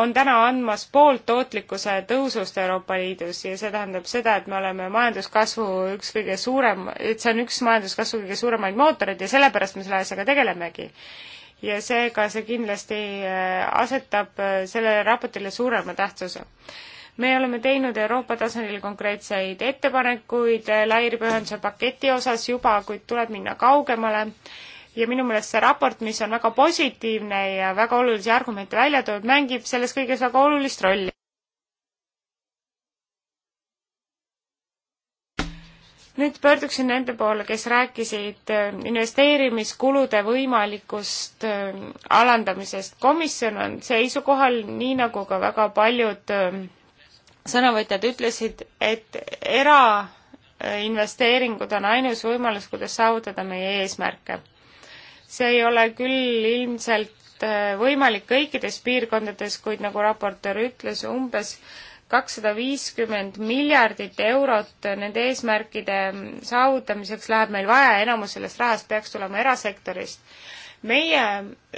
on täna andmas poolt tootlikkuse tõusust Euroopa Liidus ja see tähendab seda, et me oleme majanduskasvu üks kõige suurem, et see on üks majanduskasvu kõige suuremaid mootoreid ja sellepärast me selle asjaga tegelemegi ja seega see kindlasti äh, asetab äh, sellele raportile suurema tähtsuse. me oleme teinud Euroopa tasandil konkreetseid ettepanekuid äh, lairibeühenduse paketi osas juba, kuid tuleb minna kaugemale ja minu meelest see raport, mis on väga positiivne ja väga olulisi argumente välja toob, mängib selles kõiges väga olulist rolli. nüüd pöörduksin nende poole, kes rääkisid äh, investeerimiskulude võimalikust äh, alandamisest. komisjon on seisukohal, nii nagu ka väga paljud äh, sõnavõtjad ütlesid, et erainvesteeringud on ainus võimalus, kuidas saavutada meie eesmärke. see ei ole küll ilmselt võimalik kõikides piirkondades, kuid nagu raportöör ütles, umbes kakssada viiskümmend miljardit eurot nende eesmärkide saavutamiseks läheb meil vaja, enamus sellest rahast peaks tulema erasektorist. meie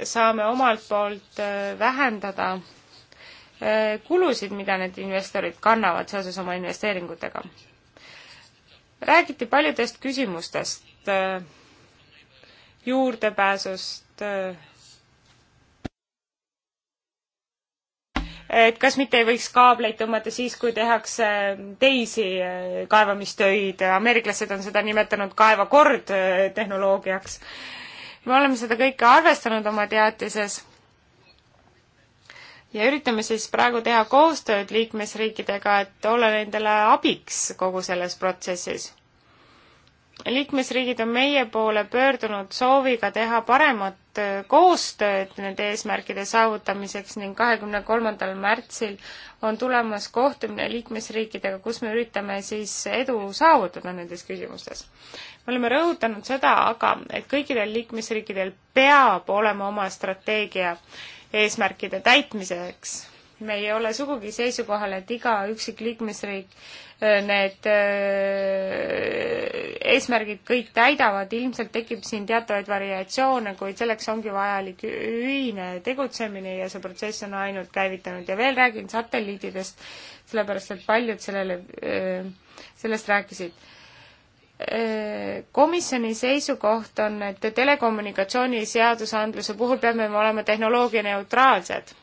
saame omalt poolt äh, vähendada äh, kulusid, mida need investorid kannavad seoses oma investeeringutega. räägiti paljudest küsimustest, äh, juurdepääsust et kas mitte ei võiks kaableid tõmmata siis, kui tehakse teisi äh, kaevamistöid, ameeriklased on seda nimetanud kaevakord äh, tehnoloogiaks. me oleme seda kõike arvestanud oma teatises ja üritame siis praegu teha koostööd liikmesriikidega, et olla nendele abiks kogu selles protsessis liikmesriigid on meie poole pöördunud sooviga teha paremat äh, koostööd nende eesmärkide saavutamiseks ning kahekümne kolmandal märtsil on tulemas kohtumine liikmesriikidega, kus me üritame siis edu saavutada nendes küsimustes. me oleme rõhutanud seda aga, et kõikidel liikmesriikidel peab olema oma strateegia eesmärkide täitmiseks. me ei ole sugugi seisukohal, et iga üksik liikmesriik need äh, eesmärgid kõik täidavad, ilmselt tekib siin teatavaid variatsioone, kuid selleks ongi vajalik ühine tegutsemine ja see protsess on ainult käivitanud ja veel räägin satelliididest, sellepärast et paljud sellele, äh, sellest rääkisid. Äh, komisjoni seisukoht on, et telekommunikatsiooni seadusandluse puhul peame me olema tehnoloogianeutraalsed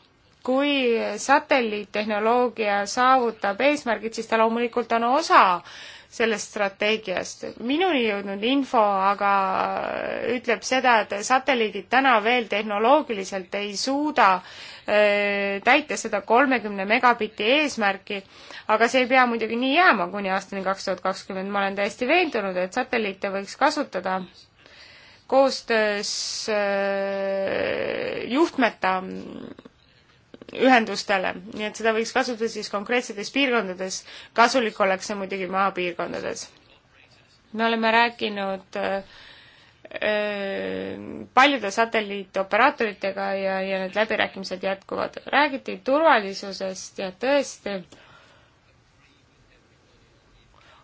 kui satelliittehnoloogia saavutab eesmärgid, siis ta loomulikult on osa sellest strateegiast. minuni jõudnud info aga ütleb seda, et satelliidid täna veel tehnoloogiliselt ei suuda öö, täita seda kolmekümne megabitti eesmärki, aga see ei pea muidugi nii jääma kuni aastani kaks tuhat kakskümmend, ma olen täiesti veendunud, et satelliite võiks kasutada koostöös öö, juhtmeta ühendustele, nii et seda võiks kasutada siis konkreetsetes piirkondades, kasulik oleks see muidugi maapiirkondades. me oleme rääkinud äh, äh paljude satelliitoperaatoritega ja, ja need läbirääkimised jätkuvad. räägiti turvalisusest ja tõesti,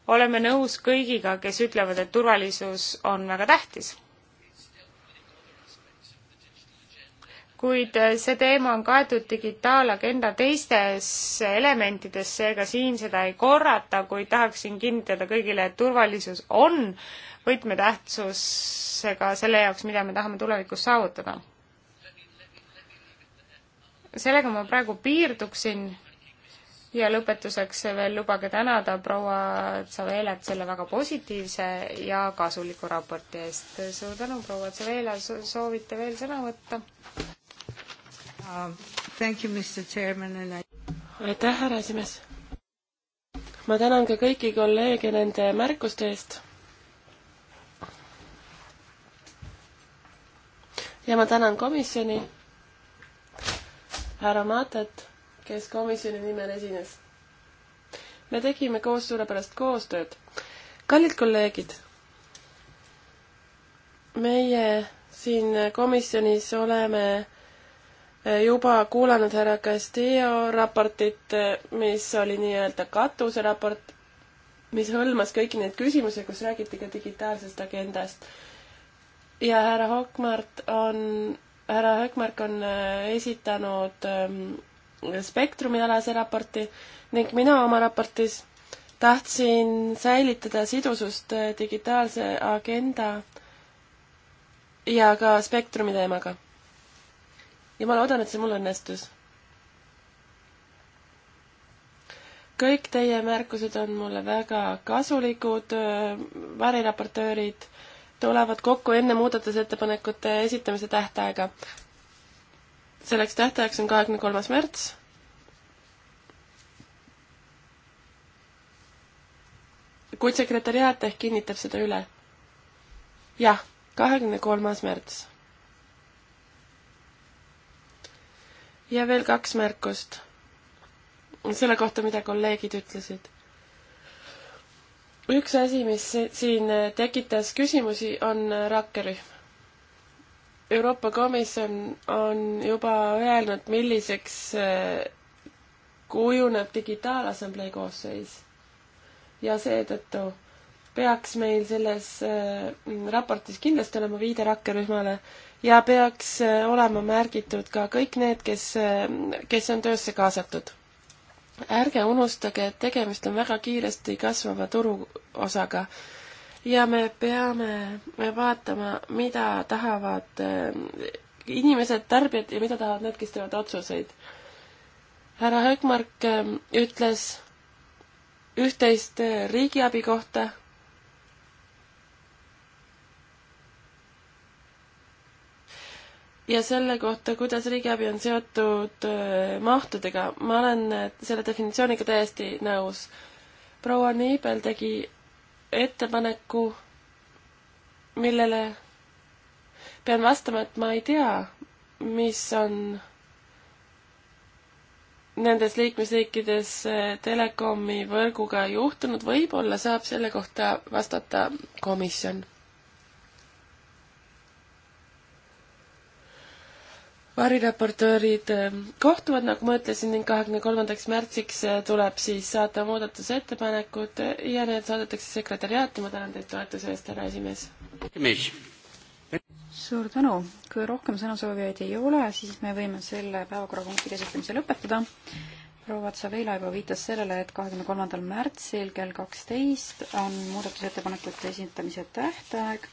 oleme nõus kõigiga, kes ütlevad, et turvalisus on väga tähtis kuid äh, see teema on kaetud digitaalagenda teistes elementides, seega siin seda ei korrata, kuid tahaksin kinnitada kõigile, et turvalisus on võtmetähtsusega selle jaoks, mida me tahame tulevikus saavutada. sellega ma praegu piirduksin ja lõpetuseks veel lubage tänada proua Tsaveelat selle väga positiivse ja kasuliku raporti eest. suur tänu, proua Tsaveela, soovite veel sõna võtta? Um, aitäh, härra esimees! ma tänan ka kõiki kolleege nende märkuste eest. ja ma tänan komisjoni, härra Matet, kes komisjoni nimel esines. me tegime koos suurepärast koostööd. kallid kolleegid, meie siin komisjonis oleme juba kuulanud härra Castillo raportit, mis oli nii-öelda katuseraport, mis hõlmas kõiki neid küsimusi, kus räägiti ka digitaalsest agendast. ja härra Hokmart on, härra Hökmark on äh, esitanud ähm, spektrumialase raporti ning mina oma raportis tahtsin säilitada sidusust äh, digitaalse agenda ja ka spektrumi teemaga ja ma loodan, et see mul õnnestus. kõik teie märkused on mulle väga kasulikud, äh, variraportöörid tulevad kokku enne muudatusettepanekute esitamise tähtaega. selleks tähtajaks on kahekümne kolmas märts kuid sekretäriaat ehk kinnitab seda üle. jah, kahekümne kolmas märts ja veel kaks märkust selle kohta, mida kolleegid ütlesid. üks asi, mis siin tekitas küsimusi, on rakkerühm. Euroopa Komisjon on juba öelnud, milliseks eh, kujuneb digitaalassamblee koosseis ja seetõttu peaks meil selles eh, raportis kindlasti olema viide rakkerühmale ja peaks äh, olema märgitud ka kõik need, kes, äh, kes on töösse kaasatud. ärge unustage, et tegemist on väga kiiresti kasvava turuosaga ja me peame me vaatama, mida tahavad äh, inimesed, tarbijad ja mida tahavad need, kes teevad otsuseid. härra Höökmark ütles üht-teist riigiabi kohta ja selle kohta, kuidas riigiabi on seotud äh, mahtudega, ma olen äh, selle definitsiooniga täiesti nõus. proua Niibel tegi ettepaneku, millele pean vastama, et ma ei tea, mis on nendes liikmesriikides äh, telekomi võrguga juhtunud, võib-olla saab selle kohta vastata komisjon variraportöörid ähm, kohtuvad, nagu ma ütlesin, ning kahekümne kolmandaks märtsiks äh, tuleb siis saata muudatusettepanekud äh, ja need saadetakse sekretäriaati. ma tänan teid toetuse eest, härra esimees. suur tänu. kui rohkem sõnasoovijaid ei ole, siis me võime selle päevakorrapunkti käsitlemise lõpetada. proua Tsaveila juba viitas sellele, et kahekümne kolmandal märtsil kell kaksteist on muudatusettepanekute esitamise tähtaeg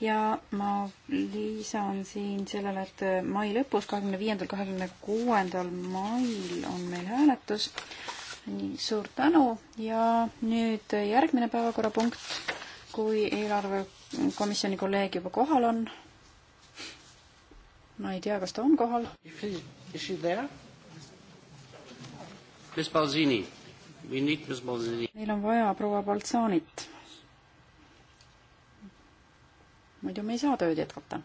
ja ma lisan siin sellele, et mai lõpus, kahekümne viiendal, kahekümne kuuendal mail on meil hääletus. nii, suur tänu ja nüüd järgmine päevakorrapunkt, kui eelarvekomisjoni kolleeg juba kohal on. ma ei tea, kas ta on kohal. Is she there? Miss Balzini, we need Miss Balzini. meil on vaja proua Baltsaanit muidu me ei saa tööd jätkata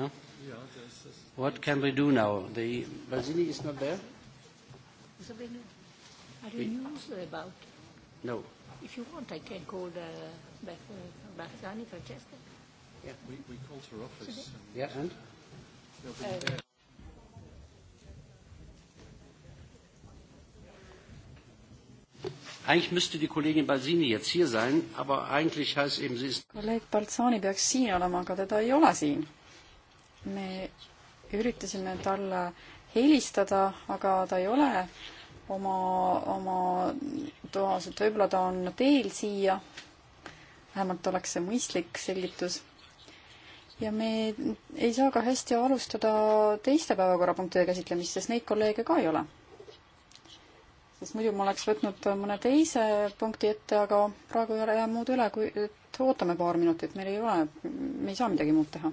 No? Yeah, what can we do now? The Basili is not there? Are you news about? No. If you want, I can call the uh, Beth, uh, Barzani Francesca. Yeah. We, we called her office. And yeah, and? Nobody uh, there. Um, eigentlich müsste die Kollegin Balsini jetzt hier sein, aber eigentlich heißt eben, sie ist... Kolleeg Balzani peaks siin olema, aga teda ei ole siin me üritasime talle helistada, aga ta ei ole oma, oma toas, et võib-olla ta on teel siia. vähemalt oleks see mõistlik selgitus. ja me ei saa ka hästi alustada teiste päevakorrapunktide käsitlemist, sest neid kolleege ka ei ole. sest muidu ma oleks võtnud mõne teise punkti ette, aga praegu ei ole muud üle, kui et ootame paar minutit, meil ei ole, me ei saa midagi muud teha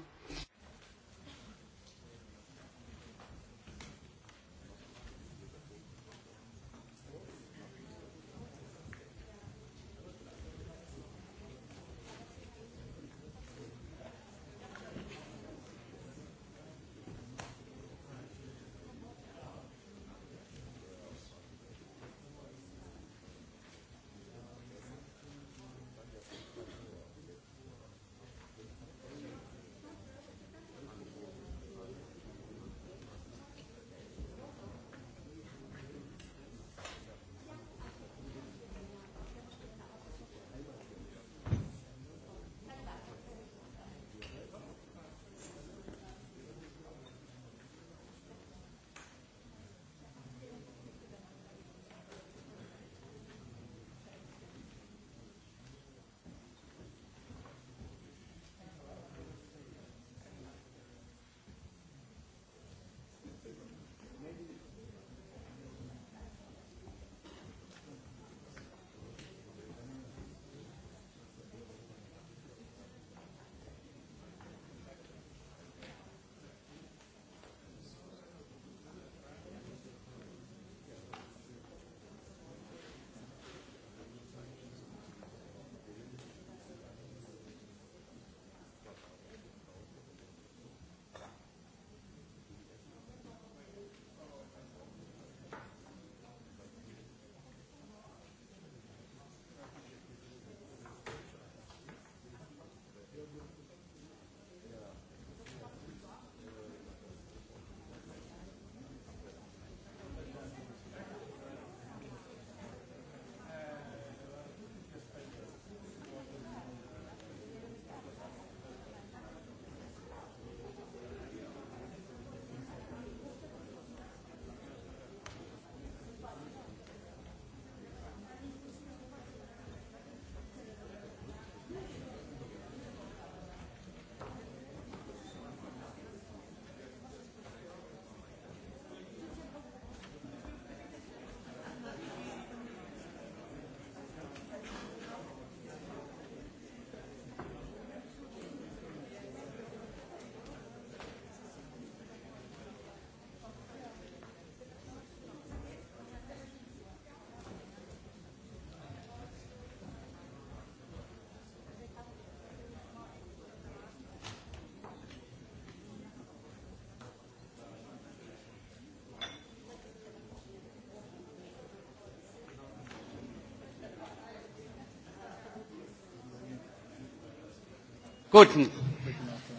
Gut,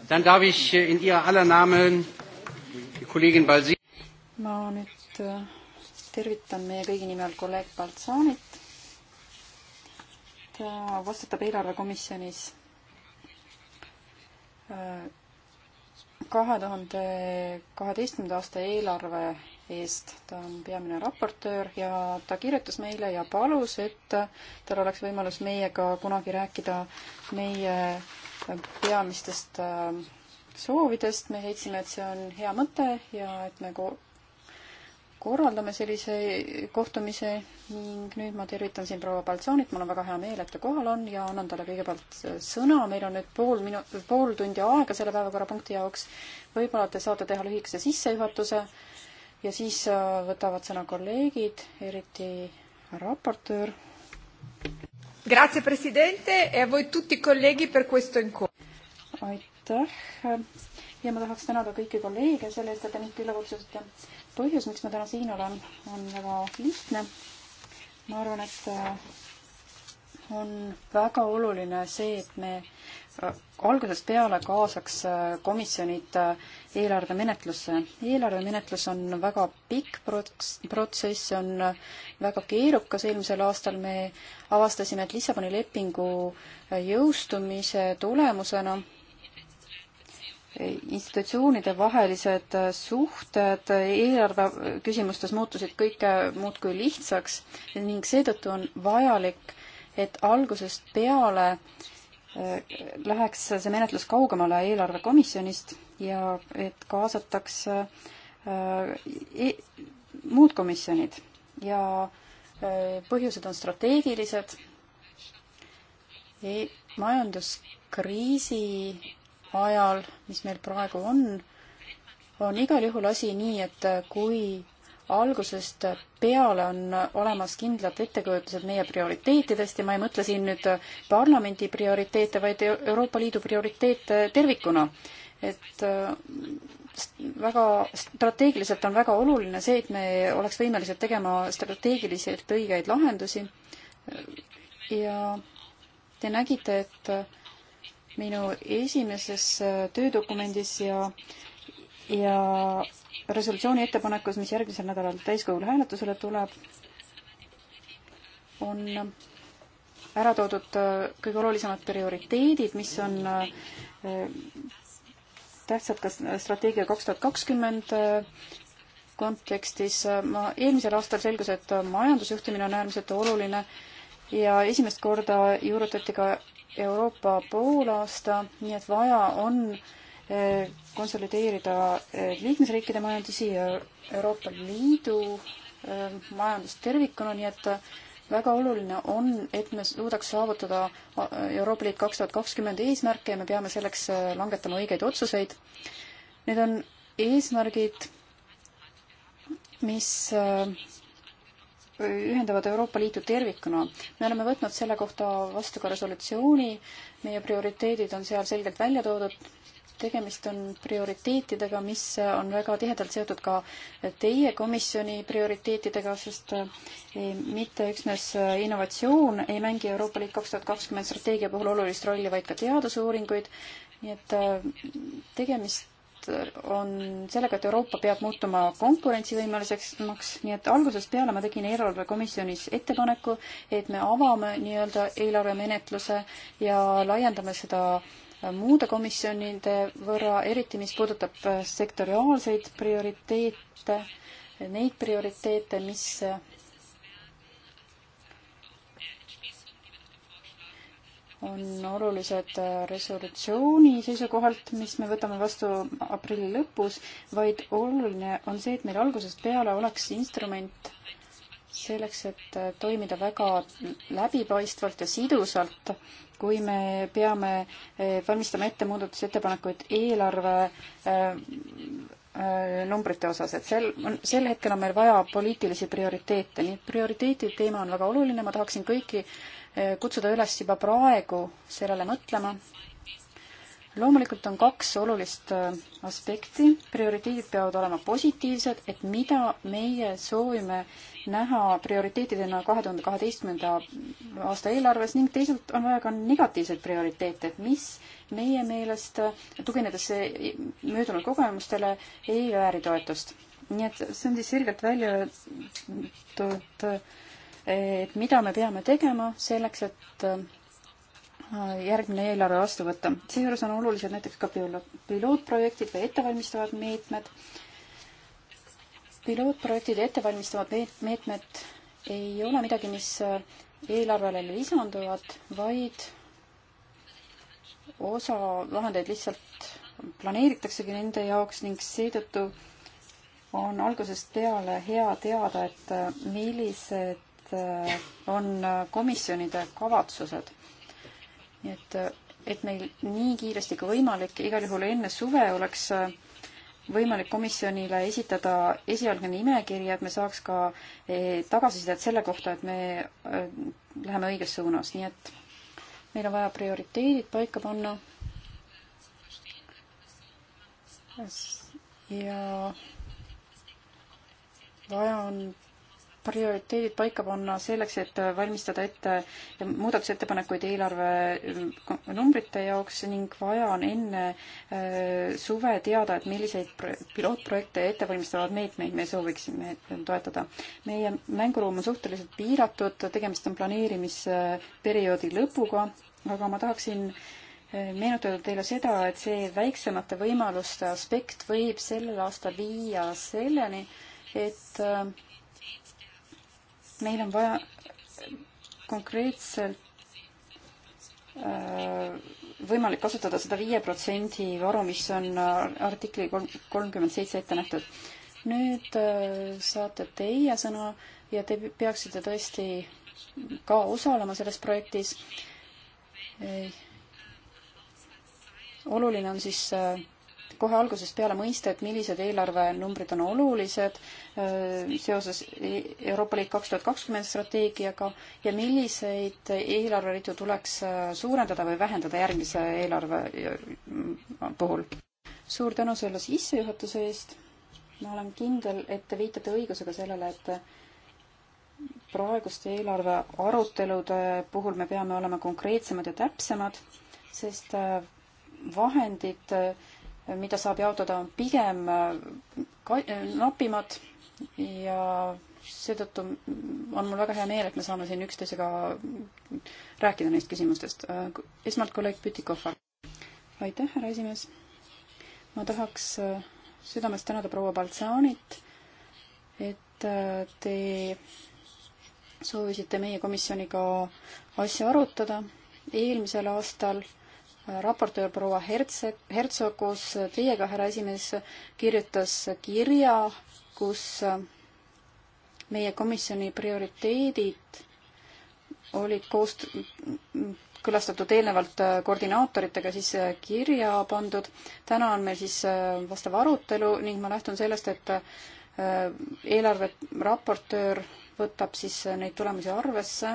dann darf ich äh, in Ihrer aller Namen die Kollegin Balsi. ma nüüd äh, tervitan meie kõigi nimel kolleeg Baltsaanit. ta vastutab eelarvekomisjonis äh, kahe tuhande kaheteistkümnenda aasta eelarve eest. ta on peamine raportöör ja ta kirjutas meile ja palus, et tal oleks võimalus meiega kunagi rääkida meie äh, peamistest äh, soovidest, me leidsime, et see on hea mõte ja et me ko korraldame sellise kohtumise ning nüüd ma tervitan siin proua Baltsaanit, mul on väga hea meel, et ta kohal on ja annan talle kõigepealt äh, sõna, meil on nüüd pool minu-, pool tundi aega selle päevakorrapunkti jaoks. võib-olla te saate teha lühikese sissejuhatuse ja siis äh, võtavad sõna kolleegid, eriti raportöör. Grazie Presidente e a voi tutti i colleghi per questo incontro. aitäh ja ma tahaks tänada kõiki kolleege selle eest, et te mind külla kutsusite. põhjus, miks ma täna siin olen, on väga lihtne. ma arvan, et äh, on väga oluline see, et me äh, algusest peale kaasaks äh, komisjonid äh, eelarvemenetlusse. eelarvemenetlus on väga pikk prots-, protsess, see on väga keerukas, eelmisel aastal me avastasime, et Lissaboni lepingu jõustumise tulemusena institutsioonide vahelised suhted eelarve küsimustes muutusid kõike muudkui lihtsaks ning seetõttu on vajalik, et algusest peale äh, läheks see menetlus kaugemale eelarvekomisjonist ja et kaasataks äh, e muud komisjonid ja äh, põhjused on strateegilised e. majanduskriisi ajal, mis meil praegu on, on igal juhul asi nii, et kui algusest peale on olemas kindlad ettekujutused meie prioriteetidest ja ma ei mõtle siin nüüd parlamendi prioriteete, vaid Euroopa Liidu prioriteete tervikuna. et äh, väga strateegiliselt on väga oluline see, et me oleks võimelised tegema strateegiliselt õigeid lahendusi ja te nägite, et minu esimeses töödokumendis ja ja resolutsiooni ettepanekus, mis järgmisel nädalal täiskogul hääletusele tuleb, on ära toodud äh, kõige olulisemad prioriteedid, mis on äh, tähtsad ka strateegia kaks tuhat kakskümmend äh, kontekstis. ma, eelmisel aastal selgus, et majandusjuhtimine on äärmiselt oluline ja esimest korda juurutati ka Euroopa poolaasta, nii et vaja on konsolideerida eh, liikmesriikide majandusi ja Euroopa Liidu eh, majandust tervikuna, nii et eh, väga oluline on, et me suudaks saavutada Euroopa Liit kaks tuhat kakskümmend eesmärke ja me peame selleks langetama õigeid otsuseid. Need on eesmärgid, mis ühendavad Euroopa Liitu tervikuna. me oleme võtnud selle kohta vastu ka resolutsiooni, meie prioriteedid on seal selgelt välja toodud tegemist on prioriteetidega, mis on väga tihedalt seotud ka teie komisjoni prioriteetidega, sest eh, mitte üksnes eh, innovatsioon ei mängi Euroopa Liit kaks tuhat kakskümmend strateegia puhul olulist rolli, vaid ka teadusuuringuid. nii et eh, tegemist on sellega, et Euroopa peab muutuma konkurentsivõimeliseks, nii et algusest peale ma tegin eelarvekomisjonis ettepaneku, et me avame nii-öelda eelarvemenetluse ja laiendame seda äh, muude komisjonide võrra, eriti mis puudutab äh, sektoriaalseid prioriteete, neid prioriteete, mis äh, on olulised äh, resolutsiooni seisukohalt, mis me võtame vastu aprilli lõpus, vaid oluline on see, et meil algusest peale oleks instrument selleks, et toimida väga läbipaistvalt ja sidusalt kui me peame eh, valmistama ette muudatusettepanekuid eelarve eh, eh, numbrite osas, et sel, sel hetkel on meil vaja poliitilisi prioriteete, nii et prioriteetide teema on väga oluline, ma tahaksin kõiki kutsuda üles juba praegu sellele mõtlema loomulikult on kaks olulist äh, aspekti. prioriteedid peavad olema positiivsed, et mida meie soovime näha prioriteetidena kahe tuhande kaheteistkümnenda aasta eelarves ning teisalt on vaja ka negatiivseid prioriteete, et mis meie meelest, äh, tuginedes möödunud kogemustele, ei vääri toetust. nii et see on siis selgelt välja öeldud, äh, et mida me peame tegema selleks, et järgmine eelarve vastu võtta. seejuures on olulised näiteks ka pilootprojektid või ettevalmistavad meetmed. pilootprojektid ja ettevalmistavad meetmed ei ole midagi, mis eelarvele lisanduvad, vaid osa vahendeid lihtsalt planeeritaksegi nende jaoks ning seetõttu on algusest peale hea teada, et millised on komisjonide kavatsused nii et, äh, et meil nii kiiresti kui võimalik, igal juhul enne suve oleks äh, võimalik komisjonile esitada esialgne nimekiri, et me saaks ka äh, tagasisidet selle kohta, et me läheme õiges suunas, nii et meil on vaja prioriteedid paika panna. ja vaja on prioriteedid paika panna selleks, et valmistada ette muudatusettepanekuid eelarve mm, numbrite jaoks ning vaja on enne äh, suve teada, et milliseid pilootprojekte ja ettevalmistavad meetmeid me sooviksime toetada. meie mänguruum on suhteliselt piiratud, tegemist on planeerimisperioodi lõpuga, aga ma tahaksin äh, meenutada teile seda, et see väiksemate võimaluste aspekt võib sellel aastal viia selleni, et äh, meil on vaja konkreetselt äh, võimalik kasutada seda viie protsendi varu, mis on äh, artikli kolmkümmend seitse ette nähtud. nüüd äh, saate teie sõna ja te peaksite tõesti ka osalema selles projektis. oluline on siis kohe algusest peale mõista, et millised eelarvenumbrid on olulised äh, seoses e-, Euroopa Liit kaks tuhat kakskümmend strateegiaga ja milliseid eelarveritu tuleks äh, suurendada või vähendada järgmise eelarve äh, puhul. suur tänu selle sissejuhatuse eest. ma olen kindel, et te viitate õigusega sellele, et praeguste eelarve arutelude puhul me peame olema konkreetsemad ja täpsemad, sest vahendid mida saab jaotada, on pigem äh, äh, napimad ja seetõttu on mul väga hea meel, et me saame siin üksteisega rääkida neist küsimustest. Äh, esmalt kolleeg Pütikohvar. aitäh, härra esimees. ma tahaks südamest tänada proua Baltsaanit, et te soovisite meie komisjoniga asja arutada. eelmisel aastal raportöör proua Hertse-, Hertso koos teiega, härra esimees, kirjutas kirja, kus äh, meie komisjoni prioriteedid olid koost-, külastatud eelnevalt äh, koordinaatoritega siis äh, kirja pandud. täna on meil siis vastav arutelu ning ma lähtun sellest, et eelarve raportöör võtab siis neid tulemusi arvesse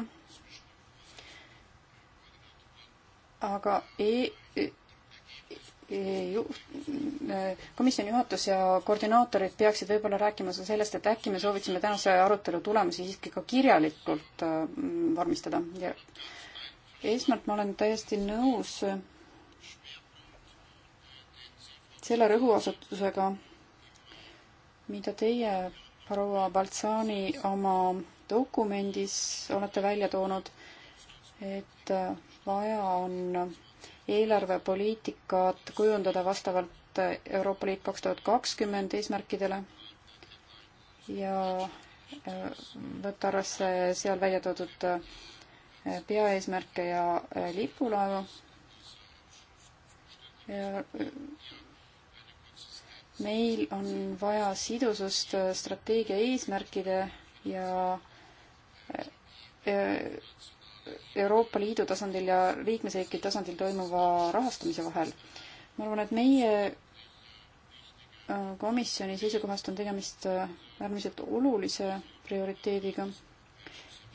aga e, e, e äh, komisjoni juhatus ja koordinaatorid peaksid võib-olla rääkima sellest, et äkki me sooviksime tänase arutelu tulemusi siiski ka kirjalikult äh, vormistada ja esmalt ma olen täiesti nõus selle rõhuasutusega, mida teie, proua Baltsani, oma dokumendis olete välja toonud, et äh, vaja on eelarvepoliitikat kujundada vastavalt Euroopa Liit kaks tuhat kakskümmend eesmärkidele ja äh, võtta arvesse seal välja toodud äh, peaeesmärke ja äh, lipulaeva. ja meil on vaja sidusust strateegia eesmärkide ja Euroopa Liidu tasandil ja liikmesriikide tasandil toimuva rahastamise vahel. ma arvan, et meie äh, komisjoni seisukohast on tegemist äh, äärmiselt olulise prioriteediga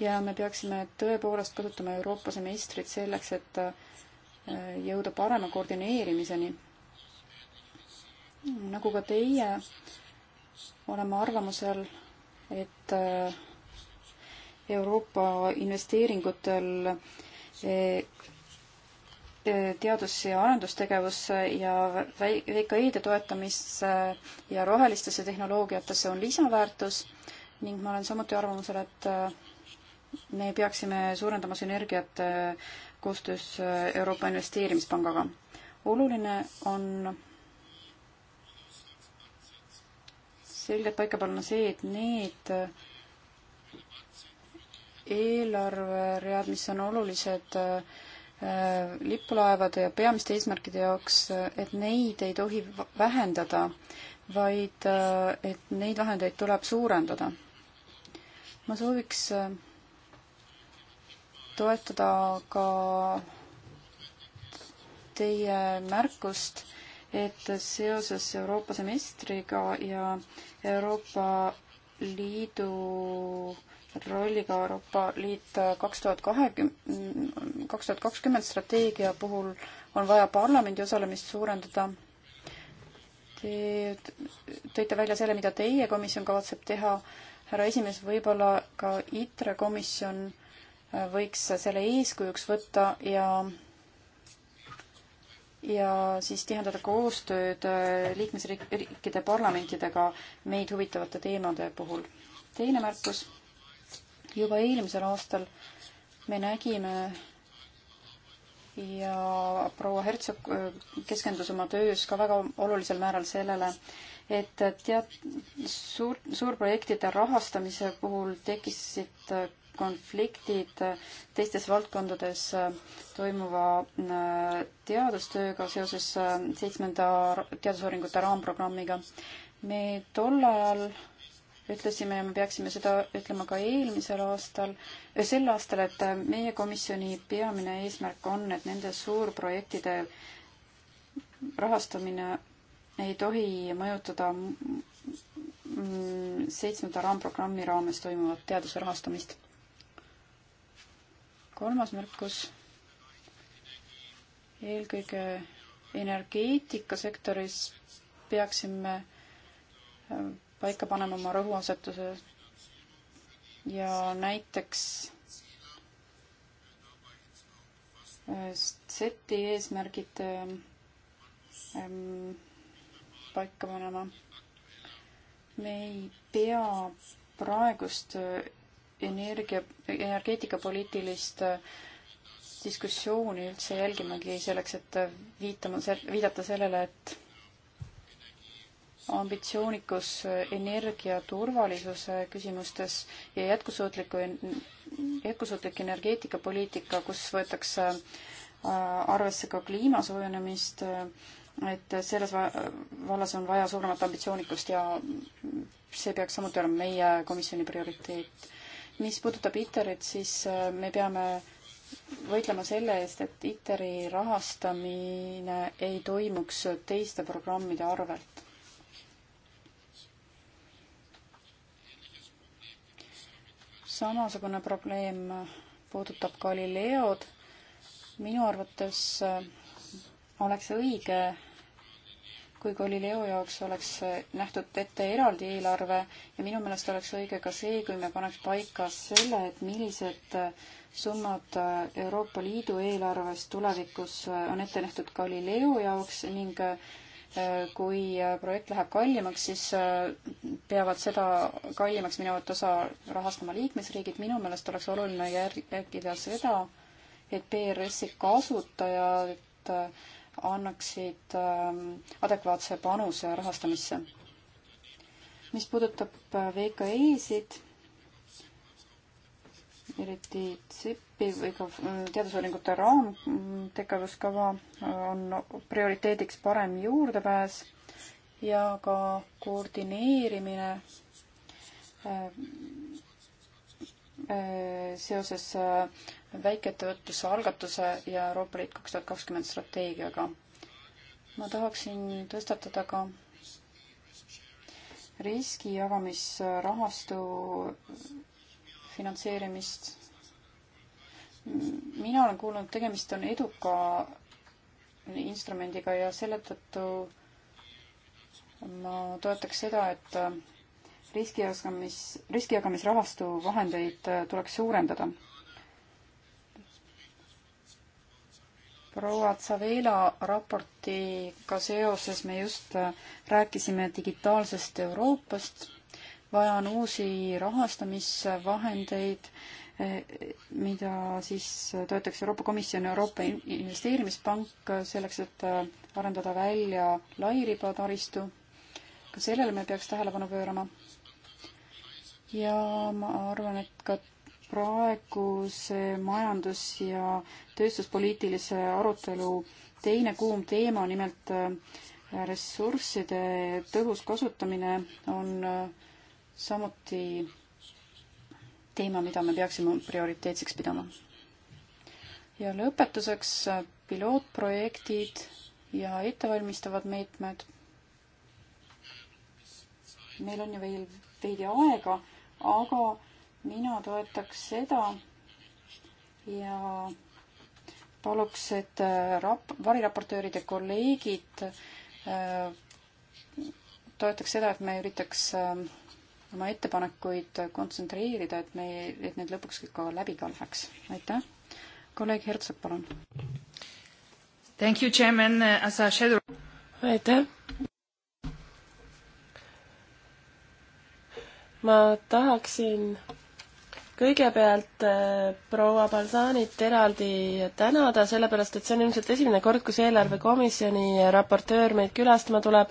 ja me peaksime tõepoolest kasutama Euroopa semestrit selleks, et äh, jõuda parema koordineerimiseni. nagu ka teie, oleme arvamusel, et Euroopa investeeringutel eh, eh, teadus- ja arendustegevusse ja VKI-de toetamisse ja rohelistesse tehnoloogiatesse on lisaväärtus ning ma olen samuti arvamusel, et eh, me peaksime suurendama sünergiat koostöös Euroopa Investeerimispangaga. oluline on selgelt paika panna see, et need eelarveread, mis on olulised äh, lipulaevade ja peamiste eesmärkide jaoks, et neid ei tohi vähendada, vaid äh, et neid vahendeid tuleb suurendada. ma sooviks äh, toetada ka teie märkust, et seoses Euroopa semestriga ja Euroopa Liidu äh, rolliga Euroopa Liit kaks tuhat kahekümne, kaks tuhat kakskümmend strateegia puhul on vaja parlamendi osalemist suurendada. Te tõite välja selle, mida teie komisjon kavatseb teha. härra esimees, võib-olla ka ITRE komisjon äh, võiks selle eeskujuks võtta ja ja siis tihendada koostööd äh, liikmesriikide parlamentidega meid huvitavate teemade puhul. teine märkus juba eelmisel aastal me nägime ja proua Hertsog äh, keskendus oma töös ka väga olulisel määral sellele, et tead, suur, suurprojektide rahastamise puhul tekkisid äh, konfliktid äh, teistes valdkondades toimuva teadustööga seoses seitsmenda teadusuuringute raamprogrammiga. me tol ajal ütlesime ja me peaksime seda ütlema ka eelmisel aastal, sel aastal, et meie komisjoni peamine eesmärk on, et nende suurprojektide rahastamine ei tohi mõjutada seitsmenda raamprogrammi raames toimuvat teaduse rahastamist. kolmas märkus. eelkõige energeetikasektoris peaksime paika panema oma rõhuasetuse. ja näiteks äh, seti eesmärgid äh, ähm, paika panema. me ei pea praegust äh, energia, energeetikapoliitilist diskussiooni üldse jälgimagi selleks, et viitama, viidata sellele, et ambitsioonikus energiaturvalisuse küsimustes ja jätkusuutliku, jätkusuutlik energeetikapoliitika, kus võetakse äh, arvesse ka kliima soojenemist, äh, et selles vallas on vaja suuremat ambitsioonikust ja see peaks samuti olema meie komisjoni prioriteet. mis puudutab ITER-it, siis äh, me peame võitlema selle eest, et ITER-i rahastamine ei toimuks teiste programmide arvelt samasugune probleem puudutab Galileod. minu arvates äh, oleks õige, kui Galileo jaoks oleks äh, nähtud ette eraldi eelarve ja minu meelest oleks õige ka see, kui me paneks paika selle, et millised äh, summad Euroopa Liidu eelarvest tulevikus on ette nähtud Galileo jaoks ning Äh, kui äh, projekt läheb kallimaks, siis äh, peavad seda kallimaks minevat osa rahastama liikmesriigid. minu meelest oleks oluline järgida seda, et PRS-i kasutajad annaksid ähm, adekvaatse panuse rahastamisse. mis puudutab VKE-sid, eriti CIP, õppiv või ka mm, teadusuuringute raamtegevuskava on prioriteediks parem juurdepääs ja ka koordineerimine äh, äh, seoses äh, väikeettevõtluse algatuse ja Euroopa Liit kaks tuhat kakskümmend strateegiaga. ma tahaksin tõstatada ka riskijagamisrahastu finantseerimist mina olen kuulnud, tegemist on eduka instrumendiga ja selle tõttu ma toetaks seda, et riskijagamis, riskijagamisrahastu vahendeid tuleks suurendada. proua Tsavela raportiga seoses me just rääkisime digitaalsest Euroopast, vaja on uusi rahastamisvahendeid mida siis toetaks Euroopa Komisjon ja Euroopa Investeerimispank selleks, et äh, arendada välja lairiba taristu. ka sellele me peaks tähelepanu pöörama. ja ma arvan, et ka praeguse majandus- ja tööstuspoliitilise arutelu teine kuum teema, nimelt äh, ressursside tõhus kasutamine on äh, samuti teema, mida me peaksime prioriteetseks pidama. ja lõpetuseks pilootprojektid ja ettevalmistavad meetmed. meil on ju veel veidi aega, aga mina toetaks seda ja paluks, et äh, rap-, variraportööride kolleegid äh, toetaks seda, et me üritaks äh, oma ettepanekuid kontsentreerida, et me, et need lõpuks ka läbi ka läheks. aitäh. kolleeg Hertsog, palun. Thank you, chairman, uh, as a shadow. aitäh. ma tahaksin kõigepealt uh, proua Balsanit eraldi tänada, sellepärast et see on ilmselt esimene kord, kus eelarvekomisjoni raportöör meid külastama tuleb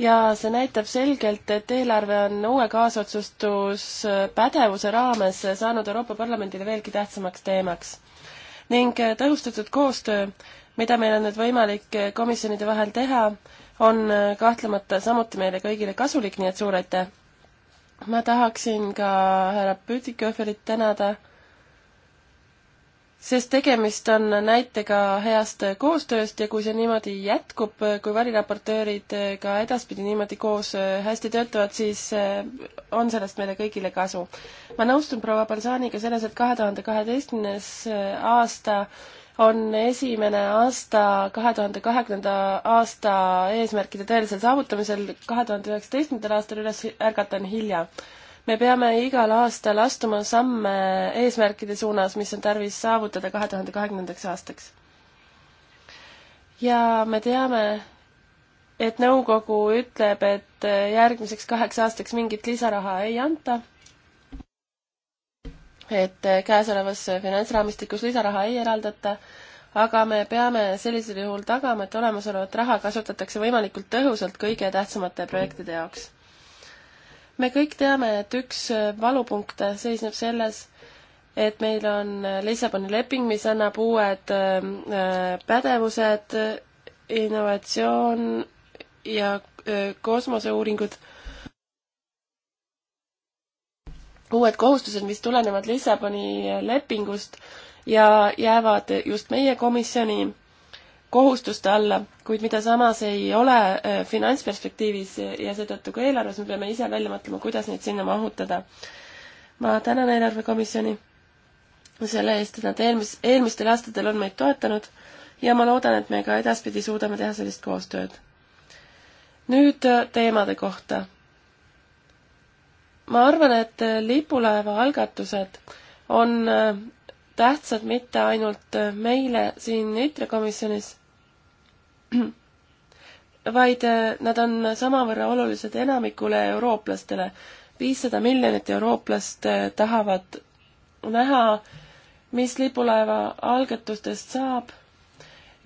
ja see näitab selgelt, et eelarve on uue kaasotsustuspädevuse raames saanud Euroopa Parlamendile veelgi tähtsamaks teemaks. ning tõhustatud koostöö, mida meil on nüüd võimalik komisjonide vahel teha, on kahtlemata samuti meile kõigile kasulik, nii et suur aitäh! ma tahaksin ka härra Pütikoferit tänada sest tegemist on näitega heast koostööst ja kui see niimoodi jätkub, kui variraportöörid ka edaspidi niimoodi koos äh, hästi töötavad, siis äh, on sellest meile kõigile kasu. ma nõustun proua Balsaaniga selles, et kahe tuhande kaheteistkümnes äh, aasta on esimene aasta kahe tuhande kahekümnenda aasta eesmärkide tõelisel saavutamisel, kahe tuhande üheksateistkümnendal aastal üles ärgata on hilja me peame igal aastal astuma samme eesmärkide suunas, mis on tarvis saavutada kahe tuhande kahekümnendaks aastaks. ja me teame, et nõukogu ütleb, et järgmiseks kaheks aastaks mingit lisaraha ei anta, et käesolevas finantsraamistikus lisaraha ei eraldata, aga me peame sellisel juhul tagama, et olemasolevat raha kasutatakse võimalikult tõhusalt kõige tähtsamate projektide jaoks me kõik teame, et üks äh, valupunkte seisneb selles, et meil on äh, Lissaboni leping, mis annab uued ähm, äh, pädevused, innovatsioon ja kosmoseuuringud, uued kohustused, mis tulenevad Lissaboni lepingust ja jäävad just meie komisjoni kohustuste alla, kuid mida samas ei ole äh, finantsperspektiivis ja seetõttu ka eelarves, me peame ise välja mõtlema, kuidas neid sinna mahutada. ma tänan eelarvekomisjoni selle eest, et nad eelmis, eelmistel aastatel on meid toetanud ja ma loodan, et me ka edaspidi suudame teha sellist koostööd. nüüd äh, teemade kohta. ma arvan, et äh, lipulaeva algatused on tähtsad mitte ainult meile siin ITRE komisjonis, vaid äh, nad on samavõrra olulised enamikule eurooplastele. viissada miljonit eurooplast äh, tahavad näha, mis lipulaeva algatustest saab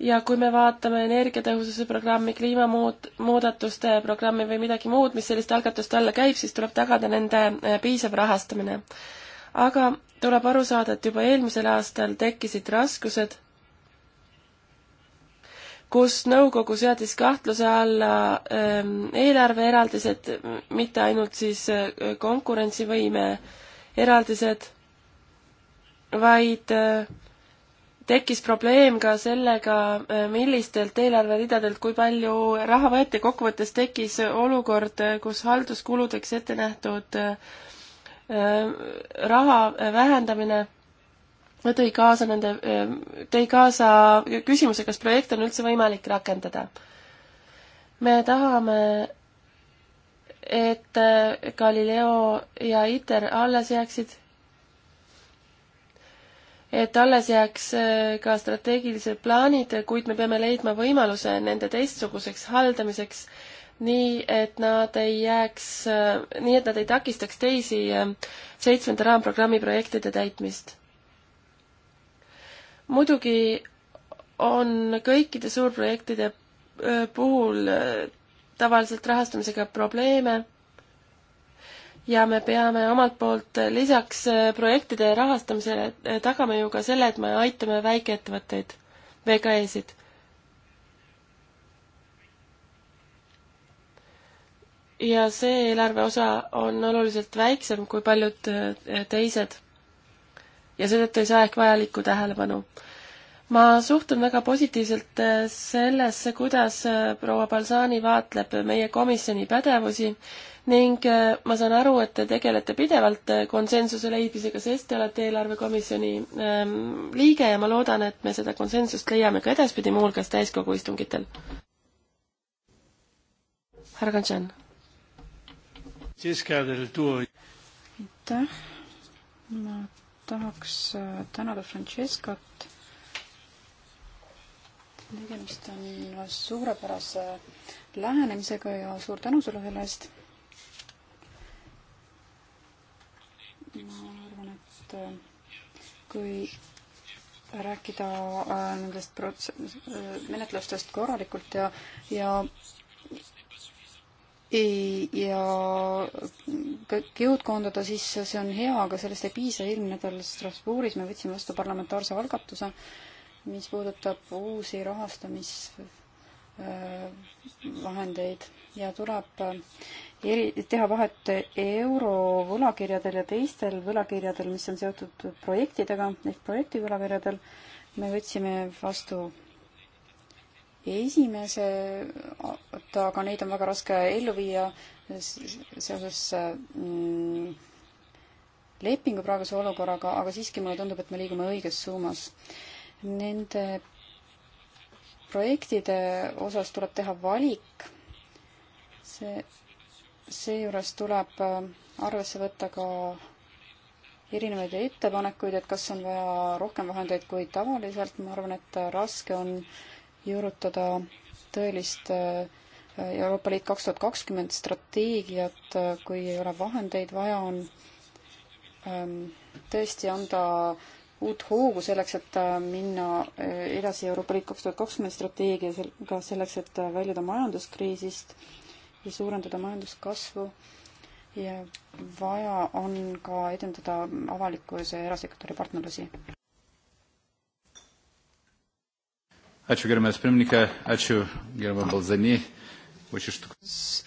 ja kui me vaatame energiatõhususe programmi, kliimamuudatuste programmi või midagi muud, mis selliste algatuste alla käib, siis tuleb tagada nende äh, piisav rahastamine. aga tuleb aru saada, et juba eelmisel aastal tekkisid raskused kus nõukogu seadis kahtluse alla ähm, eelarveeraldised, mitte ainult siis äh, konkurentsivõime eraldised, vaid äh, tekkis probleem ka sellega, äh, millistelt eelarveridadelt kui palju raha võeti, kokkuvõttes tekkis olukord, kus halduskuludeks ette nähtud raha vähendamine tõi kaasa nende, ehm, tõi kaasa küsimuse, kas projekte on üldse võimalik rakendada. me tahame, et eh, Galileo ja ITER alles jääksid, et alles jääks eh, ka strateegilised plaanid, kuid me peame leidma võimaluse nende teistsuguseks haldamiseks, nii et nad ei jääks, eh, nii et nad ei takistaks teisi seitsmenda raamprogrammi projektide täitmist muidugi on kõikide suurprojektide puhul tavaliselt rahastamisega probleeme ja me peame omalt poolt lisaks projektide rahastamisele tagama ju ka selle, et me aitame väikeettevõtteid, VKE-sid. ja see eelarve osa on oluliselt väiksem kui paljud teised ja seetõttu ei saa ehk vajalikku tähelepanu. ma suhtun väga positiivselt äh, sellesse, kuidas äh, proua Balsani vaatleb meie komisjoni pädevusi ning äh, ma saan aru, et te tegelete pidevalt konsensuse leidmisega, sest te olete eelarvekomisjoni ähm, liige ja ma loodan, et me seda konsensust leiame ka edaspidi, muuhulgas täiskogu istungitel. härra Kantšan. aitäh, ma tahaks äh, tänada Francescat. tegemist on suurepärase lähenemisega ja suur tänu sulle selle eest. ma arvan, et äh, kui rääkida äh, nendest prots-, menetlustest korralikult ja, ja ja kõik jõud koondada, siis see on hea, aga sellest ei piisa. eelmine nädal Strasbourgis me võtsime vastu parlamentaarse algatuse, mis puudutab uusi rahastamisvahendeid ja tuleb äh, eri, teha vahet eurovõlakirjadel ja teistel võlakirjadel, mis on seotud projektidega ehk projektivõlakirjadel. me võtsime vastu esimesed, aga neid on väga raske ellu viia seoses mm, lepingu praeguse olukorraga, aga siiski mulle tundub, et me liigume õiges suunas. Nende projektide osas tuleb teha valik. see, seejuures tuleb äh, arvesse võtta ka erinevaid ettepanekuid, et kas on vaja rohkem vahendeid kui tavaliselt, ma arvan, et raske on äh, juurutada tõelist äh, Euroopa Liit kaks tuhat kakskümmend strateegiat, äh, kui ei ole vahendeid vaja, on ähm, tõesti anda uut hoogu selleks, et äh, minna edasi Euroopa Liit kaks tuhat kakskümmend strateegiaga, selleks, et väljuda majanduskriisist ja suurendada majanduskasvu ja vaja on ka edendada avaliku ja erasektori partnerlusi. Ačiū, gerbiamas pirmininkė, ačiū, gerbiam Balzani.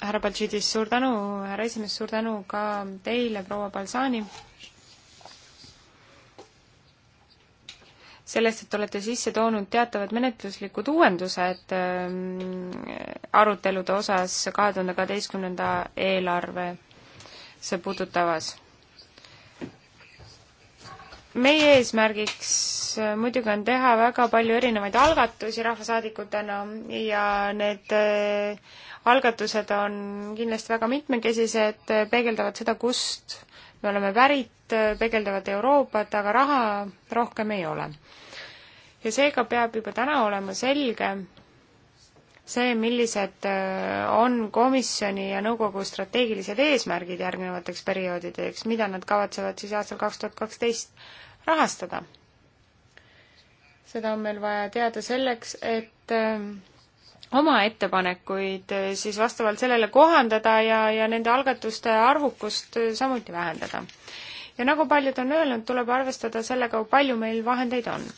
härra Baltšiidis, suur tänu, härra esimees, suur tänu ka teile, proua Balzani. sellest, et olete sisse toonud teatavad menetluslikud uuendused ähm, arutelude osas kahe tuhande kaheteistkümnenda eelarve see puudutavas meie eesmärgiks äh, muidugi on teha väga palju erinevaid algatusi rahvasaadikutena ja need äh, algatused on kindlasti väga mitmekesised, äh, peegeldavad seda, kust me oleme pärit, peegeldavad Euroopat, aga raha rohkem ei ole. ja seega peab juba täna olema selge, see, millised äh, on komisjoni ja nõukogu strateegilised eesmärgid järgnevateks perioodideks, mida nad kavatsevad siis aastal kaks tuhat kaksteist rahastada. seda on meil vaja teada selleks, et äh, oma ettepanekuid äh, siis vastavalt sellele kohandada ja, ja nende algatuste arvukust samuti vähendada. ja nagu paljud on öelnud, tuleb arvestada sellega, kui palju meil vahendeid on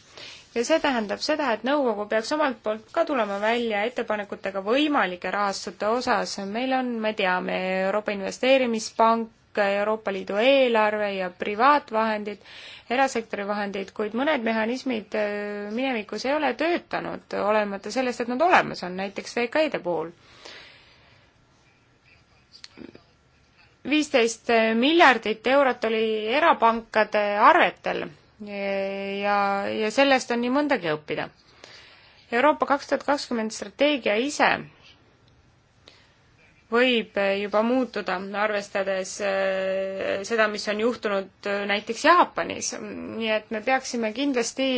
ja see tähendab seda, et nõukogu peaks omalt poolt ka tulema välja ettepanekutega võimalike rahastute osas. meil on, me teame, Euroopa Investeerimispank, Euroopa Liidu eelarve ja privaatvahendid, erasektori vahendid, kuid mõned mehhanismid äh, minevikus ei ole töötanud, olemata sellest, et nad olemas on, näiteks VKE-de puhul. viisteist miljardit eurot oli erapankade arvetel ja, ja sellest on nii mõndagi õppida. Euroopa kaks tuhat kakskümmend strateegia ise võib juba muutuda, arvestades äh, seda, mis on juhtunud äh, näiteks Jaapanis. nii et me peaksime kindlasti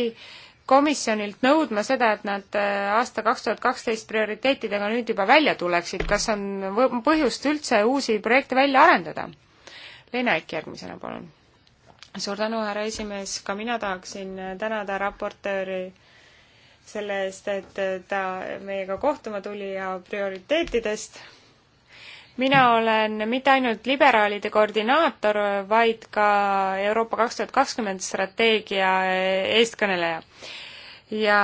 komisjonilt nõudma seda, et nad äh, aasta kaks tuhat kaksteist prioriteetidega nüüd juba välja tuleksid, kas on põhjust üldse uusi projekte välja arendada? Lene Äkk järgmisena, palun suur tänu, härra esimees, ka mina tahaksin tänada raportööri selle eest, et ta meiega kohtuma tuli ja prioriteetidest. mina olen mitte ainult liberaalide koordinaator, vaid ka Euroopa kaks tuhat kakskümmend strateegia eestkõneleja ja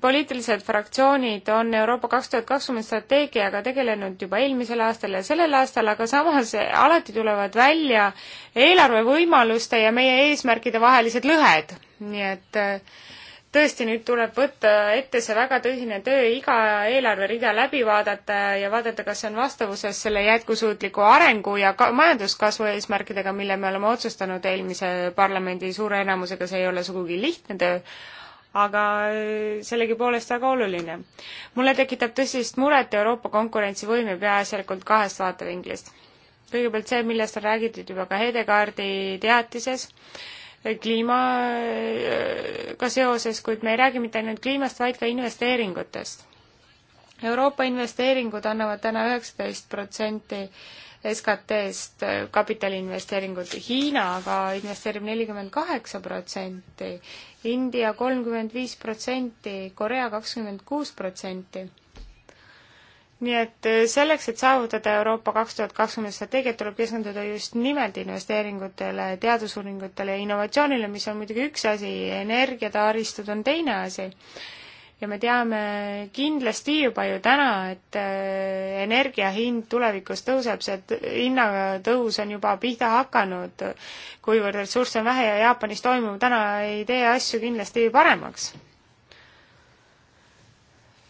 poliitilised fraktsioonid on Euroopa kaks tuhat kakskümmend strateegiaga tegelenud juba eelmisel aastal ja sellel aastal, aga samas alati tulevad välja eelarvevõimaluste ja meie eesmärkide vahelised lõhed, nii et äh, tõesti, nüüd tuleb võtta ette see väga tõsine töö, iga eelarverida läbi vaadata ja vaadata, kas see on vastavuses selle jätkusuutliku arengu ja ka majanduskasvu eesmärkidega, mille me oleme otsustanud eelmise parlamendi suure enamusega, see ei ole sugugi lihtne töö, aga äh, sellegipoolest väga oluline. mulle tekitab tõsist muret Euroopa konkurentsivõime peaasjalikult kahest vaatevinklist. kõigepealt see, millest on räägitud juba ka Hedegaardi teatises, äh, kliimaga äh, seoses, kuid me ei räägi mitte ainult kliimast, vaid ka investeeringutest. Euroopa investeeringud annavad täna üheksateist protsenti SKT-st kapitaliinvesteeringud, Hiina aga investeerib nelikümmend kaheksa protsenti India kolmkümmend viis protsenti, Korea kakskümmend kuus protsenti. nii et eh, selleks, et saavutada Euroopa kaks tuhat kakskümmend strateegiat, tuleb keskenduda just nimelt investeeringutele, teadusuuringutele ja innovatsioonile, mis on muidugi üks asi, energiataristud on teine asi ja me teame kindlasti juba ju täna, et äh, energia hind tulevikus tõuseb, see hinnatõus on juba pihta hakanud, kuivõrd ressursse on vähe ja Jaapanis toimuv täna ei tee asju kindlasti paremaks.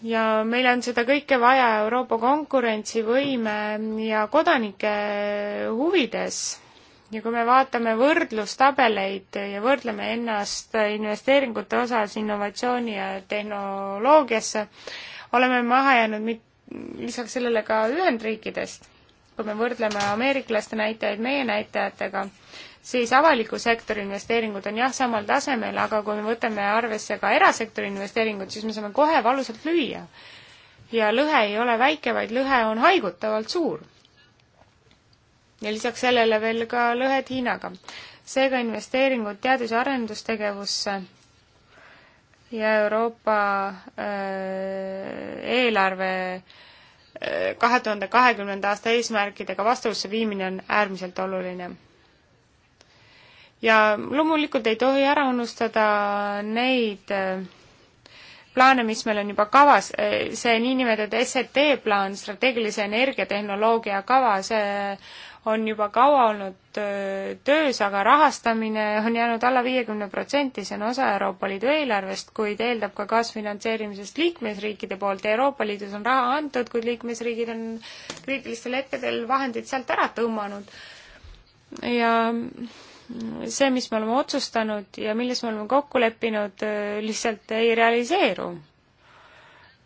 ja meil on seda kõike vaja Euroopa konkurentsivõime ja kodanike huvides ja kui me vaatame võrdlustabeleid ja võrdleme ennast investeeringute osas innovatsiooni ja tehnoloogiasse, oleme maha jäänud mit-, lisaks sellele ka Ühendriikidest. kui me võrdleme ameeriklaste näitajaid meie näitajatega, siis avaliku sektori investeeringud on jah, samal tasemel, aga kui me võtame arvesse ka erasektori investeeringud, siis me saame kohe valusalt lüüa. ja lõhe ei ole väike, vaid lõhe on haigutavalt suur ja lisaks sellele veel ka lõhed Hiinaga. seega investeeringud teadus- ja arendustegevusse ja Euroopa äh, eelarve äh, kahe tuhande kahekümnenda aasta eesmärkidega vastavusse viimine on äärmiselt oluline. ja loomulikult ei tohi ära unustada neid äh, plaane, mis meil on juba kavas, see niinimetatud SET plaan, strateegilise energiatehnoloogia kava, see on juba kaua olnud töös, aga rahastamine on jäänud alla viiekümne protsendi, see on osa Euroopa Liidu eelarvest, kuid eeldab ka kaasfinantseerimisest liikmesriikide poolt ja Euroopa Liidus on raha antud, kuid liikmesriigid on kriitilistel hetkedel vahendid sealt ära tõmmanud. ja see, mis me oleme otsustanud ja milles me oleme kokku leppinud, lihtsalt ei realiseeru.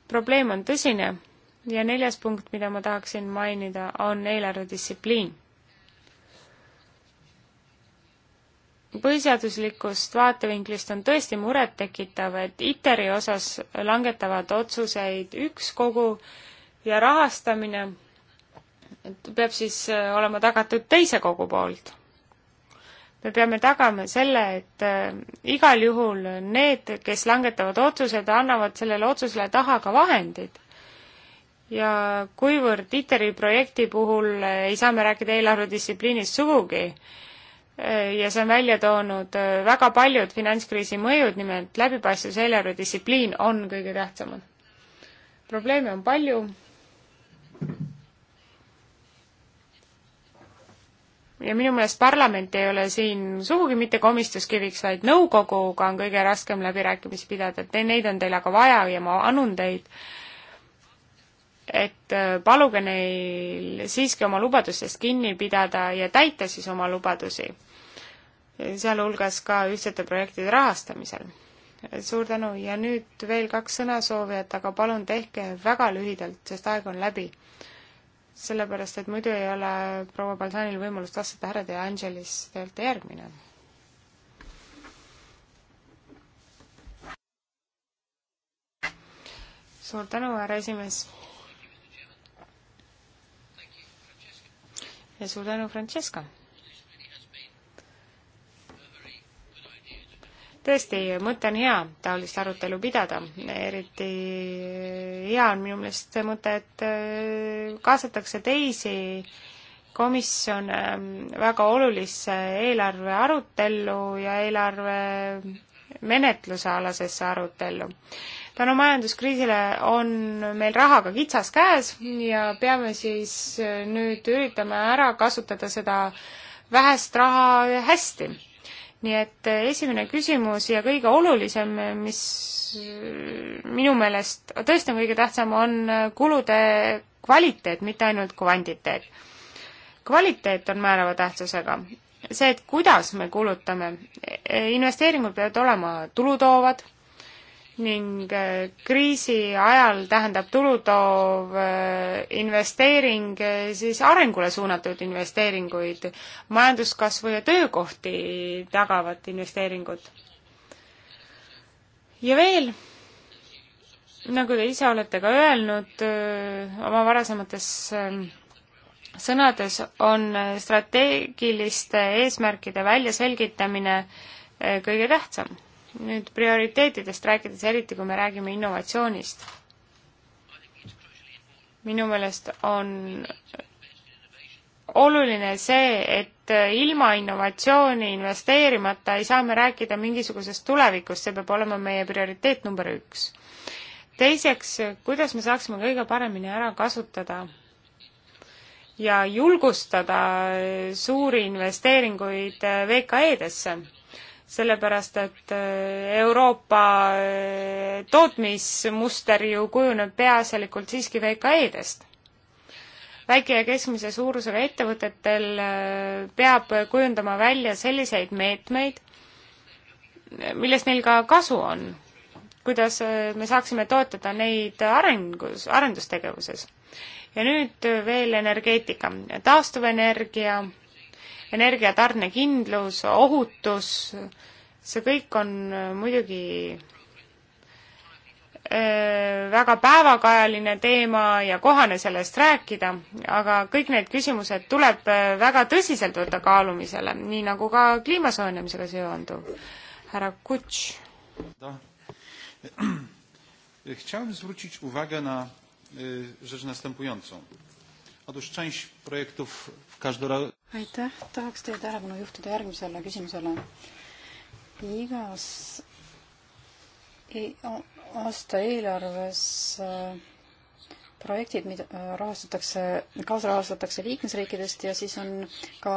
probleem on tõsine ja neljas punkt, mida ma tahaksin mainida, on eelarvedistsipliin. põhiseaduslikust vaatevinklist on tõesti murettekitav, et ITER-i osas langetavad otsuseid üks kogu ja rahastamine peab siis äh, olema tagatud teise kogu poolt. me peame tagama selle, et äh, igal juhul need, kes langetavad otsused, annavad sellele otsusele taha ka vahendid. ja kuivõrd ITER-i projekti puhul äh, ei saa me rääkida eelarvedistsipliinist sugugi, Äh, ja see on välja toonud äh, väga paljud finantskriisi mõjud, nimelt läbipaistvus ja eelarvedistsipliin on kõige tähtsamad. probleeme on palju. ja minu meelest parlament ei ole siin sugugi mitte komistuskiviks, vaid nõukoguga on kõige raskem läbirääkimisi pidada, et neid on teil aga vaja ja ma anun teid äh, et äh, paluge neil siiski oma lubadustest kinni pidada ja täita siis oma lubadusi, sealhulgas ka ühtsete projektide rahastamisel. suur tänu ja nüüd veel kaks sõnasoovijat, aga palun tehke väga lühidalt, sest aeg on läbi. sellepärast, et muidu ei ole proua Balsanil võimalust vastata, härra De Angelis, te olete järgmine suur tänu, härra esimees. ja suur tänu, Francesca! tõesti, mõte on hea taolist arutelu pidada, eriti hea on minu meelest see mõte, et äh, kaasatakse teisi komisjone ähm, väga olulisse eelarve arutellu ja eelarve menetlusealasesse arutellu tänu majanduskriisile on meil rahaga kitsas käes ja peame siis äh, nüüd üritama ära kasutada seda vähest raha hästi. nii et äh, esimene küsimus ja kõige olulisem, äh, mis minu meelest tõesti on kõige tähtsam, on kulude kvaliteet, mitte ainult kvantiteet. kvaliteet on määrava tähtsusega see, et kuidas me kulutame, e, investeeringud peavad olema tulutoovad, ning äh, kriisi ajal tähendab tulutoov äh, investeering äh, siis arengule suunatud investeeringuid, majanduskasvu ja töökohti tagavat investeeringut. ja veel, nagu te ise olete ka öelnud oma varasemates ähm, sõnades, on strateegiliste eesmärkide väljaselgitamine kõige tähtsam nüüd prioriteetidest rääkides, eriti kui me räägime innovatsioonist, minu meelest on oluline see, et ilma innovatsiooni investeerimata ei saa me rääkida mingisugusest tulevikust, see peab olema meie prioriteet number üks. teiseks, kuidas me saaksime kõige paremini ära kasutada ja julgustada suuri investeeringuid VKE-desse sellepärast et äh, Euroopa äh, tootmismuster ju kujuneb peaasjalikult siiski VKE-dest. väike ja keskmise suurusega ettevõtetel äh, peab kujundama välja selliseid meetmeid, millest neil ka kasu on, kuidas me saaksime toetada neid arengus, arendustegevuses. ja nüüd veel energeetika, taastuvenergia energiatarnekindlus, ohutus, see kõik on äh, muidugi äh, väga päevakajaline teema ja kohane sellest rääkida, aga kõik need küsimused tuleb äh, väga tõsiselt võtta kaalumisele, nii nagu ka kliima soojenemisega seonduv. härra Kutš. Chciałem zwrócić uwagę na rzecz następującą. Otóż część projektów aitäh, tahaks teie tähelepanu juhtida järgmisele küsimusele. igas e-, aasta eelarves äh, projektid, mida äh, rahastatakse, kaasrahastatakse liikmesriikidest ja siis on ka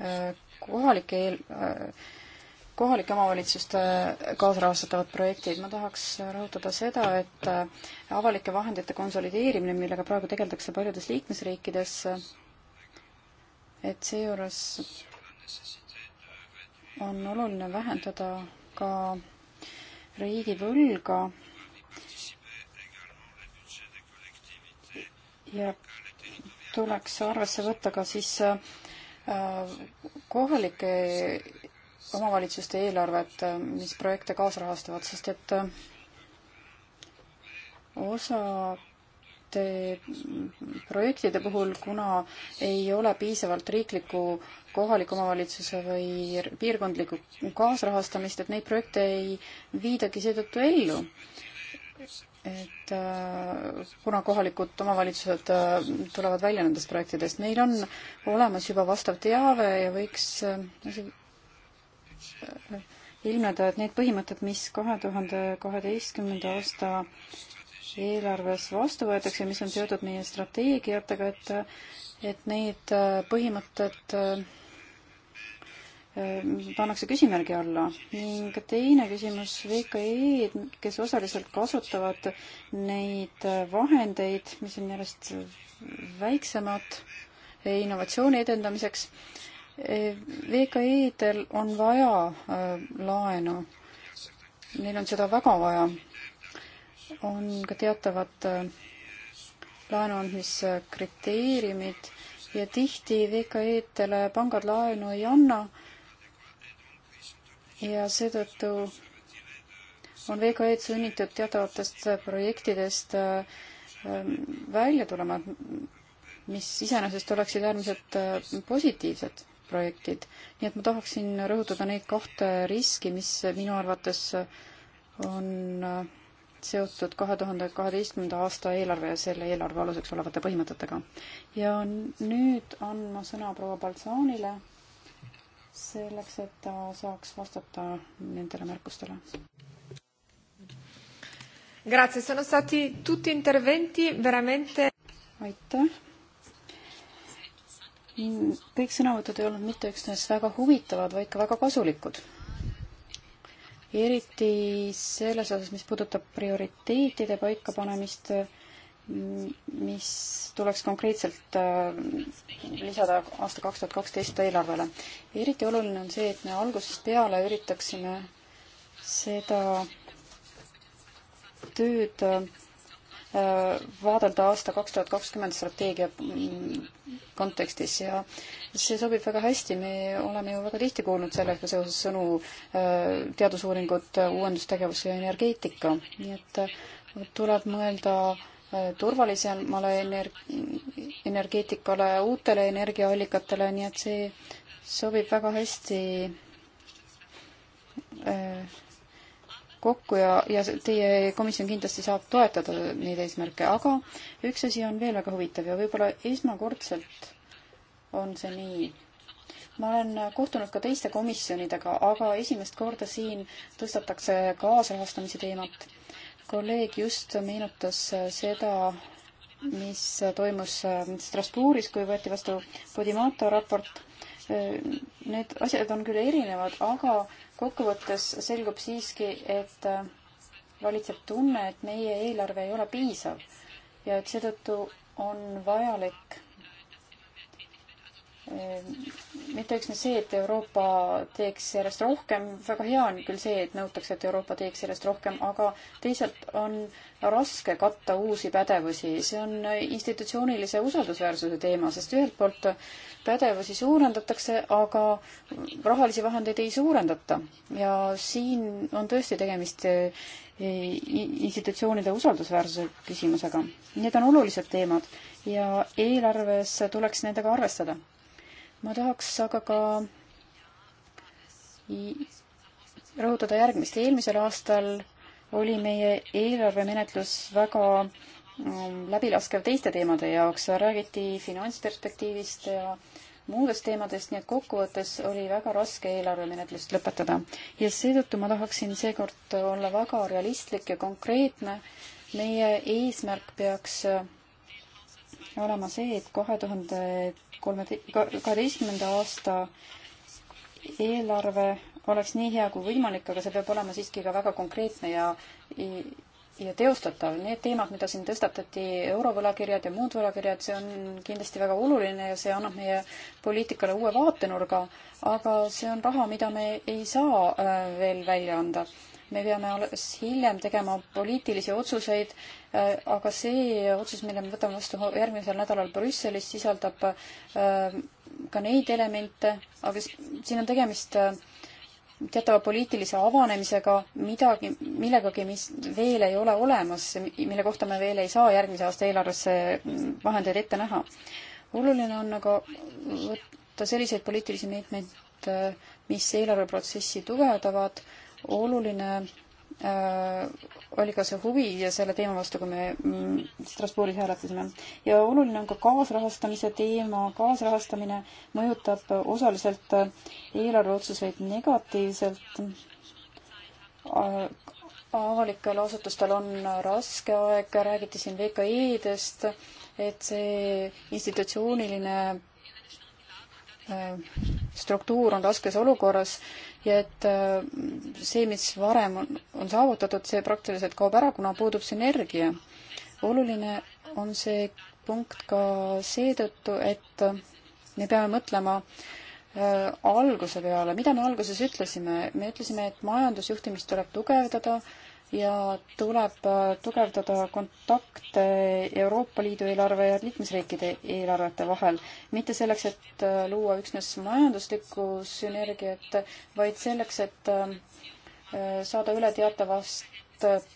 äh, kohalike eel-, kohalike omavalitsuste kaasrahastatavad projektid. ma tahaks rõhutada seda, et avalike vahendite konsolideerimine, millega praegu tegeldakse paljudes liikmesriikides, et seejuures on oluline vähendada ka riigivõlga ja tuleks arvesse võtta ka siis äh, kohalike omavalitsuste eelarvet, äh, mis projekte kaasrahastavad, sest et äh, osa suurte projektide puhul, kuna ei ole piisavalt riiklikku kohaliku omavalitsuse või piirkondlikku kaasrahastamist, et neid projekte ei viidagi seetõttu ellu. et äh, kuna kohalikud omavalitsused äh, tulevad välja nendest projektidest, meil on olemas juba vastav teave ja võiks äh, ilmneda, et need põhimõtted, mis kahe tuhande kaheteistkümnenda aasta eelarves vastu võetakse, mis on seotud meie strateegiatega, et et need äh, põhimõtted äh, äh, pannakse küsimärgi alla ning teine küsimus VKE-d, kes osaliselt kasutavad neid vahendeid, mis on järjest väiksemad innovatsiooni edendamiseks. VKE-del on vaja laenu, neil on seda väga vaja on ka teatavad äh, laenu andmise kriteeriumid ja tihti VKE-dele pangad laenu ei anna. ja seetõttu on VKE-d sunnitud teatavatest projektidest äh, ähm, välja tulema, mis iseenesest oleksid äärmiselt äh, positiivsed projektid. nii et ma tahaksin rõhutada neid kahte riski, mis minu arvates on äh, seotud kahe tuhande kaheteistkümnenda aasta eelarve ja selle eelarve aluseks olevate põhimõtetega. ja nüüd on ma sõna proua Baltsaanile selleks, et ta saaks vastata nendele märkustele. Grazie, sono stati tutti interventi veramente aitäh! kõik sõnavõtud ei olnud mitte üksnes väga huvitavad, vaid ka väga kasulikud eriti selles osas, mis puudutab prioriteetide paikapanemist, mis tuleks konkreetselt äh, lisada aasta kaks tuhat kaksteist eelarvele. eriti oluline on see, et me algusest peale üritaksime seda tööd äh, vaadelda aasta kaks tuhat kakskümmend strateegia mm, kontekstis ja see sobib väga hästi, me oleme ju väga tihti kuulnud sellega seoses sõnu äh, teadusuuringud, äh, uuendustegevus ja energeetika, nii et äh, tuleb mõelda turvalisemale energi-, energeetikale, uutele energiaallikatele, nii et see sobib väga hästi äh, kokku ja, ja teie komisjon kindlasti saab toetada neid eesmärke, aga üks asi on veel väga huvitav ja võib-olla esmakordselt on see nii. ma olen kohtunud ka teiste komisjonidega, aga esimest korda siin tõstatakse kaasrahastamise teemat. kolleeg just meenutas seda, mis toimus Strasbourgis, kui võeti vastu Podimata raport. Need asjad on küll erinevad, aga kokkuvõttes selgub siiski, et äh, valitseb tunne, et meie eelarve ei ole piisav ja et seetõttu on vajalik Ehm, mitte üksnes see, et Euroopa teeks järjest rohkem, väga hea on küll see, et nõutakse, et Euroopa teeks järjest rohkem, aga teisalt on raske katta uusi pädevusi. see on institutsioonilise usaldusväärsuse teema, sest ühelt poolt pädevusi suurendatakse, aga rahalisi vahendeid ei suurendata. ja siin on tõesti tegemist e, institutsioonide usaldusväärsuse küsimusega. Need on olulised teemad ja eelarves tuleks nendega arvestada ma tahaks aga ka rõhutada järgmist. eelmisel aastal oli meie eelarvemenetlus väga mm, läbilaskev teiste teemade jaoks, räägiti finantsperspektiivist ja muudest teemadest, nii et kokkuvõttes oli väga raske eelarvemenetlust lõpetada. ja seetõttu ma tahaksin seekord olla väga realistlik ja konkreetne. meie eesmärk peaks olema see, et kahe tuhande kolme, kaheteistkümnenda aasta eelarve oleks nii hea kui võimalik, aga see peab olema siiski ka väga konkreetne ja, ja teostatav. Need teemad, mida siin tõstatati, eurovõlakirjad ja muud võlakirjad, see on kindlasti väga oluline ja see annab meie poliitikale uue vaatenurga, aga see on raha, mida me ei saa äh, veel välja anda me peame alles hiljem tegema poliitilisi otsuseid, äh, aga see otsus, mille me võtame vastu järgmisel nädalal Brüsselis, sisaldab äh, ka neid elemente, aga siin on tegemist äh, teatava poliitilise avanemisega midagi, millegagi, mis veel ei ole olemas, mille kohta me veel ei saa järgmise aasta eelarvesse mm, vahendeid ette näha. oluline on aga võtta selliseid poliitilisi meetmeid, mis eelarveprotsessi tugevdavad oluline äh, oli ka see huvi selle teema vastu, kui me mm, Strasbourgis hääletasime. ja oluline on ka kaasrahastamise teema. kaasrahastamine mõjutab osaliselt äh, eelarveotsuseid negatiivselt. Äh, avalikel asutustel on raske aeg, räägiti siin VKI-dest, et see institutsiooniline struktuur on raskes olukorras ja et äh, see, mis varem on, on saavutatud, see praktiliselt kaob ära, kuna puudub sünergia. oluline on see punkt ka seetõttu, et me peame mõtlema äh, alguse peale, mida me alguses ütlesime, me ütlesime, et majandusjuhtimist tuleb tugevdada, ja tuleb äh, tugevdada kontakte Euroopa Liidu eelarve ja liikmesriikide eelarvete vahel. mitte selleks, et äh, luua üksnes majanduslikku sünergiat, vaid selleks, et äh, saada üle teatavast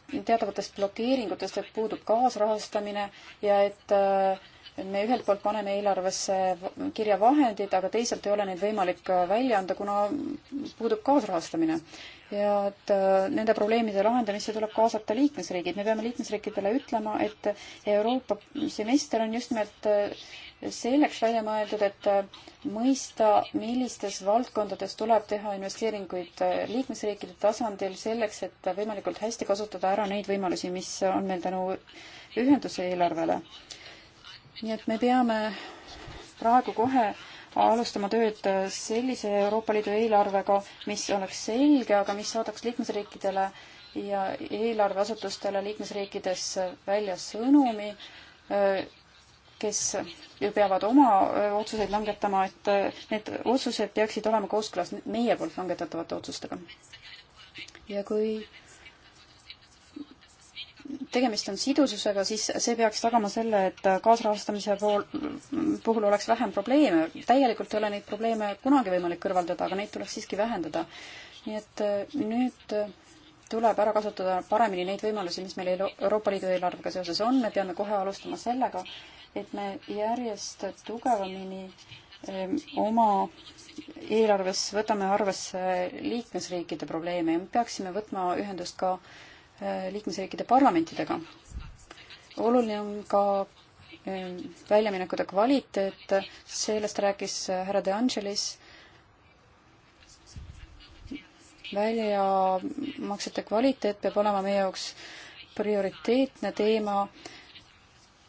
teatavatest blokeeringutest, et puudub kaasrahastamine ja et äh, me ühelt poolt paneme eelarvesse kirja vahendid, aga teisalt ei ole neid võimalik äh, välja anda, kuna puudub kaasrahastamine. ja et äh, nende probleemide lahendamisse tuleb kaasata liikmesriigid, me peame liikmesriikidele ütlema, et Euroopa semester on just nimelt äh, selleks välja mõeldud, et mõista, millistes valdkondades tuleb teha investeeringuid liikmesriikide tasandil selleks, et võimalikult hästi kasutada ära neid võimalusi, mis on meil tänu ühenduse eelarvele nii et me peame praegu kohe alustama tööd sellise Euroopa Liidu eelarvega, mis oleks selge, aga mis saadaks liikmesriikidele ja eelarveasutustele liikmesriikides välja sõnumi, kes ju peavad oma otsuseid langetama, et need otsused peaksid olema kooskõlas meie poolt langetatavate otsustega. ja kui tegemist on sidususega, siis see peaks tagama selle, et kaasrahastamise pool, puhul oleks vähem probleeme. täielikult ei ole neid probleeme kunagi võimalik kõrvaldada, aga neid tuleks siiski vähendada. nii et äh, nüüd äh, tuleb ära kasutada paremini neid võimalusi, mis meil Euroopa Liidu eelarvega seoses on, me peame kohe alustama sellega, et me järjest tugevamini ähm, oma eelarves võtame arvesse liikmesriikide probleeme ja me peaksime võtma ühendust ka äh, Äh, liikmesriikide parlamentidega. oluline on ka äh, väljaminekute kvaliteet, sellest rääkis äh, härra De Angelis, väljamaksete kvaliteet peab olema meie jaoks prioriteetne teema,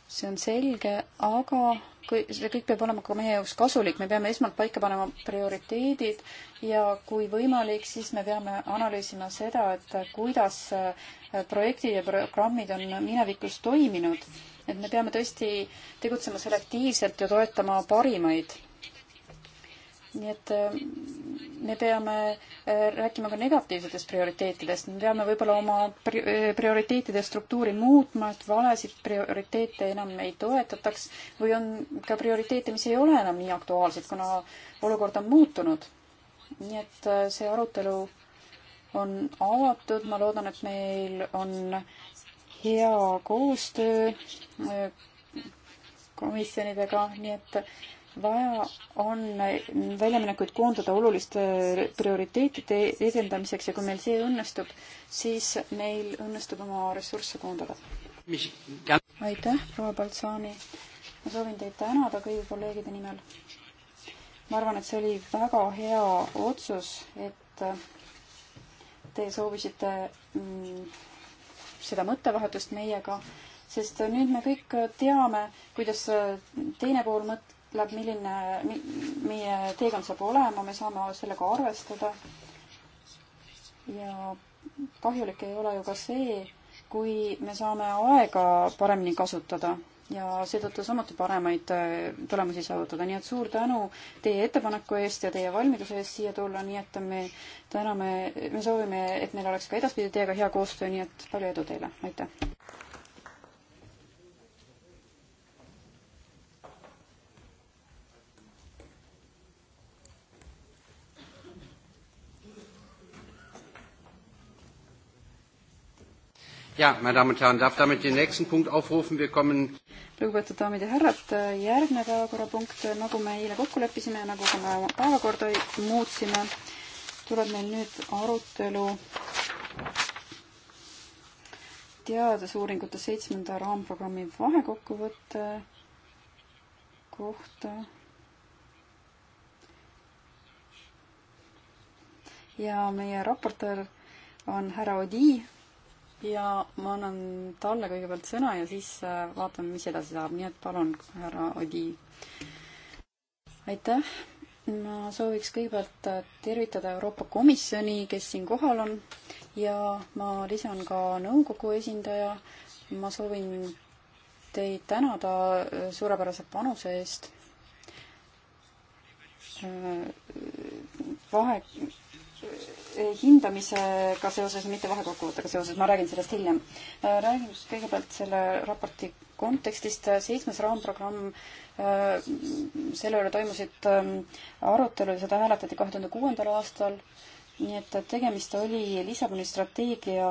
see on selge, aga kui see kõik peab olema ka meie jaoks kasulik, me peame esmalt paika panema prioriteedid ja kui võimalik, siis me peame analüüsima seda, et kuidas äh, projektid ja programmid on minevikus toiminud. et me peame tõesti tegutsema selektiivselt ja toetama parimaid nii et äh, me peame äh, rääkima ka negatiivsetest prioriteetidest, me peame võib-olla oma äh, prioriteetide struktuuri muutma, et valesid prioriteete enam ei toetataks või on ka prioriteete, mis ei ole enam nii aktuaalsed, kuna olukord on muutunud. nii et see arutelu on avatud, ma loodan, et meil on hea koostöö komisjonidega, nii et vaja on väljaminekuid koondada oluliste prioriteetide edendamiseks ja kui meil see õnnestub, siis meil õnnestub oma ressursse koondada. aitäh, proua Baltsaani. ma soovin teid tänada kõigi kolleegide nimel. ma arvan, et see oli väga hea otsus, et te soovisite mm, seda mõttevahetust meiega, sest nüüd me kõik teame, kuidas teine pool mõt-, ütleb, milline mi, meie teekond saab olema, me saame sellega arvestada. ja kahjulik ei ole ju ka see, kui me saame aega paremini kasutada ja seetõttu samuti paremaid äh, tulemusi saavutada, nii et suur tänu teie ettepaneku eest ja teie valmiduse eest siia tulla, nii et me täname, me soovime, et meil oleks ka edaspidi teiega hea koostöö, nii et palju edu teile, aitäh! Ja, meine Damen und Herren, darf damit den nächsten Punkt aufrufen. Wir kommen lugupeetud daamid ja härrad, järgmine päevakorrapunkt, nagu me eile kokku leppisime ja nagu ka me päevakorda muutsime, tuleb meil nüüd arutelu teadusuuringute seitsmenda raamprogrammi vahekokkuvõtte kohta. ja meie raportöör on härra Odi ja ma annan talle kõigepealt sõna ja siis äh, vaatame, mis edasi saab, nii et palun, härra Odi. aitäh, ma sooviks kõigepealt äh, tervitada Euroopa Komisjoni, kes siin kohal on ja ma lisan ka nõukogu esindaja. ma soovin teid tänada äh, suurepärase panuse eest. vahe hindamisega seoses, mitte vahekokkuvõttega seoses, ma räägin sellest hiljem. Äh, räägin just kõigepealt selle raporti kontekstist, seitsmes raamprogramm, äh, selle üle toimusid äh, arutelud, seda hääletati kahe tuhande kuuendal aastal, nii et tegemist oli Lissaboni strateegia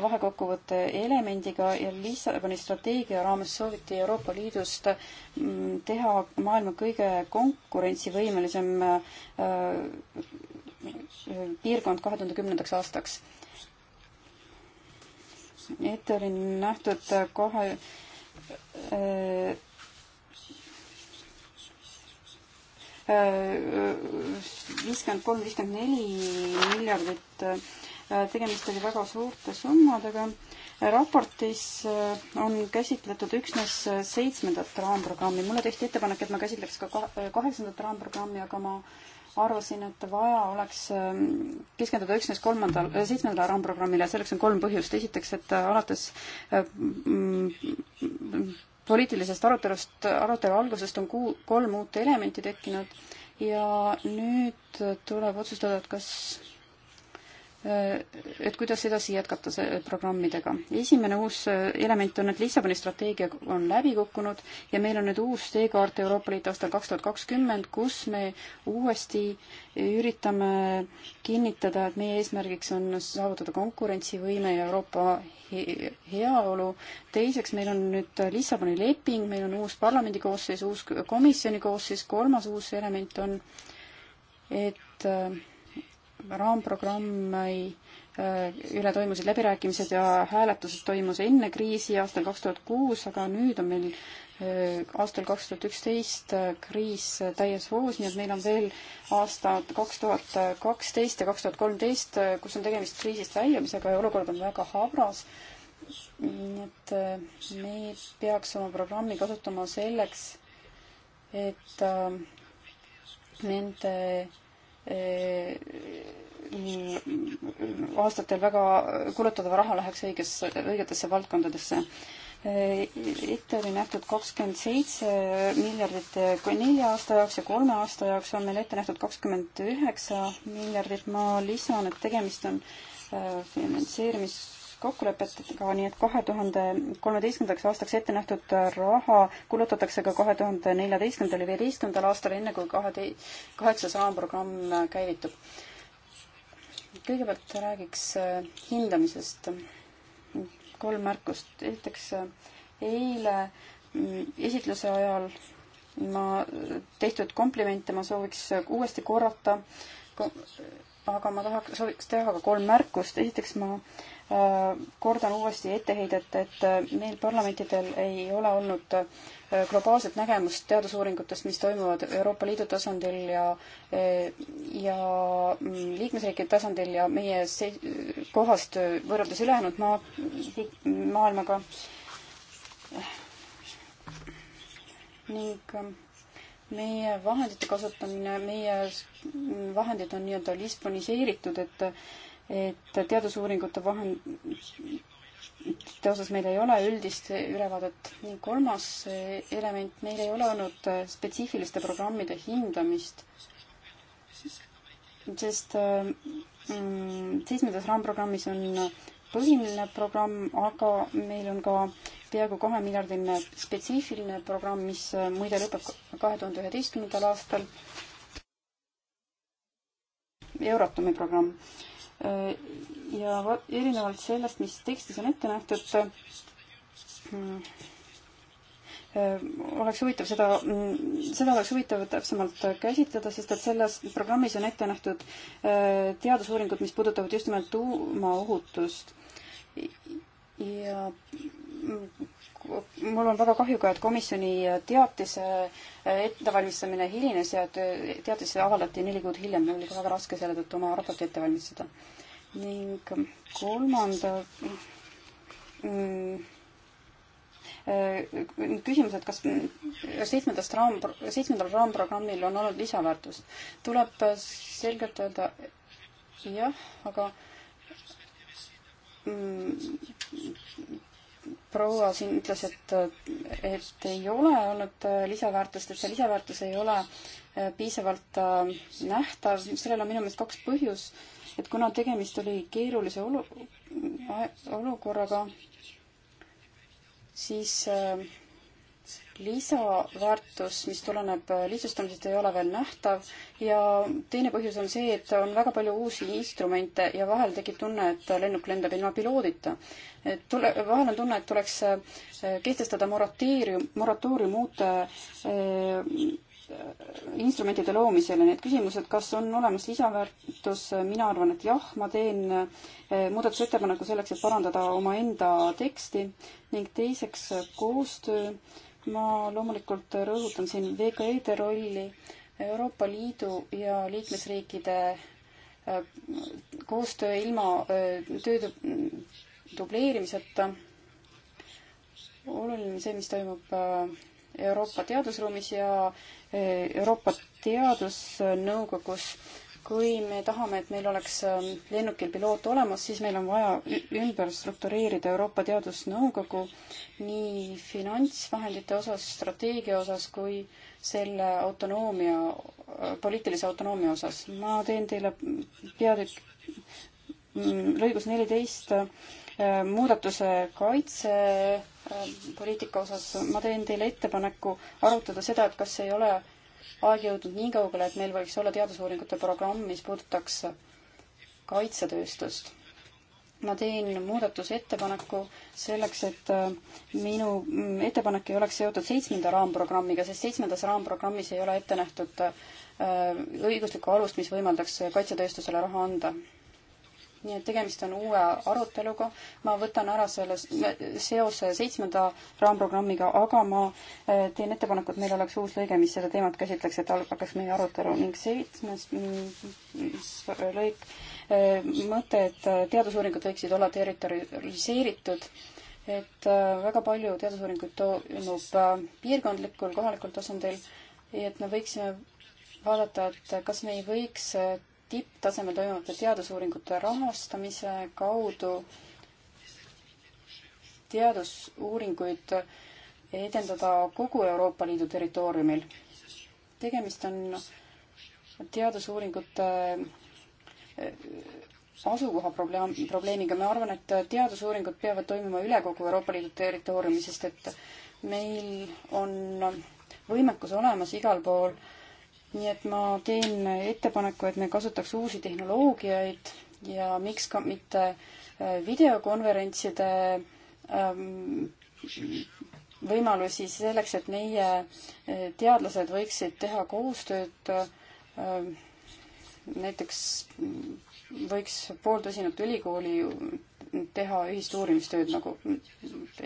vahekokkuvõtte elemendiga ja Lissaboni strateegia raames sooviti Euroopa Liidust mm, teha maailma kõige konkurentsivõimelisem piirkond kahe tuhande kümnendaks aastaks. ette oli nähtud kohe äh, viiskümmend kolm, viiskümmend neli miljardit. tegemist oli väga suurte summadega. raportis äh, on käsitletud üksnes seitsmendat raamprogrammi. mulle tehti ettepanek, et ma käsitleks ka kaheksandat raamprogrammi, aga ma äh, arvasin, et vaja oleks ähm, keskenduda üksnes kolmandal, äh, seitsmendale raamprogrammile ja selleks on kolm põhjust. esiteks, et äh, alates äh, mm, poliitilisest arutelust, arutelu algusest on kuu, kolm uut elementi tekkinud ja nüüd tuleb otsustada, et kas Äh, et kuidas edasi jätkata äh, programmidega. esimene uus äh, element on, et Lissaboni strateegia on läbi kukkunud ja meil on nüüd uus teekaart Euroopa Liit aastal kaks tuhat kakskümmend, kus me uuesti üritame kinnitada, et meie eesmärgiks on saavutada konkurentsivõime ja Euroopa heaolu. teiseks, meil on nüüd Lissaboni leping, meil on uus parlamendi koosseis, uus komisjoni koosseis, kolmas uus element on, et äh, raamprogrammi äh, üle toimusid läbirääkimised ja hääletus toimus enne kriisi aastal kaks tuhat kuus, aga nüüd on meil äh, aastal kaks tuhat üksteist äh, kriis täies hoos, nii et meil on veel aastad kaks tuhat kaksteist ja kaks tuhat kolmteist, kus on tegemist kriisist väljumisega ja olukord on väga habras. nii et me peaks oma programmi kasutama selleks, et nende Äh, mm, aastatel väga kulutatav raha läheks õiges, õigetesse valdkondadesse. Äh, ette oli nähtud kakskümmend seitse miljardit nelja aasta jaoks ja kolme aasta jaoks on meil ette nähtud kakskümmend üheksa miljardit. ma lisan, et tegemist on äh, finantseerimis kokkulepetega, nii et kahe tuhande kolmeteistkümnendaks aastaks ette nähtud raha kulutatakse ka kahe tuhande neljateistkümnendal ja viieteistkümnendal aastal, enne kui kahe, kaheksas raamprogramm käivitub. kõigepealt räägiks äh, hindamisest. kolm märkust. esiteks, äh, eile mm, esitluse ajal ma äh, tehtud komplimente ma sooviks uuesti korrata aga ma tahaks, sooviks teha ka kolm märkust. esiteks ma äh, kordan uuesti etteheidet, et äh, meil parlamentidel ei ole olnud äh, globaalset nägemust teadusuuringutest, mis toimuvad Euroopa Liidu tasandil ja ja mm, liikmesriikide tasandil ja meie kohast võrreldes ülejäänud maa, maailmaga. ning meie vahendite kasutamine, meie vahendid on nii-öelda lisboniseeritud, et, et teadusuuringute vahendite osas meil ei ole üldist ülevaadet ning kolmas element, meil ei ole olnud spetsiifiliste programmide hindamist, sest mm, seitsmendas raamprogrammis on põhiline programm, aga meil on ka peaaegu kahemiljardiline spetsiifiline programm, mis äh, muide lõpeb kahe tuhande üheteistkümnendal aastal. Euratomi programm. Äh, ja erinevalt sellest, mis tekstis on ette nähtud, äh, oleks huvitav seda, mm, seda oleks huvitav täpsemalt käsitleda, sest et selles programmis on ette nähtud teadusuuringud, mis puudutavad just nimelt tuumaohutust ja mm, mul on väga kahju ka, et komisjoni teatise äh, ettevalmistamine hilines ja et teatis avaldati neli kuud hiljem, mul oli väga raske selle tõttu oma raporti ette valmistada. ning kolmanda mm, äh, küsimus, et kas mm, seitsmendast raam, seitsmendal raamprogrammil on olnud lisaväärtust? tuleb selgelt öelda jah, aga äh, Mm, proua siin ütles, et, et ei ole olnud äh, lisaväärtust, et see lisaväärtus ei ole äh, piisavalt äh, nähtav, sellel on minu meelest kaks põhjus, et kuna tegemist oli keerulise olu-, olukorraga, siis äh, lisaväärtus, mis tuleneb lihtsustamisest, ei ole veel nähtav ja teine põhjus on see, et on väga palju uusi instrumente ja vahel tekib tunne, et lennuk lendab ilma piloodita. et tule, vahel on tunne, et tuleks äh, kehtestada moratoorium, moratoorium uute äh, instrumentide loomisele, need küsimused, kas on olemas lisaväärtus, äh, mina arvan, et jah, ma teen muudatusettepaneku selleks, et parandada omaenda teksti ning teiseks koostöö ma loomulikult rõhutan siin VKE-de rolli Euroopa Liidu ja liikmesriikide äh, koostöö ilma äh, töö dubleerimiseta. oluline on see, mis toimub äh, Euroopa teadusruumis ja Euroopa Teadusnõukogus kui me tahame, et meil oleks ähm, lennukil piloot olemas, siis meil on vaja ümber struktureerida Euroopa Teadusnõukogu nii finantsvahendite osas, strateegia osas kui selle autonoomia, äh, poliitilise autonoomia osas. ma teen teile peatükk mm, lõigus neliteist äh, muudatuse kaitsepoliitika äh, osas, ma teen teile ettepaneku arutada seda, et kas ei ole aeg jõudnud nii kaugele, et meil võiks olla teadusuuringute programm, mis puudutaks kaitsetööstust. ma teen muudatusettepaneku selleks, et äh, minu mm, ettepanek ei oleks seotud seitsmenda raamprogrammiga, sest seitsmendas raamprogrammis ei ole ette nähtud äh, õiguslikku alust, mis võimaldaks kaitsetööstusele raha anda nii et tegemist on uue aruteluga. ma võtan ära selle seose seitsmenda raamprogrammiga, aga ma eh, teen ettepaneku, et meil oleks uus lõige, mis seda teemat käsitleks, et algaks meie arutelu ning seitsmes mm, lõik, eh, mõte, et eh, teadusuuringud võiksid olla territoriseeritud, et väga palju teadusuuringuid toimub piirkondlikul, kohalikul tasandil ja et me võiksime vaadata, et kas me ei võiks tipptasemel toimuvate teadusuuringute rahastamise kaudu teadusuuringuid edendada kogu Euroopa Liidu territooriumil. tegemist on teadusuuringute eh, asukoha probleem, probleemiga, ma arvan, et teadusuuringud peavad toimuma üle kogu Euroopa Liidu territooriumi, sest et meil on võimekus olemas igal pool äh, nii et ma teen ettepaneku, et me kasutaks uusi tehnoloogiaid ja miks ka mitte äh, videokonverentside ähm, võimalusi selleks, et meie äh, teadlased võiksid teha koostööd. Äh, näiteks mm, võiks pool tusinat ülikooli mm, teha ühist uurimistööd, nagu mm,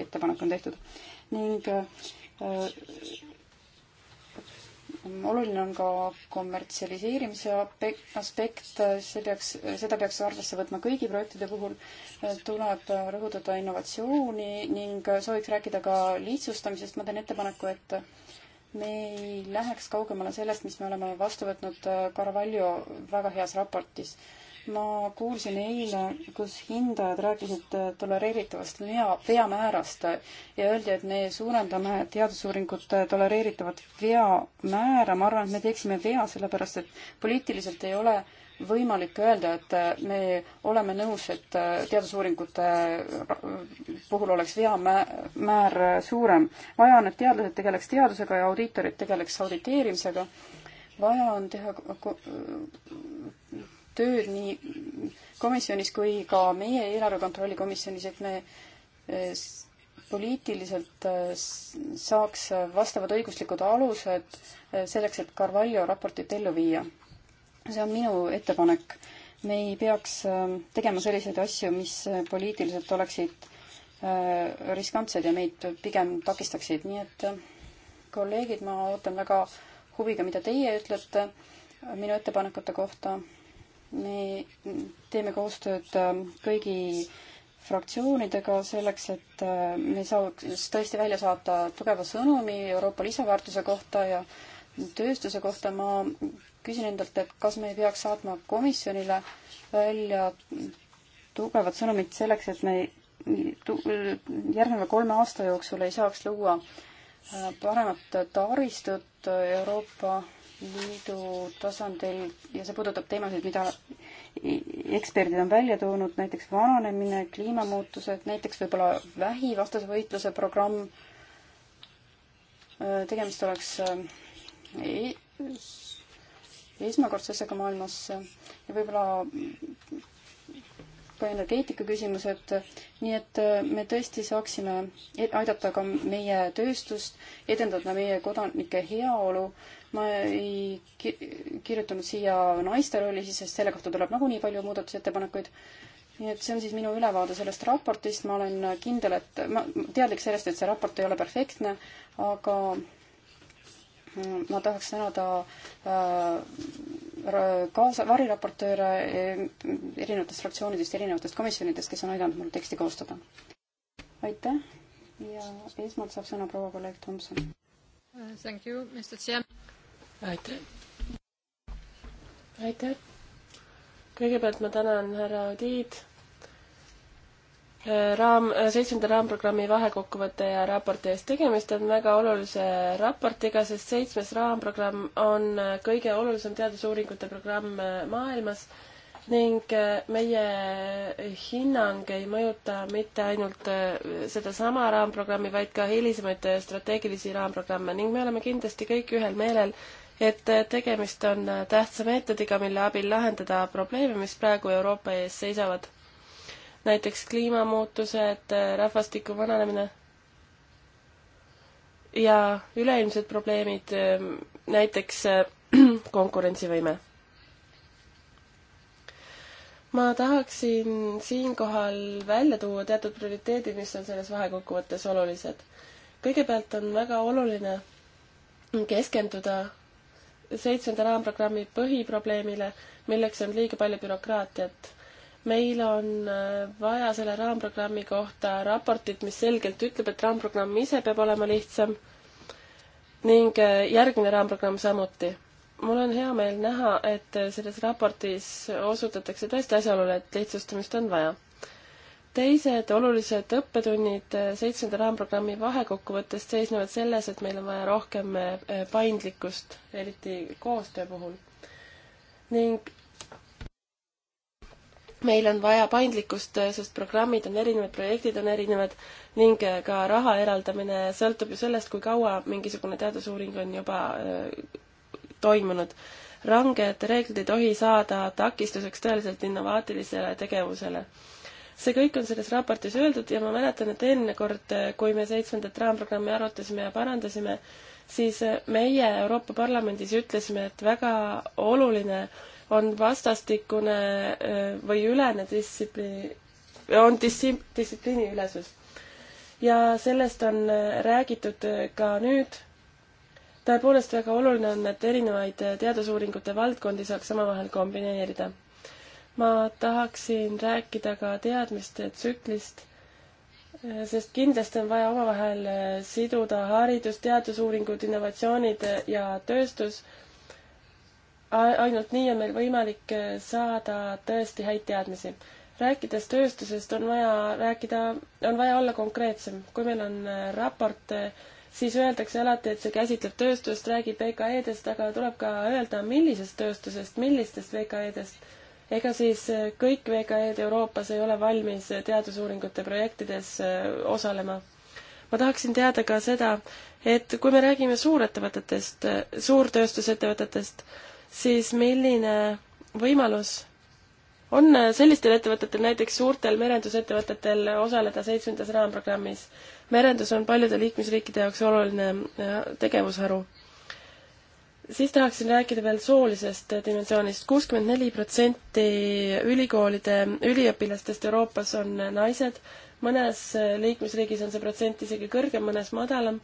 ettepanek on tehtud. ning Mm, oluline on ka kommertsialiseerimise aspekt, see peaks, seda peaks arvesse võtma kõigi projektide puhul. tuleb rõhutada innovatsiooni ning sooviks rääkida ka lihtsustamisest. ma teen ettepaneku, et me ei läheks kaugemale sellest, mis me oleme vastu võtnud Carvalho väga heas raportis ma kuulsin eile, kus hindajad rääkisid tolereeritavast vea, veamäärast ja öeldi, et me suurendame teadusuuringute tolereeritavat veamäära. ma arvan, et me teeksime vea, sellepärast et poliitiliselt ei ole võimalik öelda, et me oleme nõus, et teadusuuringute puhul oleks veamäär suurem. vaja on, et teadlased tegeleks teadusega ja audiitorid tegeleks auditeerimisega. vaja on teha tööd nii komisjonis kui ka meie eelarve kontrolli komisjonis, et me eh, poliitiliselt eh, saaks vastavad õiguslikud alused eh, selleks, et Carvalho raportit ellu viia. see on minu ettepanek. me ei peaks tegema selliseid asju, mis poliitiliselt oleksid riskantsed ja meid pigem takistaksid, nii et kolleegid, ma ootan väga huviga, mida teie ütlete minu ettepanekute kohta me teeme koostööd ähm, kõigi fraktsioonidega selleks, et äh, me saaks tõesti välja saata tugeva sõnumi Euroopa lisaväärtuse kohta ja tööstuse kohta. ma küsin endalt, et kas me ei peaks saatma komisjonile välja tugevat sõnumit selleks, et me järgneva kolme aasta jooksul ei saaks luua äh, paremat taristut Euroopa Liidu tasandil ja see puudutab teemasid, mida eksperdid on välja toonud, näiteks vananemine, kliimamuutused, näiteks võib-olla vähivastase võitluse programm. Äh, tegemist oleks äh, e-, esmakordse asjaga maailmas ja võib-olla ka energeetika küsimused, nii et äh, me tõesti saaksime e-, aidata ka meie tööstust, edendada meie kodanike heaolu ma ei kirjutanud siia naiste rolli sisse, sest selle kohta tuleb nagunii palju muudatusettepanekuid. nii et see on siis minu ülevaade sellest raportist, ma olen kindel, et ma teadlik sellest, et see raport ei ole perfektne, aga mm, ma tahaks tänada äh, kaasa, variraportööre mm, erinevatest fraktsioonidest, erinevatest komisjonidest, kes on aidanud mul teksti koostada. aitäh ja esmalt saab sõna proua kolleeg Tomson. Thank you, Mr Chair aitäh! aitäh! kõigepealt ma tänan härra Audiid eh, raam, eh, seitsmenda raamprogrammi vahekokkuvõtte ja raporti eest. tegemist on väga olulise raportiga, sest seitsmes raamprogramm on eh, kõige olulisem teadusuuringute programm maailmas ning meie hinnang ei mõjuta mitte ainult sedasama raamprogrammi, vaid ka hilisemaid strateegilisi raamprogramme ning me oleme kindlasti kõik ühel meelel, et tegemist on tähtsa meetodiga, mille abil lahendada probleeme, mis praegu Euroopa ees seisavad. näiteks kliimamuutused, rahvastiku vananemine ja üleilmsed probleemid, näiteks konkurentsivõime. ma tahaksin siinkohal välja tuua teatud prioriteedid, mis on selles vahekokkuvõttes olulised. kõigepealt on väga oluline keskenduda seitsmenda raamprogrammi põhiprobleemile, milleks on liiga palju bürokraatiat. meil on äh, vaja selle raamprogrammi kohta raportit, mis selgelt ütleb, et raamprogramm ise peab olema lihtsam ning äh, järgmine raamprogramm samuti. mul on hea meel näha, et äh, selles raportis osutatakse tõesti asjaolule, et lihtsustamist on vaja teised olulised õppetunnid seitsmenda raamprogrammi vahekokkuvõttest seisnevad selles, et meil on vaja rohkem eh, paindlikkust, eriti koostöö puhul. ning meil on vaja paindlikkust, eh, sest programmid on erinevad, projektid on erinevad ning eh, ka raha eraldamine sõltub ju sellest, kui kaua mingisugune teadusuuring on juba toimunud. ranged reeglid ei tohi saada takistuseks tõeliselt innovaatilisele tegevusele see kõik on selles raportis öeldud ja ma mäletan, et eelmine kord, eh, kui me seitsmendat raamprogrammi arutasime ja parandasime, siis eh, meie Euroopa Parlamendis ütlesime, et väga oluline on vastastikune eh, või ülene distsipliin, on dissi-, distsipliiniülesus. ja sellest on räägitud ka nüüd. tõepoolest väga oluline on, et erinevaid teadusuuringute valdkondi saaks omavahel kombineerida ma tahaksin rääkida ka teadmiste tsüklist, sest kindlasti on vaja omavahel eh, siduda haridus, teadusuuringud, innovatsioonid eh, ja tööstus. ainult nii on meil võimalik eh, saada tõesti häid teadmisi. rääkides tööstusest, on vaja rääkida, on vaja olla konkreetsem. kui meil on raport, siis öeldakse alati, et see käsitleb tööstust, räägib VKE-dest, aga tuleb ka öelda, millisest tööstusest, millistest VKE-dest ega siis äh, kõik VKE-d Euroopas ei ole valmis äh, teadusuuringute projektides äh, osalema. ma tahaksin teada ka seda, et kui me räägime suurettevõtetest, suurtööstusettevõtetest, siis milline võimalus on sellistel ettevõtetel, näiteks suurtel merendusettevõtetel, osaleda seitsmendas raamprogrammis? merendus on paljude liikmesriikide jaoks oluline tegevusharu siis tahaksin rääkida veel soolisest dimensioonist. kuuskümmend neli protsenti ülikoolide üliõpilastest Euroopas on naised, mõnes liikmesriigis on see protsent isegi kõrgem, mõnes madalam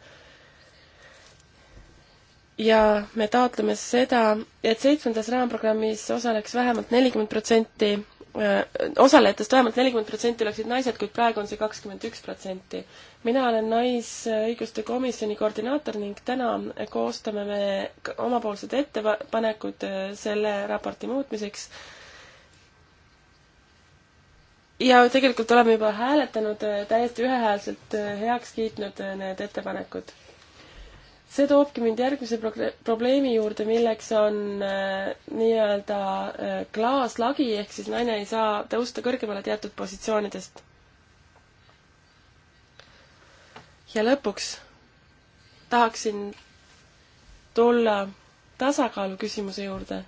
ja me taotleme seda et, et seitsmendas raamprogrammis osaleks vähemalt nelikümmend protsenti Äh, osalejatest vähemalt nelikümmend protsenti oleksid naised, kuid praegu on see kakskümmend üks protsenti. mina olen Naisõiguste Komisjoni koordinaator ning täna koostame me omapoolsed ettepanekud äh, selle raporti muutmiseks. ja tegelikult oleme juba hääletanud, äh, täiesti ühehäälselt heaks kiitnud need ettepanekud see toobki mind järgmise probleemi juurde, milleks on äh, nii-öelda äh, klaaslagi, ehk siis naine ei saa tõusta kõrgemale teatud positsioonidest. ja lõpuks tahaksin tulla tasakaalu küsimuse juurde.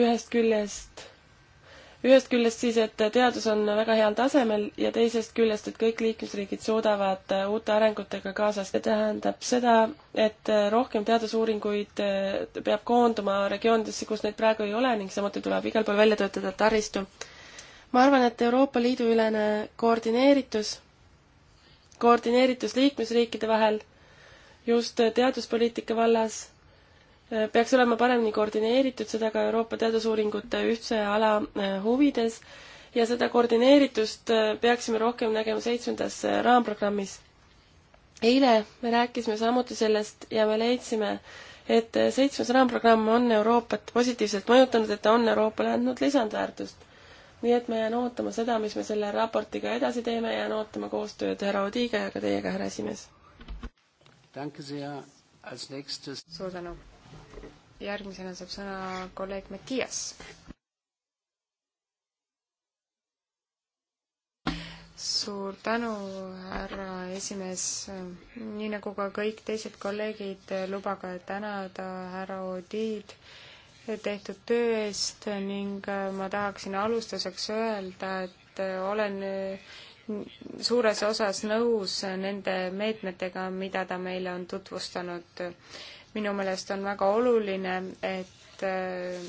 ühest küljest ühest küljest siis, et teadus on väga heal tasemel ja teisest küljest, et kõik liikmesriigid suudavad äh, uute arengutega kaasas. see tähendab seda, et äh, rohkem teadusuuringuid äh, peab koonduma regioonidesse, kus neid praegu ei ole ning samuti tuleb igal pool välja töötada taristu. ma arvan, et Euroopa Liidu ülene koordineeritus, koordineeritus liikmesriikide vahel just teaduspoliitika vallas Äh, peaks olema paremini koordineeritud, seda ka Euroopa teadusuuringute ühtse ala äh, huvides ja seda koordineeritust äh, peaksime rohkem nägema seitsmendas raamprogrammis. eile me rääkisime samuti sellest ja me leidsime, et seitsmes raamprogramm on Euroopat positiivselt mõjutanud, et ta on Euroopale andnud lisandväärtust nii et ma jään ootama seda, mis me selle raportiga edasi teeme, jään ootama koostööd härra Odiga ja ka teiega, härra esimees. suur tänu järgmisena saab sõna kolleeg Mattias. suur tänu, härra esimees. nii nagu ka kõik teised kolleegid, lubage tänada härra Odiid tehtud töö eest ning ma tahaksin alustuseks öelda, et olen suures osas nõus nende meetmetega, mida ta meile on tutvustanud minu meelest on väga oluline, et äh,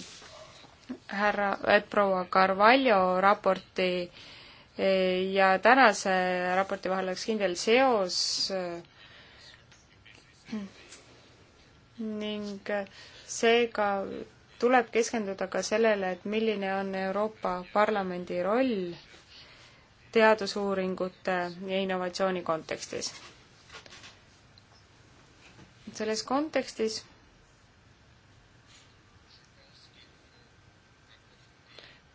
härra, et proua Carvalho raporti äh, ja tänase raporti vahel oleks kindel seos äh, ning seega tuleb keskenduda ka sellele, et milline on Euroopa Parlamendi roll teadusuuringute ja innovatsiooni kontekstis selles kontekstis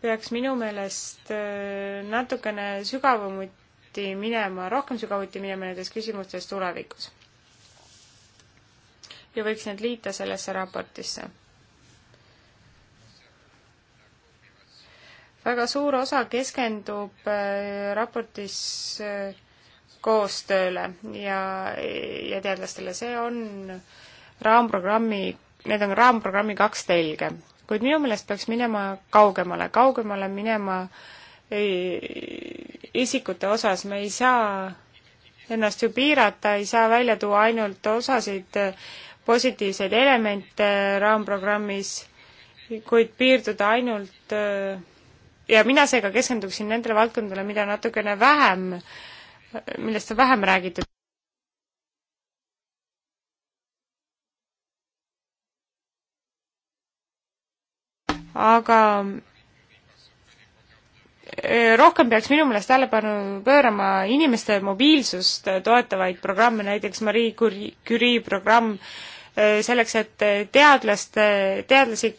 peaks minu meelest äh, natukene sügavuti minema, rohkem sügavuti minema nendes küsimustes tulevikus. ja võiks need liita sellesse raportisse. väga suur osa keskendub äh, raportis äh, koostööle ja, ja teadlastele, see on raamprogrammi, need on raamprogrammi kaks telge. kuid minu meelest peaks minema kaugemale, kaugemale minema isikute osas, me ei saa ennast ju piirata, ei saa välja tuua ainult osasid positiivseid elemente raamprogrammis, kuid piirduda ainult ja mina seega keskenduksin nendele valdkondadele, mida natukene vähem äh, millest on vähem räägitud. aga äh, rohkem peaks minu meelest tähelepanu pöörama inimeste mobiilsust toetavaid programme, näiteks Marie Curie programm äh, selleks, et teadlaste, teadlasi,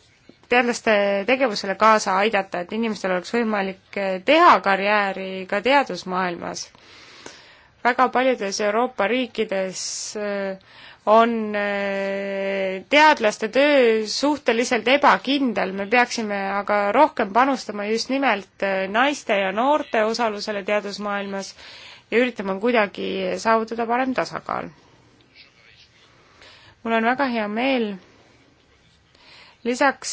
teadlaste tegevusele kaasa aidata, et inimestel oleks võimalik äh, teha karjääri ka teadusmaailmas väga paljudes Euroopa riikides äh, on äh, teadlaste töö suhteliselt ebakindel, me peaksime aga rohkem panustama just nimelt äh, naiste ja noorte osalusele teadusmaailmas ja üritama kuidagi saavutada parem tasakaal. mul on väga hea meel lisaks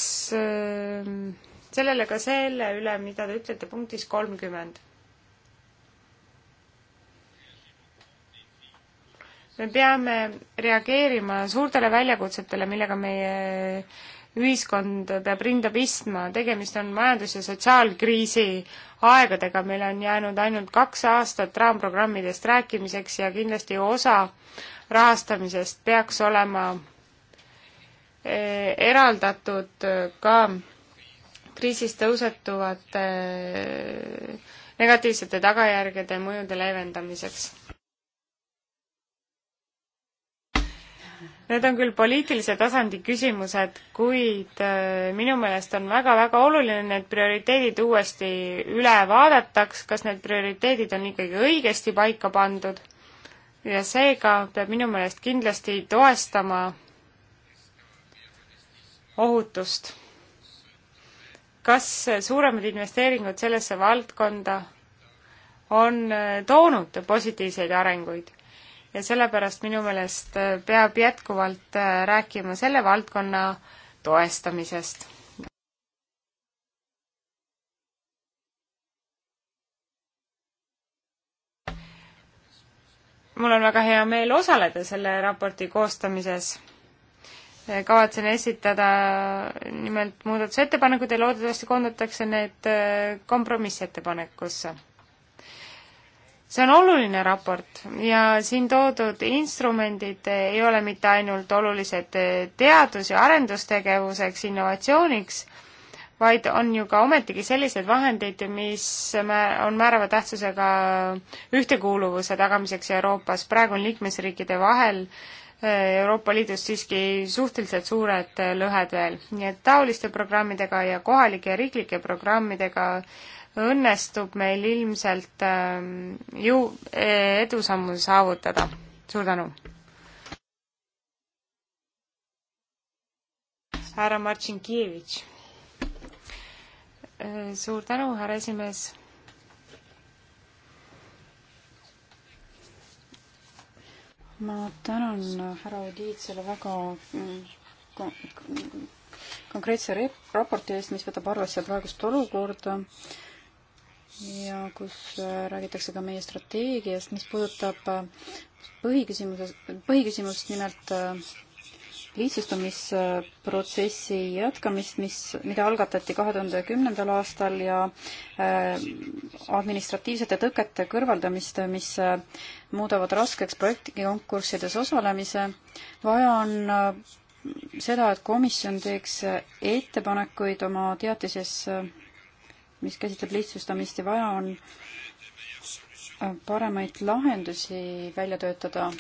sellele ka selle üle, mida te ütlete punktis kolmkümmend me peame reageerima suurtele väljakutsetele, millega meie ühiskond peab rinda pistma, tegemist on majandus- ja sotsiaalkriisi aegadega, meil on jäänud ainult kaks aastat raamprogrammidest rääkimiseks ja kindlasti osa rahastamisest peaks olema eh, eraldatud ka kriisist tõusetuvate eh, negatiivsete tagajärgede mõjude leevendamiseks Need on küll poliitilise tasandi küsimused, kuid äh, minu meelest on väga-väga oluline need prioriteedid uuesti üle vaadataks, kas need prioriteedid on ikkagi õigesti paika pandud ja seega peab minu meelest kindlasti toestama ohutust. kas suuremad investeeringud sellesse valdkonda on äh, toonud positiivseid arenguid? ja sellepärast minu meelest äh, peab jätkuvalt äh, rääkima selle valdkonna toestamisest. mul on väga hea meel osaleda selle raporti koostamises. Äh, kavatsen esitada nimelt muudatusettepanekud ja loodetavasti koondatakse need kompromissettepanekusse see on oluline raport ja siin toodud instrumendid ei ole mitte ainult olulised teadus- ja arendustegevuseks, innovatsiooniks, vaid on ju ka ometigi sellised vahendid, mis on määrava tähtsusega ühtekuuluvuse tagamiseks Euroopas. praegu on liikmesriikide vahel äh, Euroopa Liidus siiski suhteliselt suured äh, lõhed veel, nii et taoliste programmidega ja kohalike ja riiklike programmidega äh, õnnestub meil ilmselt ähm, ju edusammu saavutada. suur tänu! härra Martšinkievitš. Äh, suur tänu, härra esimees. ma tänan härra Odiit selle väga mm, konkreetse raporti eest, mis võtab arvesse praegust olukorda ja kus äh, räägitakse ka meie strateegiast, mis puudutab äh, põhiküsimuses, põhiküsimust nimelt äh, lihtsustamisprotsessi jätkamist, mis, mida algatati kahe tuhande kümnendal aastal ja administratiivsete tõkete kõrvaldamist, mis muudavad raskeks projektikonkurssides osalemise. vaja on seda, et komisjon teeks ettepanekuid oma teatises mis käsitleb lihtsustamist ja vaja on äh, paremaid lahendusi välja töötada.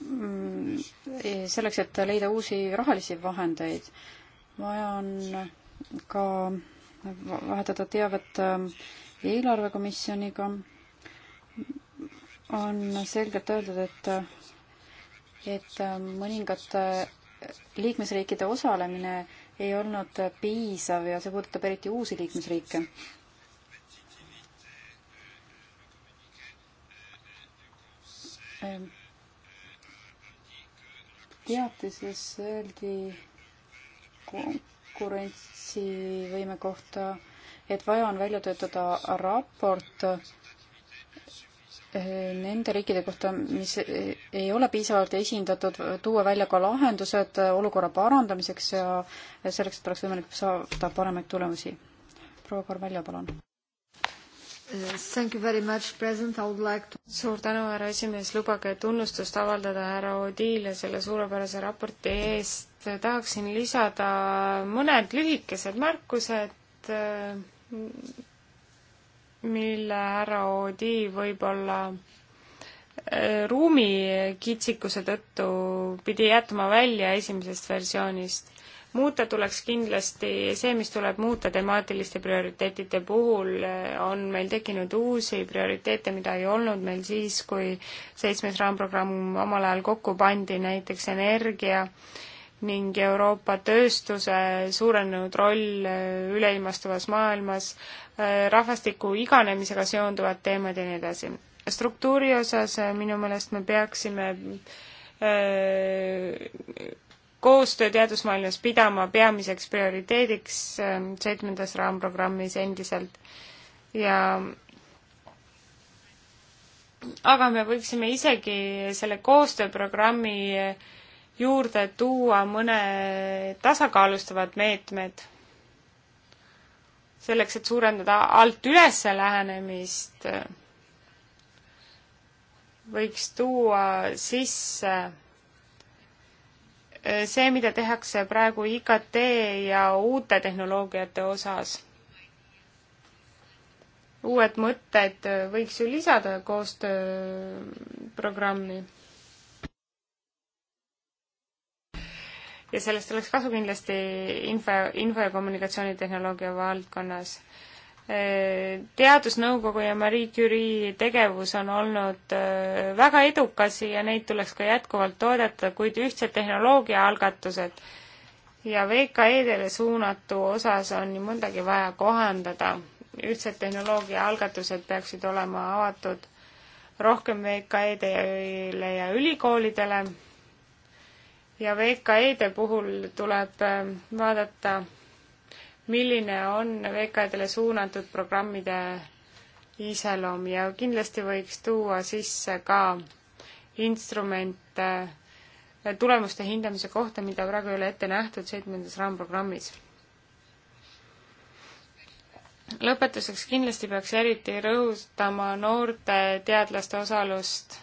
Mm, selleks, et leida uusi rahalisi vahendeid, vaja on ka vahetada teavet äh, eelarvekomisjoniga. on selgelt öeldud, et et äh, mõningate liikmesriikide osalemine ei olnud piisav ja see puudutab eriti uusi liikmesriike. Ehm, teatises öeldi konkurentsivõime kohta, et vaja on välja töötada raport Eh, nende riikide kohta, mis eh, ei ole piisavalt esindatud, tuua välja ka lahendused eh, olukorra parandamiseks ja selleks, et oleks võimalik saada paremaid tulemusi. proua Carvalho, palun. Thank you very much, president, I would like to suur tänu, härra esimees, lubage tunnustust avaldada härra Odile selle suurepärase raporti eest. tahaksin lisada mõned lühikesed märkused mille härra Oodi võib-olla äh, ruumi kitsikuse tõttu pidi jätma välja esimesest versioonist. muuta tuleks kindlasti see, mis tuleb muuta temaatiliste prioriteetide puhul, äh, on meil tekkinud uusi prioriteete, mida ei olnud meil siis, kui seitsmes raamprogramm omal ajal kokku pandi, näiteks energia äh,, ning Euroopa tööstuse suurenenud roll üleilmastuvas maailmas, rahvastiku iganemisega seonduvad teemad ja nii edasi. struktuuri osas eh, minu meelest me peaksime eh, koostöö teadusmaailmas pidama peamiseks prioriteediks eh, seitsmendas raamprogrammis endiselt ja aga me võiksime isegi selle koostööprogrammi äh, juurde tuua mõne tasakaalustavad meetmed selleks, et suurendada alt üles lähenemist, võiks tuua sisse eh, see, mida tehakse praegu IKT ja uute tehnoloogiate osas. uued mõtted võiks ju lisada koostööprogrammi ja sellest oleks kasu kindlasti info, info- ja kommunikatsioonitehnoloogia valdkonnas. Äh, teadusnõukogu ja Marie Curie tegevus on olnud äh, väga edukas ja neid tuleks ka jätkuvalt toodata, kuid ühtsed tehnoloogiaalgatused ja VKE-dele suunatu osas on nii mõndagi vaja kohandada. ühtsed tehnoloogiaalgatused peaksid olema avatud rohkem VKE-dele ja ülikoolidele ja VKE-de puhul tuleb äh, vaadata, milline on VKE-dele suunatud programmide iseloom ja kindlasti võiks tuua sisse ka instrumente äh, tulemuste hindamise kohta, mida praegu ei ole ette nähtud seitsmendas raamprogrammis. lõpetuseks kindlasti peaks eriti rõhutama noorte teadlaste osalust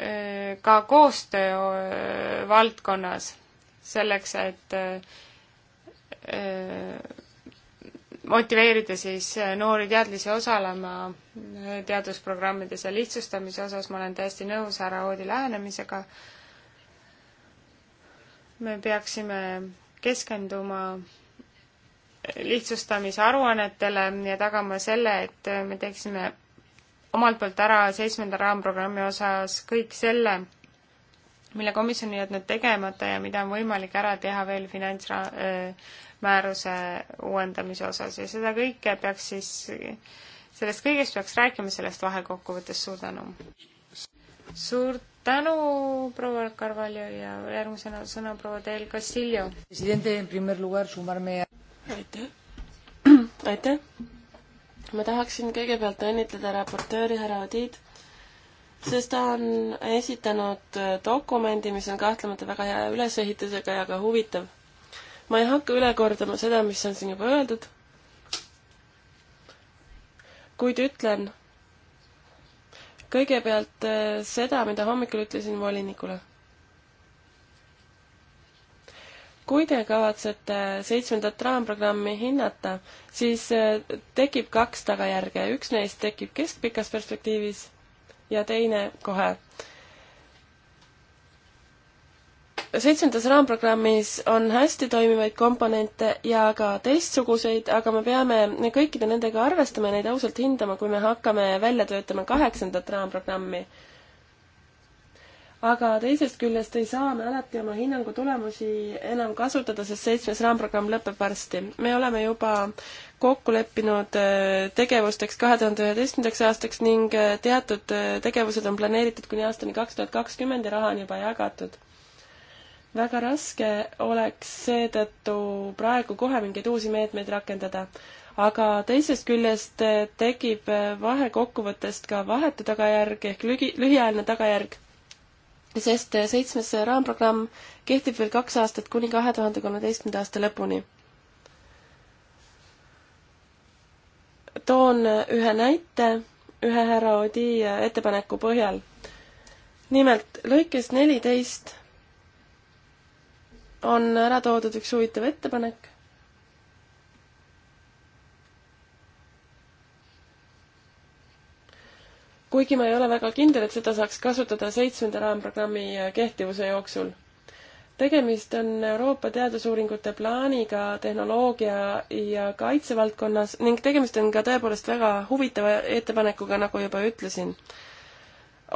Äh, ka koostöö äh, valdkonnas selleks, et äh, motiveerida siis noori teadlasi osalema teadusprogrammides ja lihtsustamise osas ma olen täiesti nõus härra Oodi lähenemisega. me peaksime keskenduma lihtsustamise aruannetele ja tagama selle, et me teeksime omalt poolt ära seitsmenda raamprogrammi osas kõik selle, mille komisjon on jätnud tegemata ja mida on võimalik ära teha veel finantsmääruse uuendamise osas ja seda kõike peaks siis, sellest kõigest peaks rääkima sellest vahekokkuvõttes, suur tänu! suur tänu, proua Carvalho ja järgmisena sõna proua Del Castillo. aitäh! aitäh! ma tahaksin kõigepealt õnnitleda raportööri härra Odid, sest ta on esitanud dokumendi, mis on kahtlemata väga hea ülesehitusega ja ka huvitav. ma ei hakka üle kordama seda, mis on siin juba öeldud, kuid ütlen kõigepealt eh, seda, mida hommikul ütlesin volinikule kui te kavatsete seitsmendat raamprogrammi hinnata, siis äh, tekib kaks tagajärge, üks neist tekib keskpikas perspektiivis ja teine kohe. seitsmendas raamprogrammis on hästi toimivaid komponente ja ka teistsuguseid, aga me peame kõikide nendega arvestama ja neid ausalt hindama, kui me hakkame välja töötama kaheksandat raamprogrammi aga teisest küljest ei saa me alati oma hinnangu tulemusi enam kasutada, sest seitsmes raamprogramm lõpeb varsti. me oleme juba kokku leppinud äh, tegevusteks kahe tuhande üheteistkümnendaks aastaks ning äh, teatud äh, tegevused on planeeritud kuni aastani kaks tuhat kakskümmend ja raha on juba jagatud. väga raske oleks seetõttu praegu kohe mingeid uusi meetmeid rakendada aga teisest küljest tekib vahekokkuvõttest ka vahetu tagajärg ehk lügi, lühiajaline tagajärg sest seitsmes raamprogramm kehtib veel kaks aastat kuni kahe tuhande kolmeteistkümnenda aasta lõpuni. toon ühe näite ühe härra Odi ettepaneku põhjal. nimelt lõikes neliteist on ära toodud üks huvitav ettepanek kuigi ma ei ole väga kindel, et seda saaks kasutada seitsmenda raamprogrammi kehtivuse jooksul. tegemist on Euroopa teadusuuringute plaaniga tehnoloogia ja kaitsevaldkonnas ning tegemist on ka tõepoolest väga huvitava ettepanekuga, nagu juba ütlesin.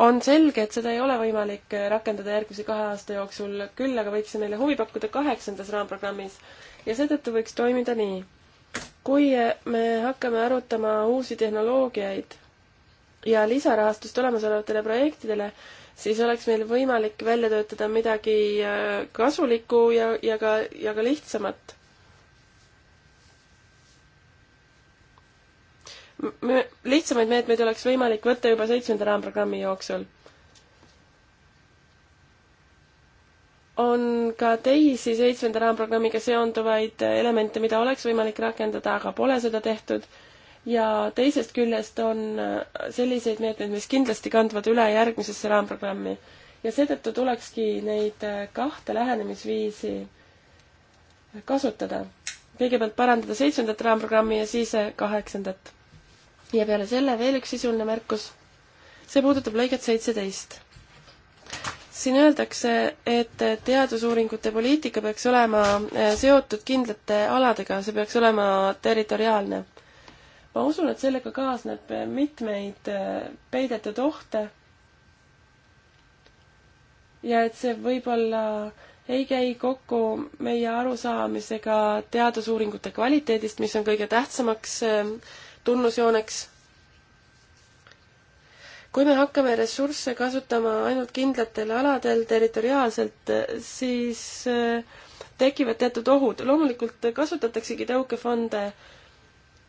on selge, et seda ei ole võimalik rakendada järgmise kahe aasta jooksul, küll aga võiks see meile huvi pakkuda kaheksandas raamprogrammis ja seetõttu võiks toimida nii. kui me hakkame arutama uusi tehnoloogiaid ja lisarahastust olemasolevatele projektidele, siis oleks meil võimalik välja töötada midagi äh, kasulikku ja, ja ka, ja ka lihtsamat. lihtsamaid meetmeid oleks võimalik võtta juba seitsmenda raamprogrammi jooksul. on ka teisi seitsmenda raamprogrammiga seonduvaid elemente, mida oleks võimalik rakendada, aga pole seda tehtud ja teisest küljest on äh, selliseid meetmeid, mis kindlasti kandvad üle järgmisesse raamprogrammi. ja seetõttu tulekski neid äh, kahte lähenemisviisi kasutada. kõigepealt parandada seitsmendat raamprogrammi ja siis äh, kaheksandat. ja peale selle veel üks sisuline märkus. see puudutab lõiget seitseteist. siin öeldakse, et teadusuuringute poliitika peaks olema seotud kindlate aladega, see peaks olema territoriaalne ma usun, et sellega kaasneb mitmeid äh, peidetud ohte. ja et see võib-olla ei käi kokku meie arusaamisega teadusuuringute kvaliteedist, mis on kõige tähtsamaks äh, tunnusjooneks. kui me hakkame ressursse kasutama ainult kindlatel aladel territoriaalselt, äh, siis tekivad teatud ohud. loomulikult kasutataksegi tõukefonde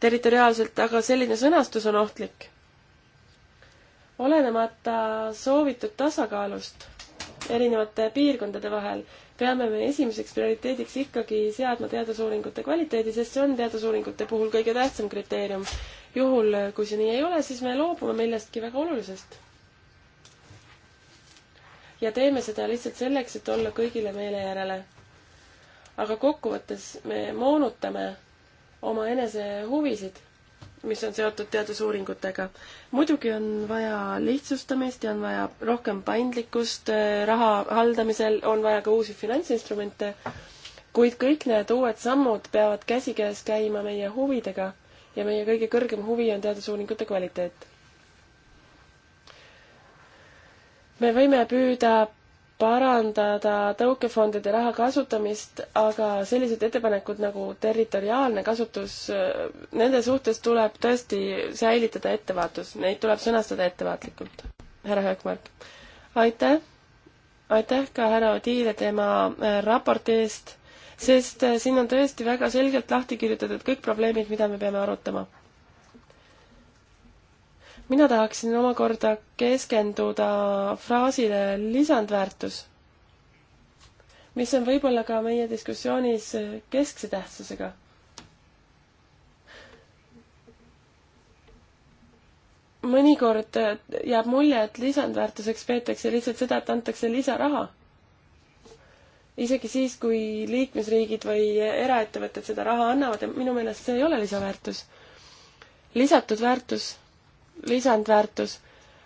territoriaalselt, aga selline sõnastus on ohtlik. olenemata soovitud tasakaalust erinevate piirkondade vahel, peame me esimeseks prioriteediks ikkagi seadma teadusuuringute kvaliteedi, sest see on teadusuuringute puhul kõige tähtsam kriteerium. juhul, kui see nii ei ole, siis me loobume millestki väga olulisest. ja teeme seda lihtsalt selleks, et olla kõigile meele järele. aga kokkuvõttes me moonutame oma enesehuvisid, mis on seotud teadusuuringutega. muidugi on vaja lihtsustamist ja on vaja rohkem paindlikkust eh, raha haldamisel, on vaja ka uusi finantsinstrumente, kuid kõik need uued sammud peavad käsikäes käima meie huvidega ja meie kõige kõrgem huvi on teadusuuringute kvaliteet. me võime püüda parandada tõukefondide raha kasutamist, aga sellised ettepanekud nagu territoriaalne kasutus, nende suhtes tuleb tõesti säilitada ettevaatus, neid tuleb sõnastada ettevaatlikult. härra Höökmark, aitäh, aitäh ka härra Odiile tema äh, raporti eest, sest äh, siin on tõesti väga selgelt lahti kirjutatud kõik probleemid, mida me peame arutama mina tahaksin omakorda keskenduda fraasile lisandväärtus, mis on võib-olla ka meie diskussioonis keskse tähtsusega. mõnikord jääb mulje, et lisandväärtuseks peetakse lihtsalt seda, et antakse lisaraha. isegi siis, kui liikmesriigid või eraettevõtted seda raha annavad ja minu meelest see ei ole lisaväärtus. lisatud väärtus lisandväärtus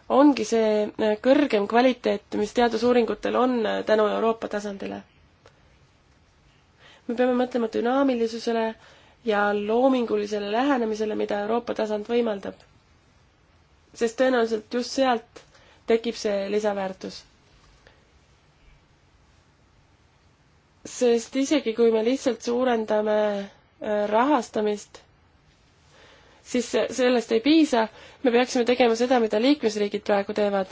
ongi see äh, kõrgem kvaliteet, mis teadusuuringutel on äh, tänu Euroopa tasandile. me peame mõtlema dünaamilisusele ja loomingulisele lähenemisele, mida Euroopa tasand võimaldab. sest tõenäoliselt just sealt tekib see lisaväärtus. sest isegi, kui me lihtsalt suurendame äh, rahastamist siis sellest ei piisa, me peaksime tegema seda, mida liikmesriigid praegu teevad.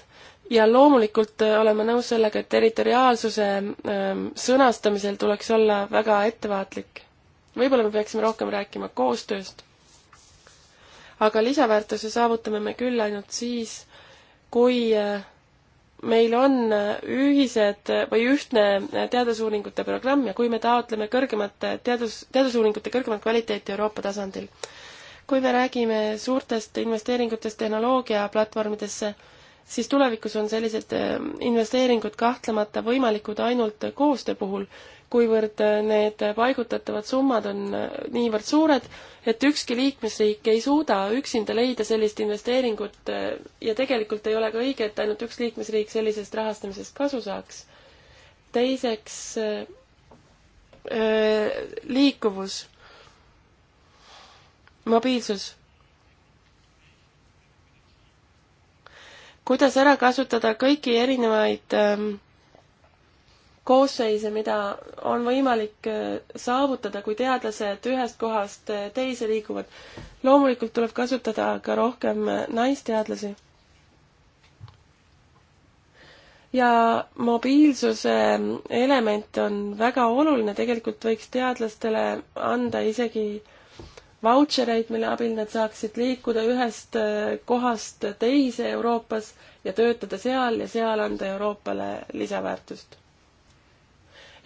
ja loomulikult äh, olen ma nõus sellega, et territoriaalsuse ähm, sõnastamisel tuleks olla väga ettevaatlik. võib-olla me peaksime rohkem rääkima koostööst, aga lisaväärtuse saavutame me küll ainult siis, kui äh, meil on äh, ühised või ühtne teadusuuringute programm ja kui me taotleme kõrgemat teadus, teadusuuringute kõrgemat kvaliteeti Euroopa tasandil kui me räägime suurtest investeeringutest tehnoloogiaplatvormidesse, siis tulevikus on sellised äh, investeeringud kahtlemata võimalikud ainult koostöö puhul, kuivõrd äh, need paigutatavad summad on äh, niivõrd suured, et ükski liikmesriik ei suuda üksinda leida sellist investeeringut ja tegelikult ei ole ka õige, et ainult üks liikmesriik sellisest rahastamisest kasu saaks. teiseks, liikuvus mobiilsus. kuidas ära kasutada kõiki erinevaid ähm, koosseise, mida on võimalik äh, saavutada, kui teadlased ühest kohast äh, teise liiguvad. loomulikult tuleb kasutada ka rohkem äh, naisteadlasi. ja mobiilsuse ähm, element on väga oluline, tegelikult võiks teadlastele anda isegi vautšereid, mille abil nad saaksid liikuda ühest äh, kohast teise Euroopas ja töötada seal ja seal anda Euroopale lisaväärtust.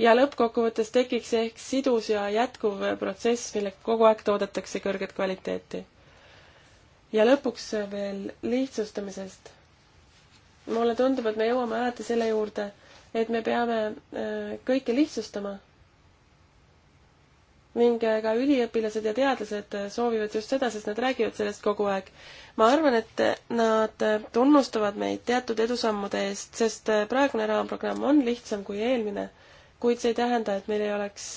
ja lõppkokkuvõttes tekiks ehk sidus ja jätkuv protsess, millega kogu aeg toodetakse kõrget kvaliteeti. ja lõpuks veel lihtsustamisest. mulle tundub, et me jõuame alati selle juurde, et me peame äh, kõike lihtsustama ning äh, ka üliõpilased ja teadlased äh, soovivad just seda, sest nad räägivad sellest kogu aeg. ma arvan, et äh, nad tunnustavad meid teatud edusammude eest, sest praegune raamprogramm on lihtsam kui eelmine, kuid see ei tähenda, et meil ei oleks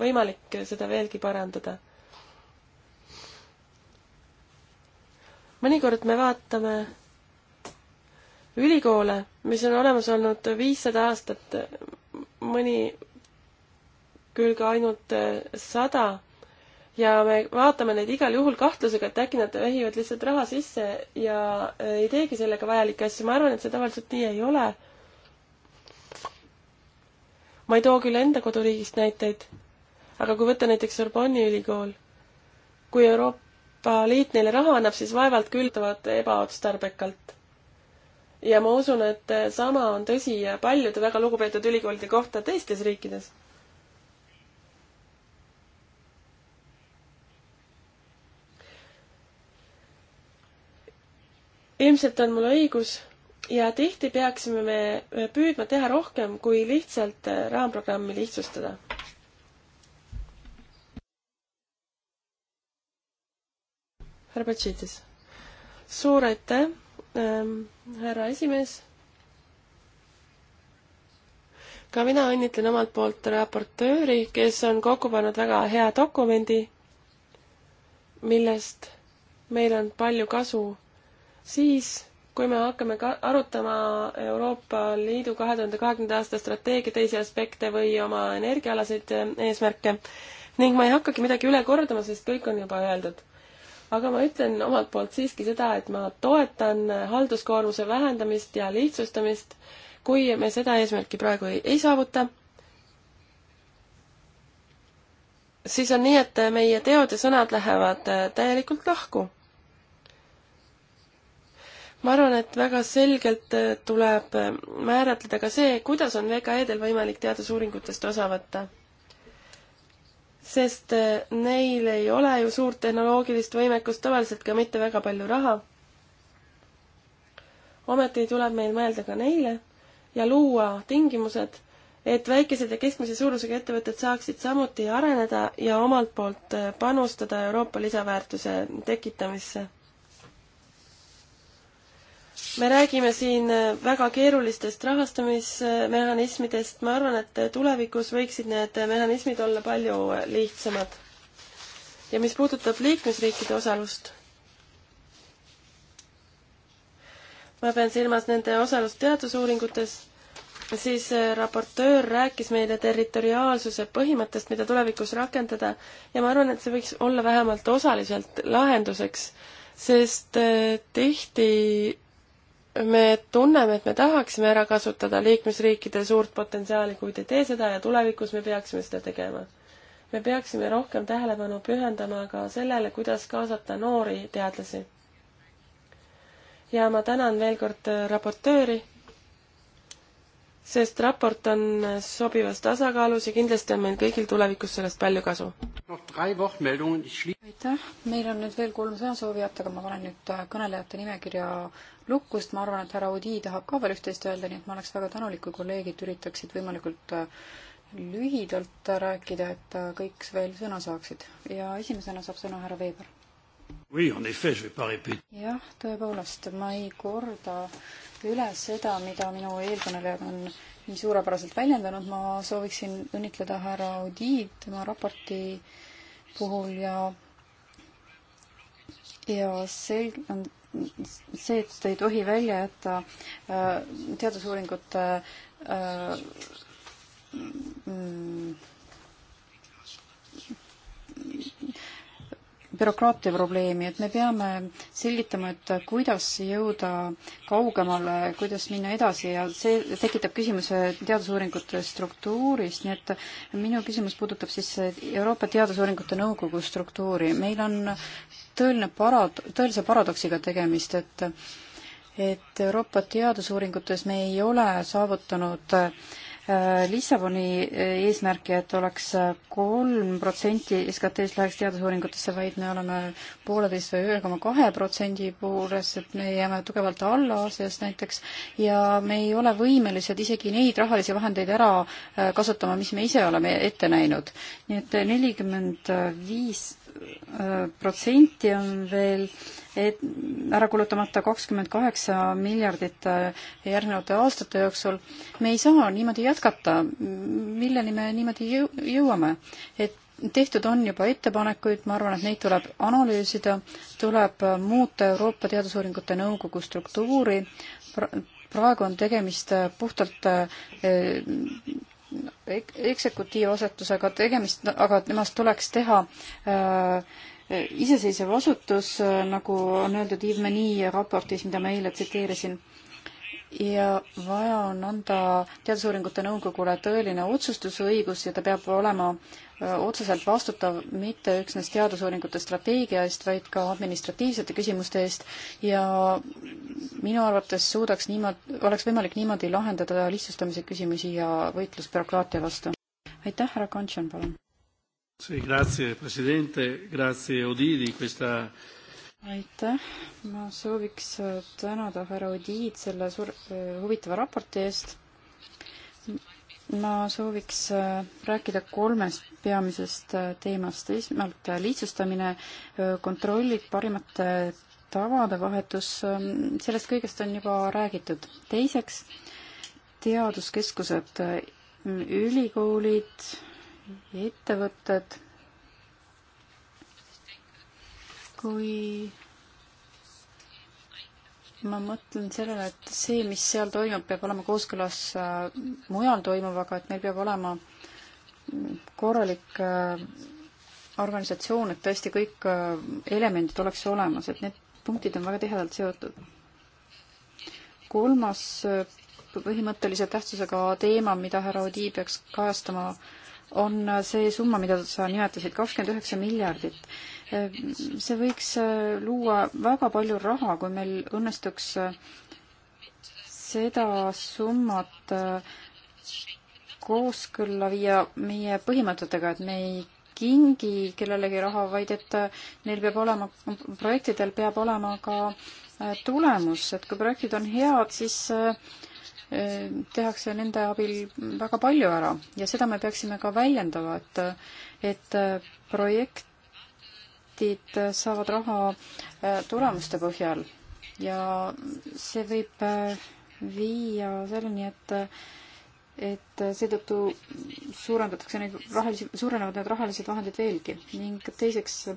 võimalik seda veelgi parandada. mõnikord me vaatame ülikoole, mis on olemas olnud viissada aastat, mõni küll ka ainult äh, sada ja me vaatame neid igal juhul kahtlusega, et äkki nad vehivad lihtsalt raha sisse ja äh, ei teegi sellega vajalikke asju, ma arvan, et see tavaliselt nii ei ole. ma ei too küll enda koduriigist näiteid, aga kui võtta näiteks Sorbonni ülikool, kui Euroopa Liit neile raha annab, siis vaevalt külduvad ebaotstarbekalt. ja ma usun, et äh, sama on tõsi paljude väga lugupeetud ülikoolide kohta teistes riikides ilmselt on mul õigus ja tihti peaksime me äh, püüdma teha rohkem kui lihtsalt äh, raamprogrammi lihtsustada. härra Patsiitis. suur aitäh ähm,, härra esimees. ka mina õnnitlen omalt poolt raportööri, kes on kokku pannud väga hea dokumendi, millest meil on palju kasu siis, kui me hakkame ka arutama Euroopa Liidu kahe tuhande kahekümnenda aasta strateegia teisi aspekte või oma energiaalaseid eh, eesmärke ning ma ei hakkagi midagi üle kordama, sest kõik on juba öeldud aga ma ütlen omalt poolt siiski seda, et ma toetan halduskoormuse vähendamist ja lihtsustamist, kui me seda eesmärki praegu ei, ei saavuta, siis on nii, et meie teod ja sõnad lähevad eh, täielikult lahku ma arvan, et väga selgelt äh, tuleb äh, määratleda ka see, kuidas on VKE-del võimalik teadusuuringutest osa võtta. sest äh, neil ei ole ju suurt tehnoloogilist võimekust, tavaliselt ka mitte väga palju raha. ometi tuleb meil mõelda ka neile ja luua tingimused, et väikesed ja keskmise suurusega ettevõtted saaksid samuti areneda ja omalt poolt panustada Euroopa lisaväärtuse tekitamisse me räägime siin äh, väga keerulistest rahastamismehhanismidest, ma arvan, et äh, tulevikus võiksid need äh, mehhanismid olla palju lihtsamad. ja mis puudutab liikmesriikide osalust, ma pean silmas nende osalust teadusuuringutes, siis raportöör rääkis meile territoriaalsuse põhimõttest, mida tulevikus rakendada ja ma arvan, et see võiks olla vähemalt osaliselt lahenduseks sest tihti me tunneme, et me tahaksime ära kasutada liikmesriikide suurt potentsiaali, kuid ei tee seda ja tulevikus me peaksime seda tegema. me peaksime rohkem tähelepanu pühendama ka sellele, kuidas kaasata noori teadlasi. ja ma tänan veel kord raportööri, sest raport on sobivas tasakaalus ja kindlasti on meil kõigil tulevikus sellest palju kasu. aitäh, meil on nüüd veel kolm sõnasoovijat, aga ma panen nüüd kõnelejate nimekirja lukkust, ma arvan, et härra Odi tahab ka veel üht-teist öelda, nii et ma oleks väga tänulik, kui kolleegid üritaksid võimalikult äh, lühidalt rääkida, et äh, kõik veel sõna saaksid. ja esimesena saab sõna härra Veeber. jah, tõepoolest, ma ei korda üle seda, mida minu eelkõnelejad on nii suurepäraselt väljendanud, ma sooviksin õnnitleda härra Odiid tema raporti puhul ja ja selg-, see, et ei tohi välja jätta äh, teadusuuringute äh, mm, bürokraatia probleemi, et me peame selgitama, et kuidas jõuda kaugemale, kuidas minna edasi ja see tekitab küsimuse teadusuuringute struktuurist, nii et minu küsimus puudutab siis Euroopa Teadusuuringute Nõukogu struktuuri. meil on tõeline parad-, tõelise paradoksiga tegemist, et et Euroopa teadusuuringutes me ei ole saavutanud äh, Äh, Lissaboni äh, eesmärki, et oleks äh, kolm protsenti SKT-st läheks teadusuuringutesse, vaid me oleme pooleteist või ühe koma kahe protsendi juures, et me jääme tugevalt alla Aasias näiteks ja me ei ole võimelised isegi neid rahalisi vahendeid ära kasutama, mis me ise oleme ette näinud. nii et nelikümmend viis protsenti on veel äh, et ära kulutamata kakskümmend kaheksa miljardit äh, järgnevate aastate jooksul. me ei saa niimoodi jätkata, milleni me niimoodi jõuame, et tehtud on juba ettepanekuid, ma arvan, et neid tuleb analüüsida, tuleb äh, muuta Euroopa Teadusuuringute Nõukogu struktuuri, praegu on tegemist äh, puhtalt eksekutiivasetusega tegemist, aga temast tuleks teha äh, iseseisev asutus, äh, nagu on öeldud Yves Meni raportis, mida ma eile tsiteerisin. ja vaja on anda Teadusuuringute Nõukogule tõeline otsustusõigus ja ta peab olema äh, otseselt vastutav mitte üksnes teadusuuringute strateegia eest, vaid ka administratiivsete küsimuste eest ja minu arvates suudaks niimoodi, oleks võimalik niimoodi lahendada lihtsustamise küsimusi ja võitlus bürokraatia vastu. aitäh, härra Kantšon, palun! Sì, grazie Presidente, grazie Odidi, questa aitäh, ma sooviks tänada härra Odiid selle suur-, eh, huvitava raporti eest. ma sooviks eh, rääkida kolmest peamisest eh, teemast, esmalt lihtsustamine, kontrollid, parimate tavade vahetus, sellest kõigest on juba räägitud. teiseks, teaduskeskused, ülikoolid, ettevõtted. kui ma mõtlen sellele, et see, mis seal toimub, peab olema kooskõlas äh, mujal toimuvaga, et meil peab olema korralik äh, organisatsioon, et tõesti kõik äh, elemendid oleks olemas, et need punktid on väga tihedalt seotud. kolmas põhimõttelise tähtsusega teema, mida härra Odi peaks kajastama on see summa, mida sa nimetasid, kakskümmend üheksa miljardit. see võiks äh, luua väga palju raha, kui meil õnnestuks äh, seda summat äh, kooskõlla viia meie põhimõtetega, et me ei kingi kellelegi raha, vaid et neil peab olema, projektidel peab olema ka tulemus, et kui projektid on head, siis tehakse nende abil väga palju ära ja seda me peaksime ka väljendama, et, et projektid saavad raha äh, tulemuste põhjal ja see võib äh, viia selleni, et et seetõttu suurendatakse neid rahalisi, suurenevad need rahalised vahendid veelgi ning teiseks äh,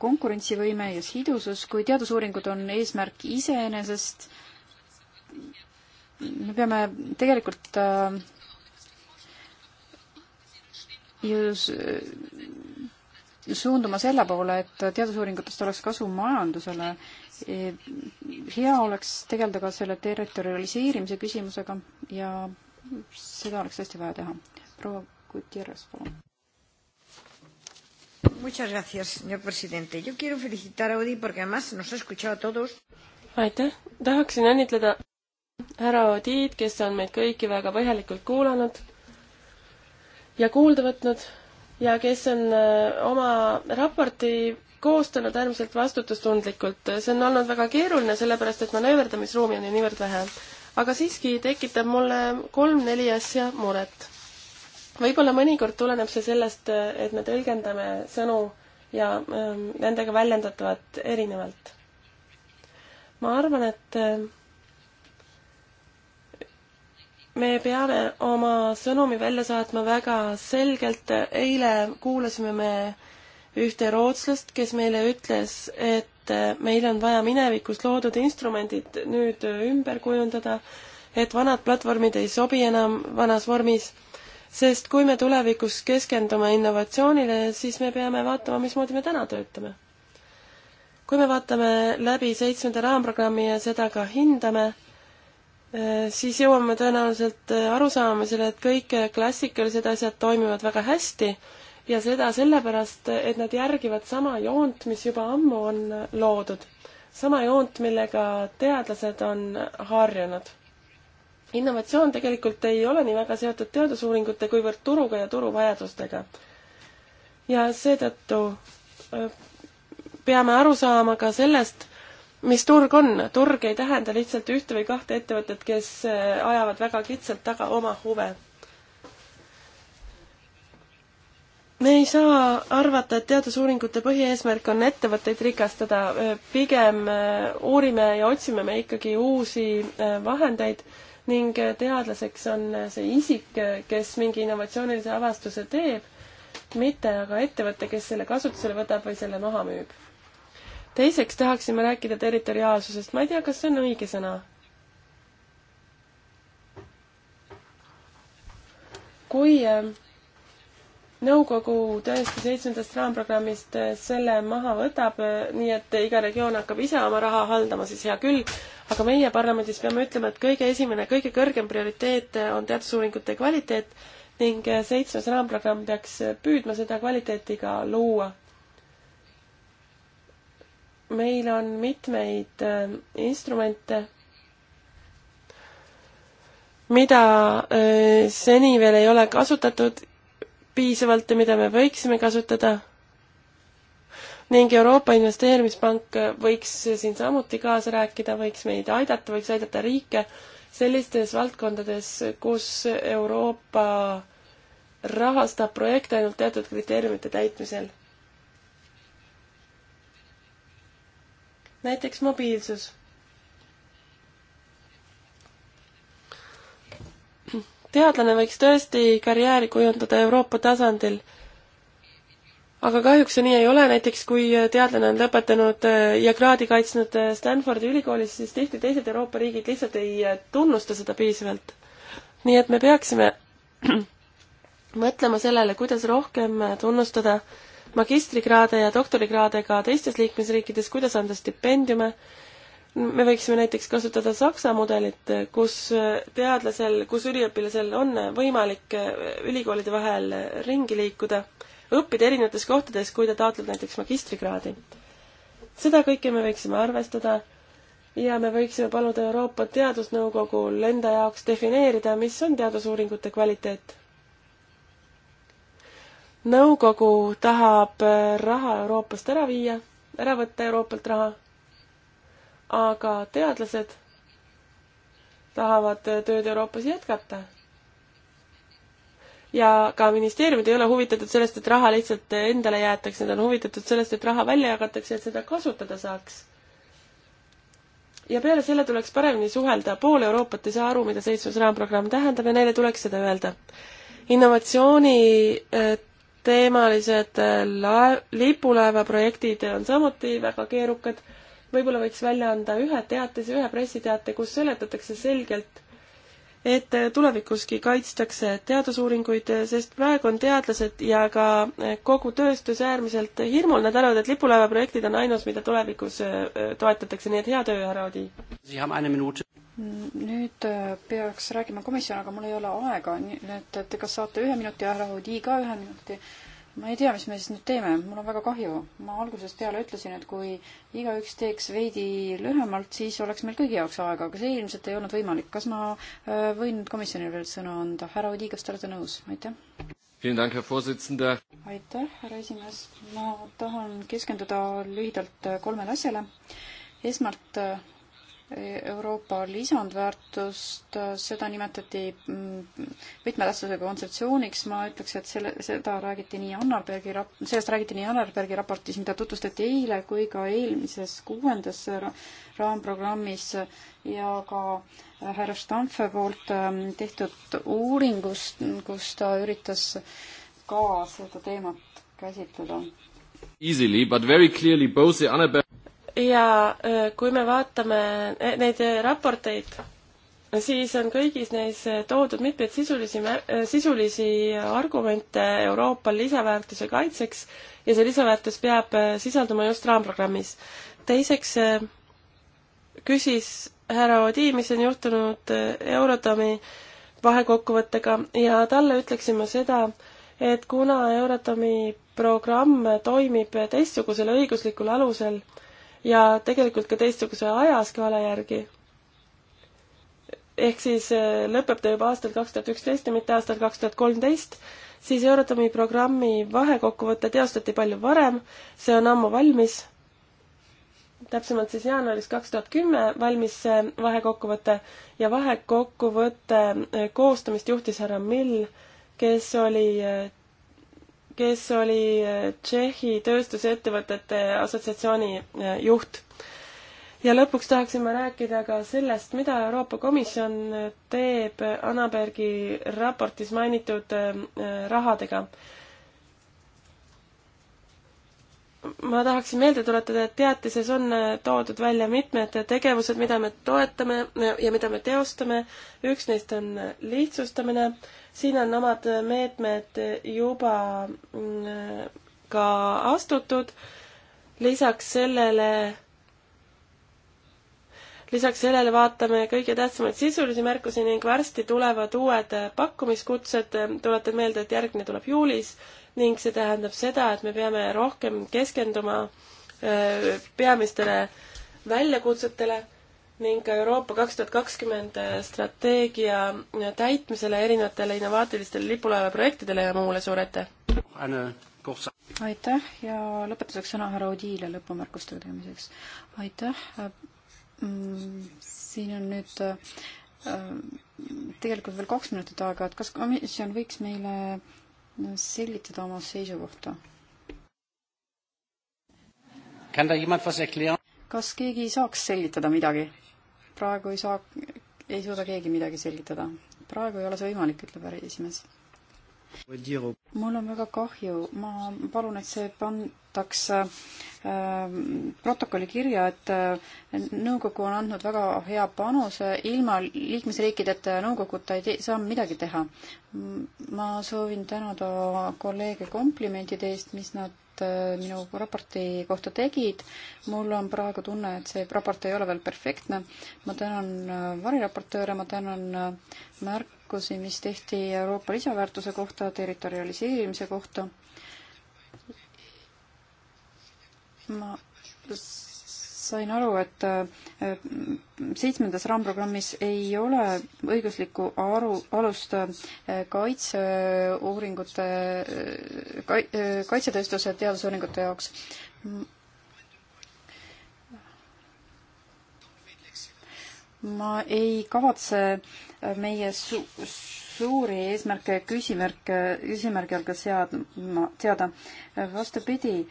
konkurentsivõime ja sidusus, kui teadusuuringud on eesmärk iseenesest, me peame tegelikult äh, ju suunduma selle poole, et teadusuuringutest oleks kasu majandusele. E, hea oleks tegeleda ka selle territorialiseerimise küsimusega ja seda oleks tõesti vaja teha. proua Gutierrez, palun. Muchas gracias, señor presidente. Yo quiero felicitar a Audi porque además nos ha escuchado a todos. aitäh, tahaksin õnnitleda härra Odiid, kes on meid kõiki väga põhjalikult kuulanud ja kuulda võtnud ja kes on äh, oma raporti koostanud äärmiselt vastutustundlikult. see on olnud väga keeruline, sellepärast et manööverdamisruumi on ju niivõrd vähe. aga siiski tekitab mulle kolm-neli asja muret. võib-olla mõnikord tuleneb see sellest, äh, et me tõlgendame sõnu ja ähm, nendega väljendatavat erinevalt. ma arvan, et äh, me peame oma sõnumi välja saatma väga selgelt. eile kuulasime me ühte rootslast, kes meile ütles, et meil on vaja minevikus loodud instrumendid nüüd ümber kujundada, et vanad platvormid ei sobi enam vanas vormis, sest kui me tulevikus keskendume innovatsioonile, siis me peame vaatama, mismoodi me täna töötame. kui me vaatame läbi seitsmenda raamprogrammi ja seda ka hindame Äh, siis jõuame tõenäoliselt äh, arusaamisele, et kõik äh, klassikalised asjad toimivad väga hästi ja seda sellepärast, et nad järgivad sama joont, mis juba ammu on loodud. sama joont, millega teadlased on harjunud. innovatsioon tegelikult ei ole nii väga seotud teadusuuringute, kuivõrd turuga ja turuvajadustega. ja seetõttu peame aru saama ka sellest, mis turg on, turg ei tähenda lihtsalt ühte või kahte ettevõtet, kes äh, ajavad väga kitsalt taga oma huve. me ei saa arvata, et teadusuuringute põhieesmärk on ettevõtteid rikastada, äh, pigem äh, uurime ja otsime me ikkagi uusi vahendeid ning teadlaseks on see isik, kes mingi innovatsioonilise avastuse teeb, mitte aga ettevõte, kes selle kasutusele võtab või selle maha müüb teiseks tahaksime rääkida territoriaalsusest, ma ei tea, kas see on õige sõna. kui äh, nõukogu tõesti seitsmendast raamprogrammist äh, selle maha võtab, äh, nii et iga regioon hakkab ise oma raha haldama, siis hea küll, aga meie parlamendis peame ütlema, et kõige esimene, kõige kõrgem prioriteet on teadusuuringute kvaliteet ning seitsmes raamprogramm peaks püüdma seda kvaliteeti ka luua meil on mitmeid äh, instrumente, mida äh, seni veel ei ole kasutatud piisavalt ja mida me võiksime kasutada. ning Euroopa Investeerimispank võiks siin samuti kaasa rääkida, võiks meid aidata, võiks aidata riike sellistes valdkondades, kus Euroopa rahastab projekte ainult teatud kriteeriumite täitmisel näiteks mobiilsus. teadlane võiks tõesti karjääri kujundada Euroopa tasandil aga kahjuks see nii ei ole, näiteks kui teadlane on lõpetanud ja kraadi kaitsnud Stanfordi ülikoolis, siis tihti teised Euroopa riigid lihtsalt ei tunnusta seda piisavalt. nii et me peaksime mõtlema sellele, kuidas rohkem tunnustada äh, magistrikraade ja doktorikraade ka teistes liikmesriikides, kuidas anda stipendiume. me võiksime näiteks kasutada Saksa mudelit, kus teadlasel, kus üliõpilasel on võimalik ülikoolide vahel ringi liikuda, õppida erinevates kohtades, kui ta taotleb näiteks magistrikraadi. seda kõike me võiksime arvestada ja me võiksime paluda Euroopa Teadusnõukogul enda jaoks defineerida, mis on teadusuuringute kvaliteet nõukogu tahab äh, raha Euroopast ära viia, ära võtta Euroopalt raha, aga teadlased tahavad äh, tööd Euroopas jätkata. ja ka ministeeriumid ei ole huvitatud sellest, et raha lihtsalt äh, endale jäetakse, nad on huvitatud sellest, et raha välja jagatakse, et seda kasutada saaks. ja peale selle tuleks paremini suhelda, pool Euroopat ei saa aru, mida seitsmes raamprogramm tähendab ja neile tuleks seda öelda. innovatsiooni teemalised äh, laev, lipulaevaprojektid on samuti väga keerukad. võib-olla võiks välja anda ühe teatise, ühe pressiteate, kus seletatakse selgelt, et äh, tulevikuski kaitstakse teadusuuringuid, äh, sest praegu on teadlased ja ka kogu tööstus äärmiselt hirmul, nad arvavad, et lipulaevaprojektid on ainus, mida tulevikus toetatakse, nii et hea töö, härra Odi! nüüd äh, peaks rääkima komisjon, aga mul ei ole aega, nii et te kas saate ühe minuti ja härra Audi ka ühe minuti. ma ei tea, mis me siis nüüd teeme, mul on väga kahju. ma algusest peale ütlesin, et kui igaüks teeks veidi lühemalt, siis oleks meil kõigi jaoks aega, aga see ilmselt ei olnud võimalik. kas ma äh, võin nüüd komisjonile veel sõna anda? härra Audi, kas te olete nõus? aitäh. aitäh, härra esimees. ma tahan keskenduda lühidalt äh, kolmele asjale. esmalt Euroopa lisandväärtust, seda nimetati võtmetähtsuse mm, kontseptsiooniks, ma ütleks, et selle, seda räägiti nii Annerbergi rap-, sellest räägiti nii Annerbergi raportis, mida tutvustati eile, kui ka eelmises kuuendas raamprogrammis ja ka härra Stamfe poolt ähm, tehtud uuringust, kus ta üritas ka seda teemat käsitleda. Easily, but very clearly both the Annerberg ja äh, kui me vaatame äh, neid äh, raporteid, siis on kõigis neis toodud mitmeid sisulisi, sisulisi argumente Euroopa lisaväärtuse kaitseks ja see lisaväärtus peab sisalduma just raamprogrammis. teiseks küsis härra Odi, mis on juhtunud Eurotomi vahekokkuvõttega ja talle ütleksin ma seda, et kuna Eurotomi programm toimib teistsugusel õiguslikul alusel, ja tegelikult ka teistsuguse ajaskaala järgi. ehk siis eh, lõpeb ta juba aastal kaks tuhat üksteist ja mitte aastal kaks tuhat kolmteist, siis Euratomi programmi vahekokkuvõte teostati palju varem, see on ammu valmis, täpsemalt siis jaanuaris kaks tuhat kümme valmis see vahekokkuvõte ja vahekokkuvõtte eh, koostamist juhtis härra Mill, kes oli eh, kes oli äh, Tšehhi Tööstusettevõtete Assotsiatsiooni äh, juht. ja lõpuks tahaksin ma rääkida ka sellest, mida Euroopa Komisjon äh, teeb Annabergi raportis mainitud rahadega ma tahaksin meelde tuletada, et teatises on äh, toodud välja mitmed tegevused, mida me toetame ja mida me teostame. üks neist on äh, lihtsustamine. siin on omad äh, meetmed juba mm, ka astutud. lisaks sellele, lisaks sellele vaatame kõige tähtsamaid sisulisi märkusi ning varsti tulevad uued pakkumiskutsed. tuletan meelde, et järgmine tuleb juulis ning see tähendab seda, et me peame rohkem keskenduma peamistele väljakutsetele ning ka Euroopa kaks tuhat kakskümmend strateegia täitmisele, erinevatele innovaatilistele lipulaevaprojektidele ja muule, suur aitäh! aitäh ja lõpetuseks sõna härra Odile lõpumärkuste tegemiseks. aitäh, mm, siin on nüüd tegelikult veel kaks minutit aega, et kas komisjon võiks meile selgitada oma seisukohta. kas keegi saaks selgitada midagi? praegu ei saa, ei suuda keegi midagi selgitada. praegu ei ole see võimalik, ütleb esimees mul on väga kahju, ma palun, et see pandaks äh, protokolli kirja, et äh, nõukogu on andnud väga hea panuse, ilma liikmesriikideta ja nõukoguta ei te, saa midagi teha. ma soovin tänada kolleege komplimentide eest, mis nad äh, minu raporti kohta tegid. mul on praegu tunne, et see raport ei ole veel perfektne. ma tänan äh, variraportööre, ma tänan märk-, märkusi, mis tehti Euroopa lisaväärtuse kohta, territorialiseerimise kohta. ma sain aru, et äh, seitsmendas raamprogrammis ei ole õiguslikku aru, alust äh, kaitseuuringute, äh, kaitsetööstuse teadusuuringute jaoks. ma ei kavatse äh, meie su suuri eesmärke ja küsimärke, küsimärgi all ka seadma, teada. Äh, vastupidi,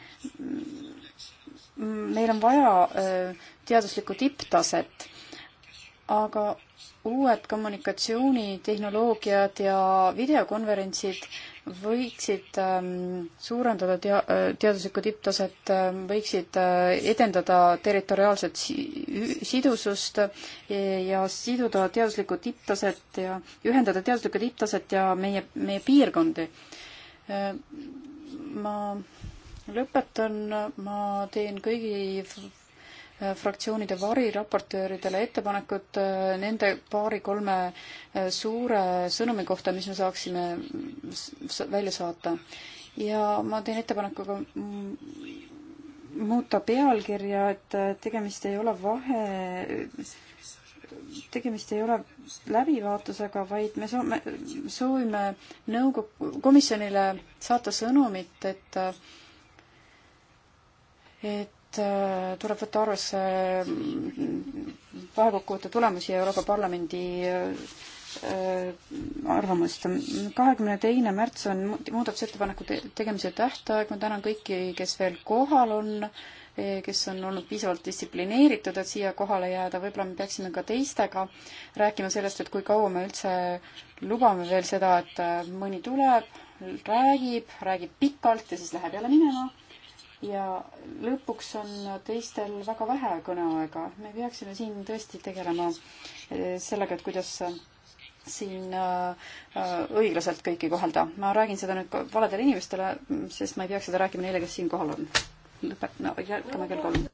meil on vaja äh, teaduslikku tipptaset, aga uued kommunikatsioonitehnoloogiad ja videokonverentsid võiksid ähm, suurendada tea-, äh, teaduslikku tipptaset, ähm, võiksid äh, edendada territoriaalset si-, sidusust e-, ja siduda teaduslikku tipptaset ja ühendada teaduslikku tipptaset ja meie, meie piirkondi. Äh, ma lõpetan, ma teen kõigi Äh, fraktsioonide variraportööridele ettepanekut äh, nende paari-kolme äh, suure sõnumi kohta, mis me saaksime välja saata. ja ma teen ettepaneku ka muuta pealkirja, et tegemist ei ole vahe, tegemist ei ole läbivaatusega, vaid me soovime, soovime nõukogu, komisjonile saata sõnumit, et et Äh, tuleb võtta arvesse mm, vahekokkuvõtte tulemusi ja Euroopa Parlamendi äh, äh, arvamust. kahekümne teine märts on muudatusettepanekute tegemise tähtaeg, ma tänan kõiki, kes veel kohal on, kes on olnud piisavalt distsiplineeritud, et siia kohale jääda, võib-olla me peaksime ka teistega rääkima sellest, et kui kaua me üldse lubame veel seda, et mõni tuleb, räägib, räägib pikalt ja siis läheb jälle minema ja lõpuks on teistel väga vähe kõneaega. me peaksime siin tõesti tegelema eh, sellega, et kuidas eh, siin eh, õiglaselt kõiki kohelda. ma räägin seda nüüd valedele inimestele, mm, sest ma ei peaks seda rääkima neile, kes siin kohal on. lõpetame no, kell kolm.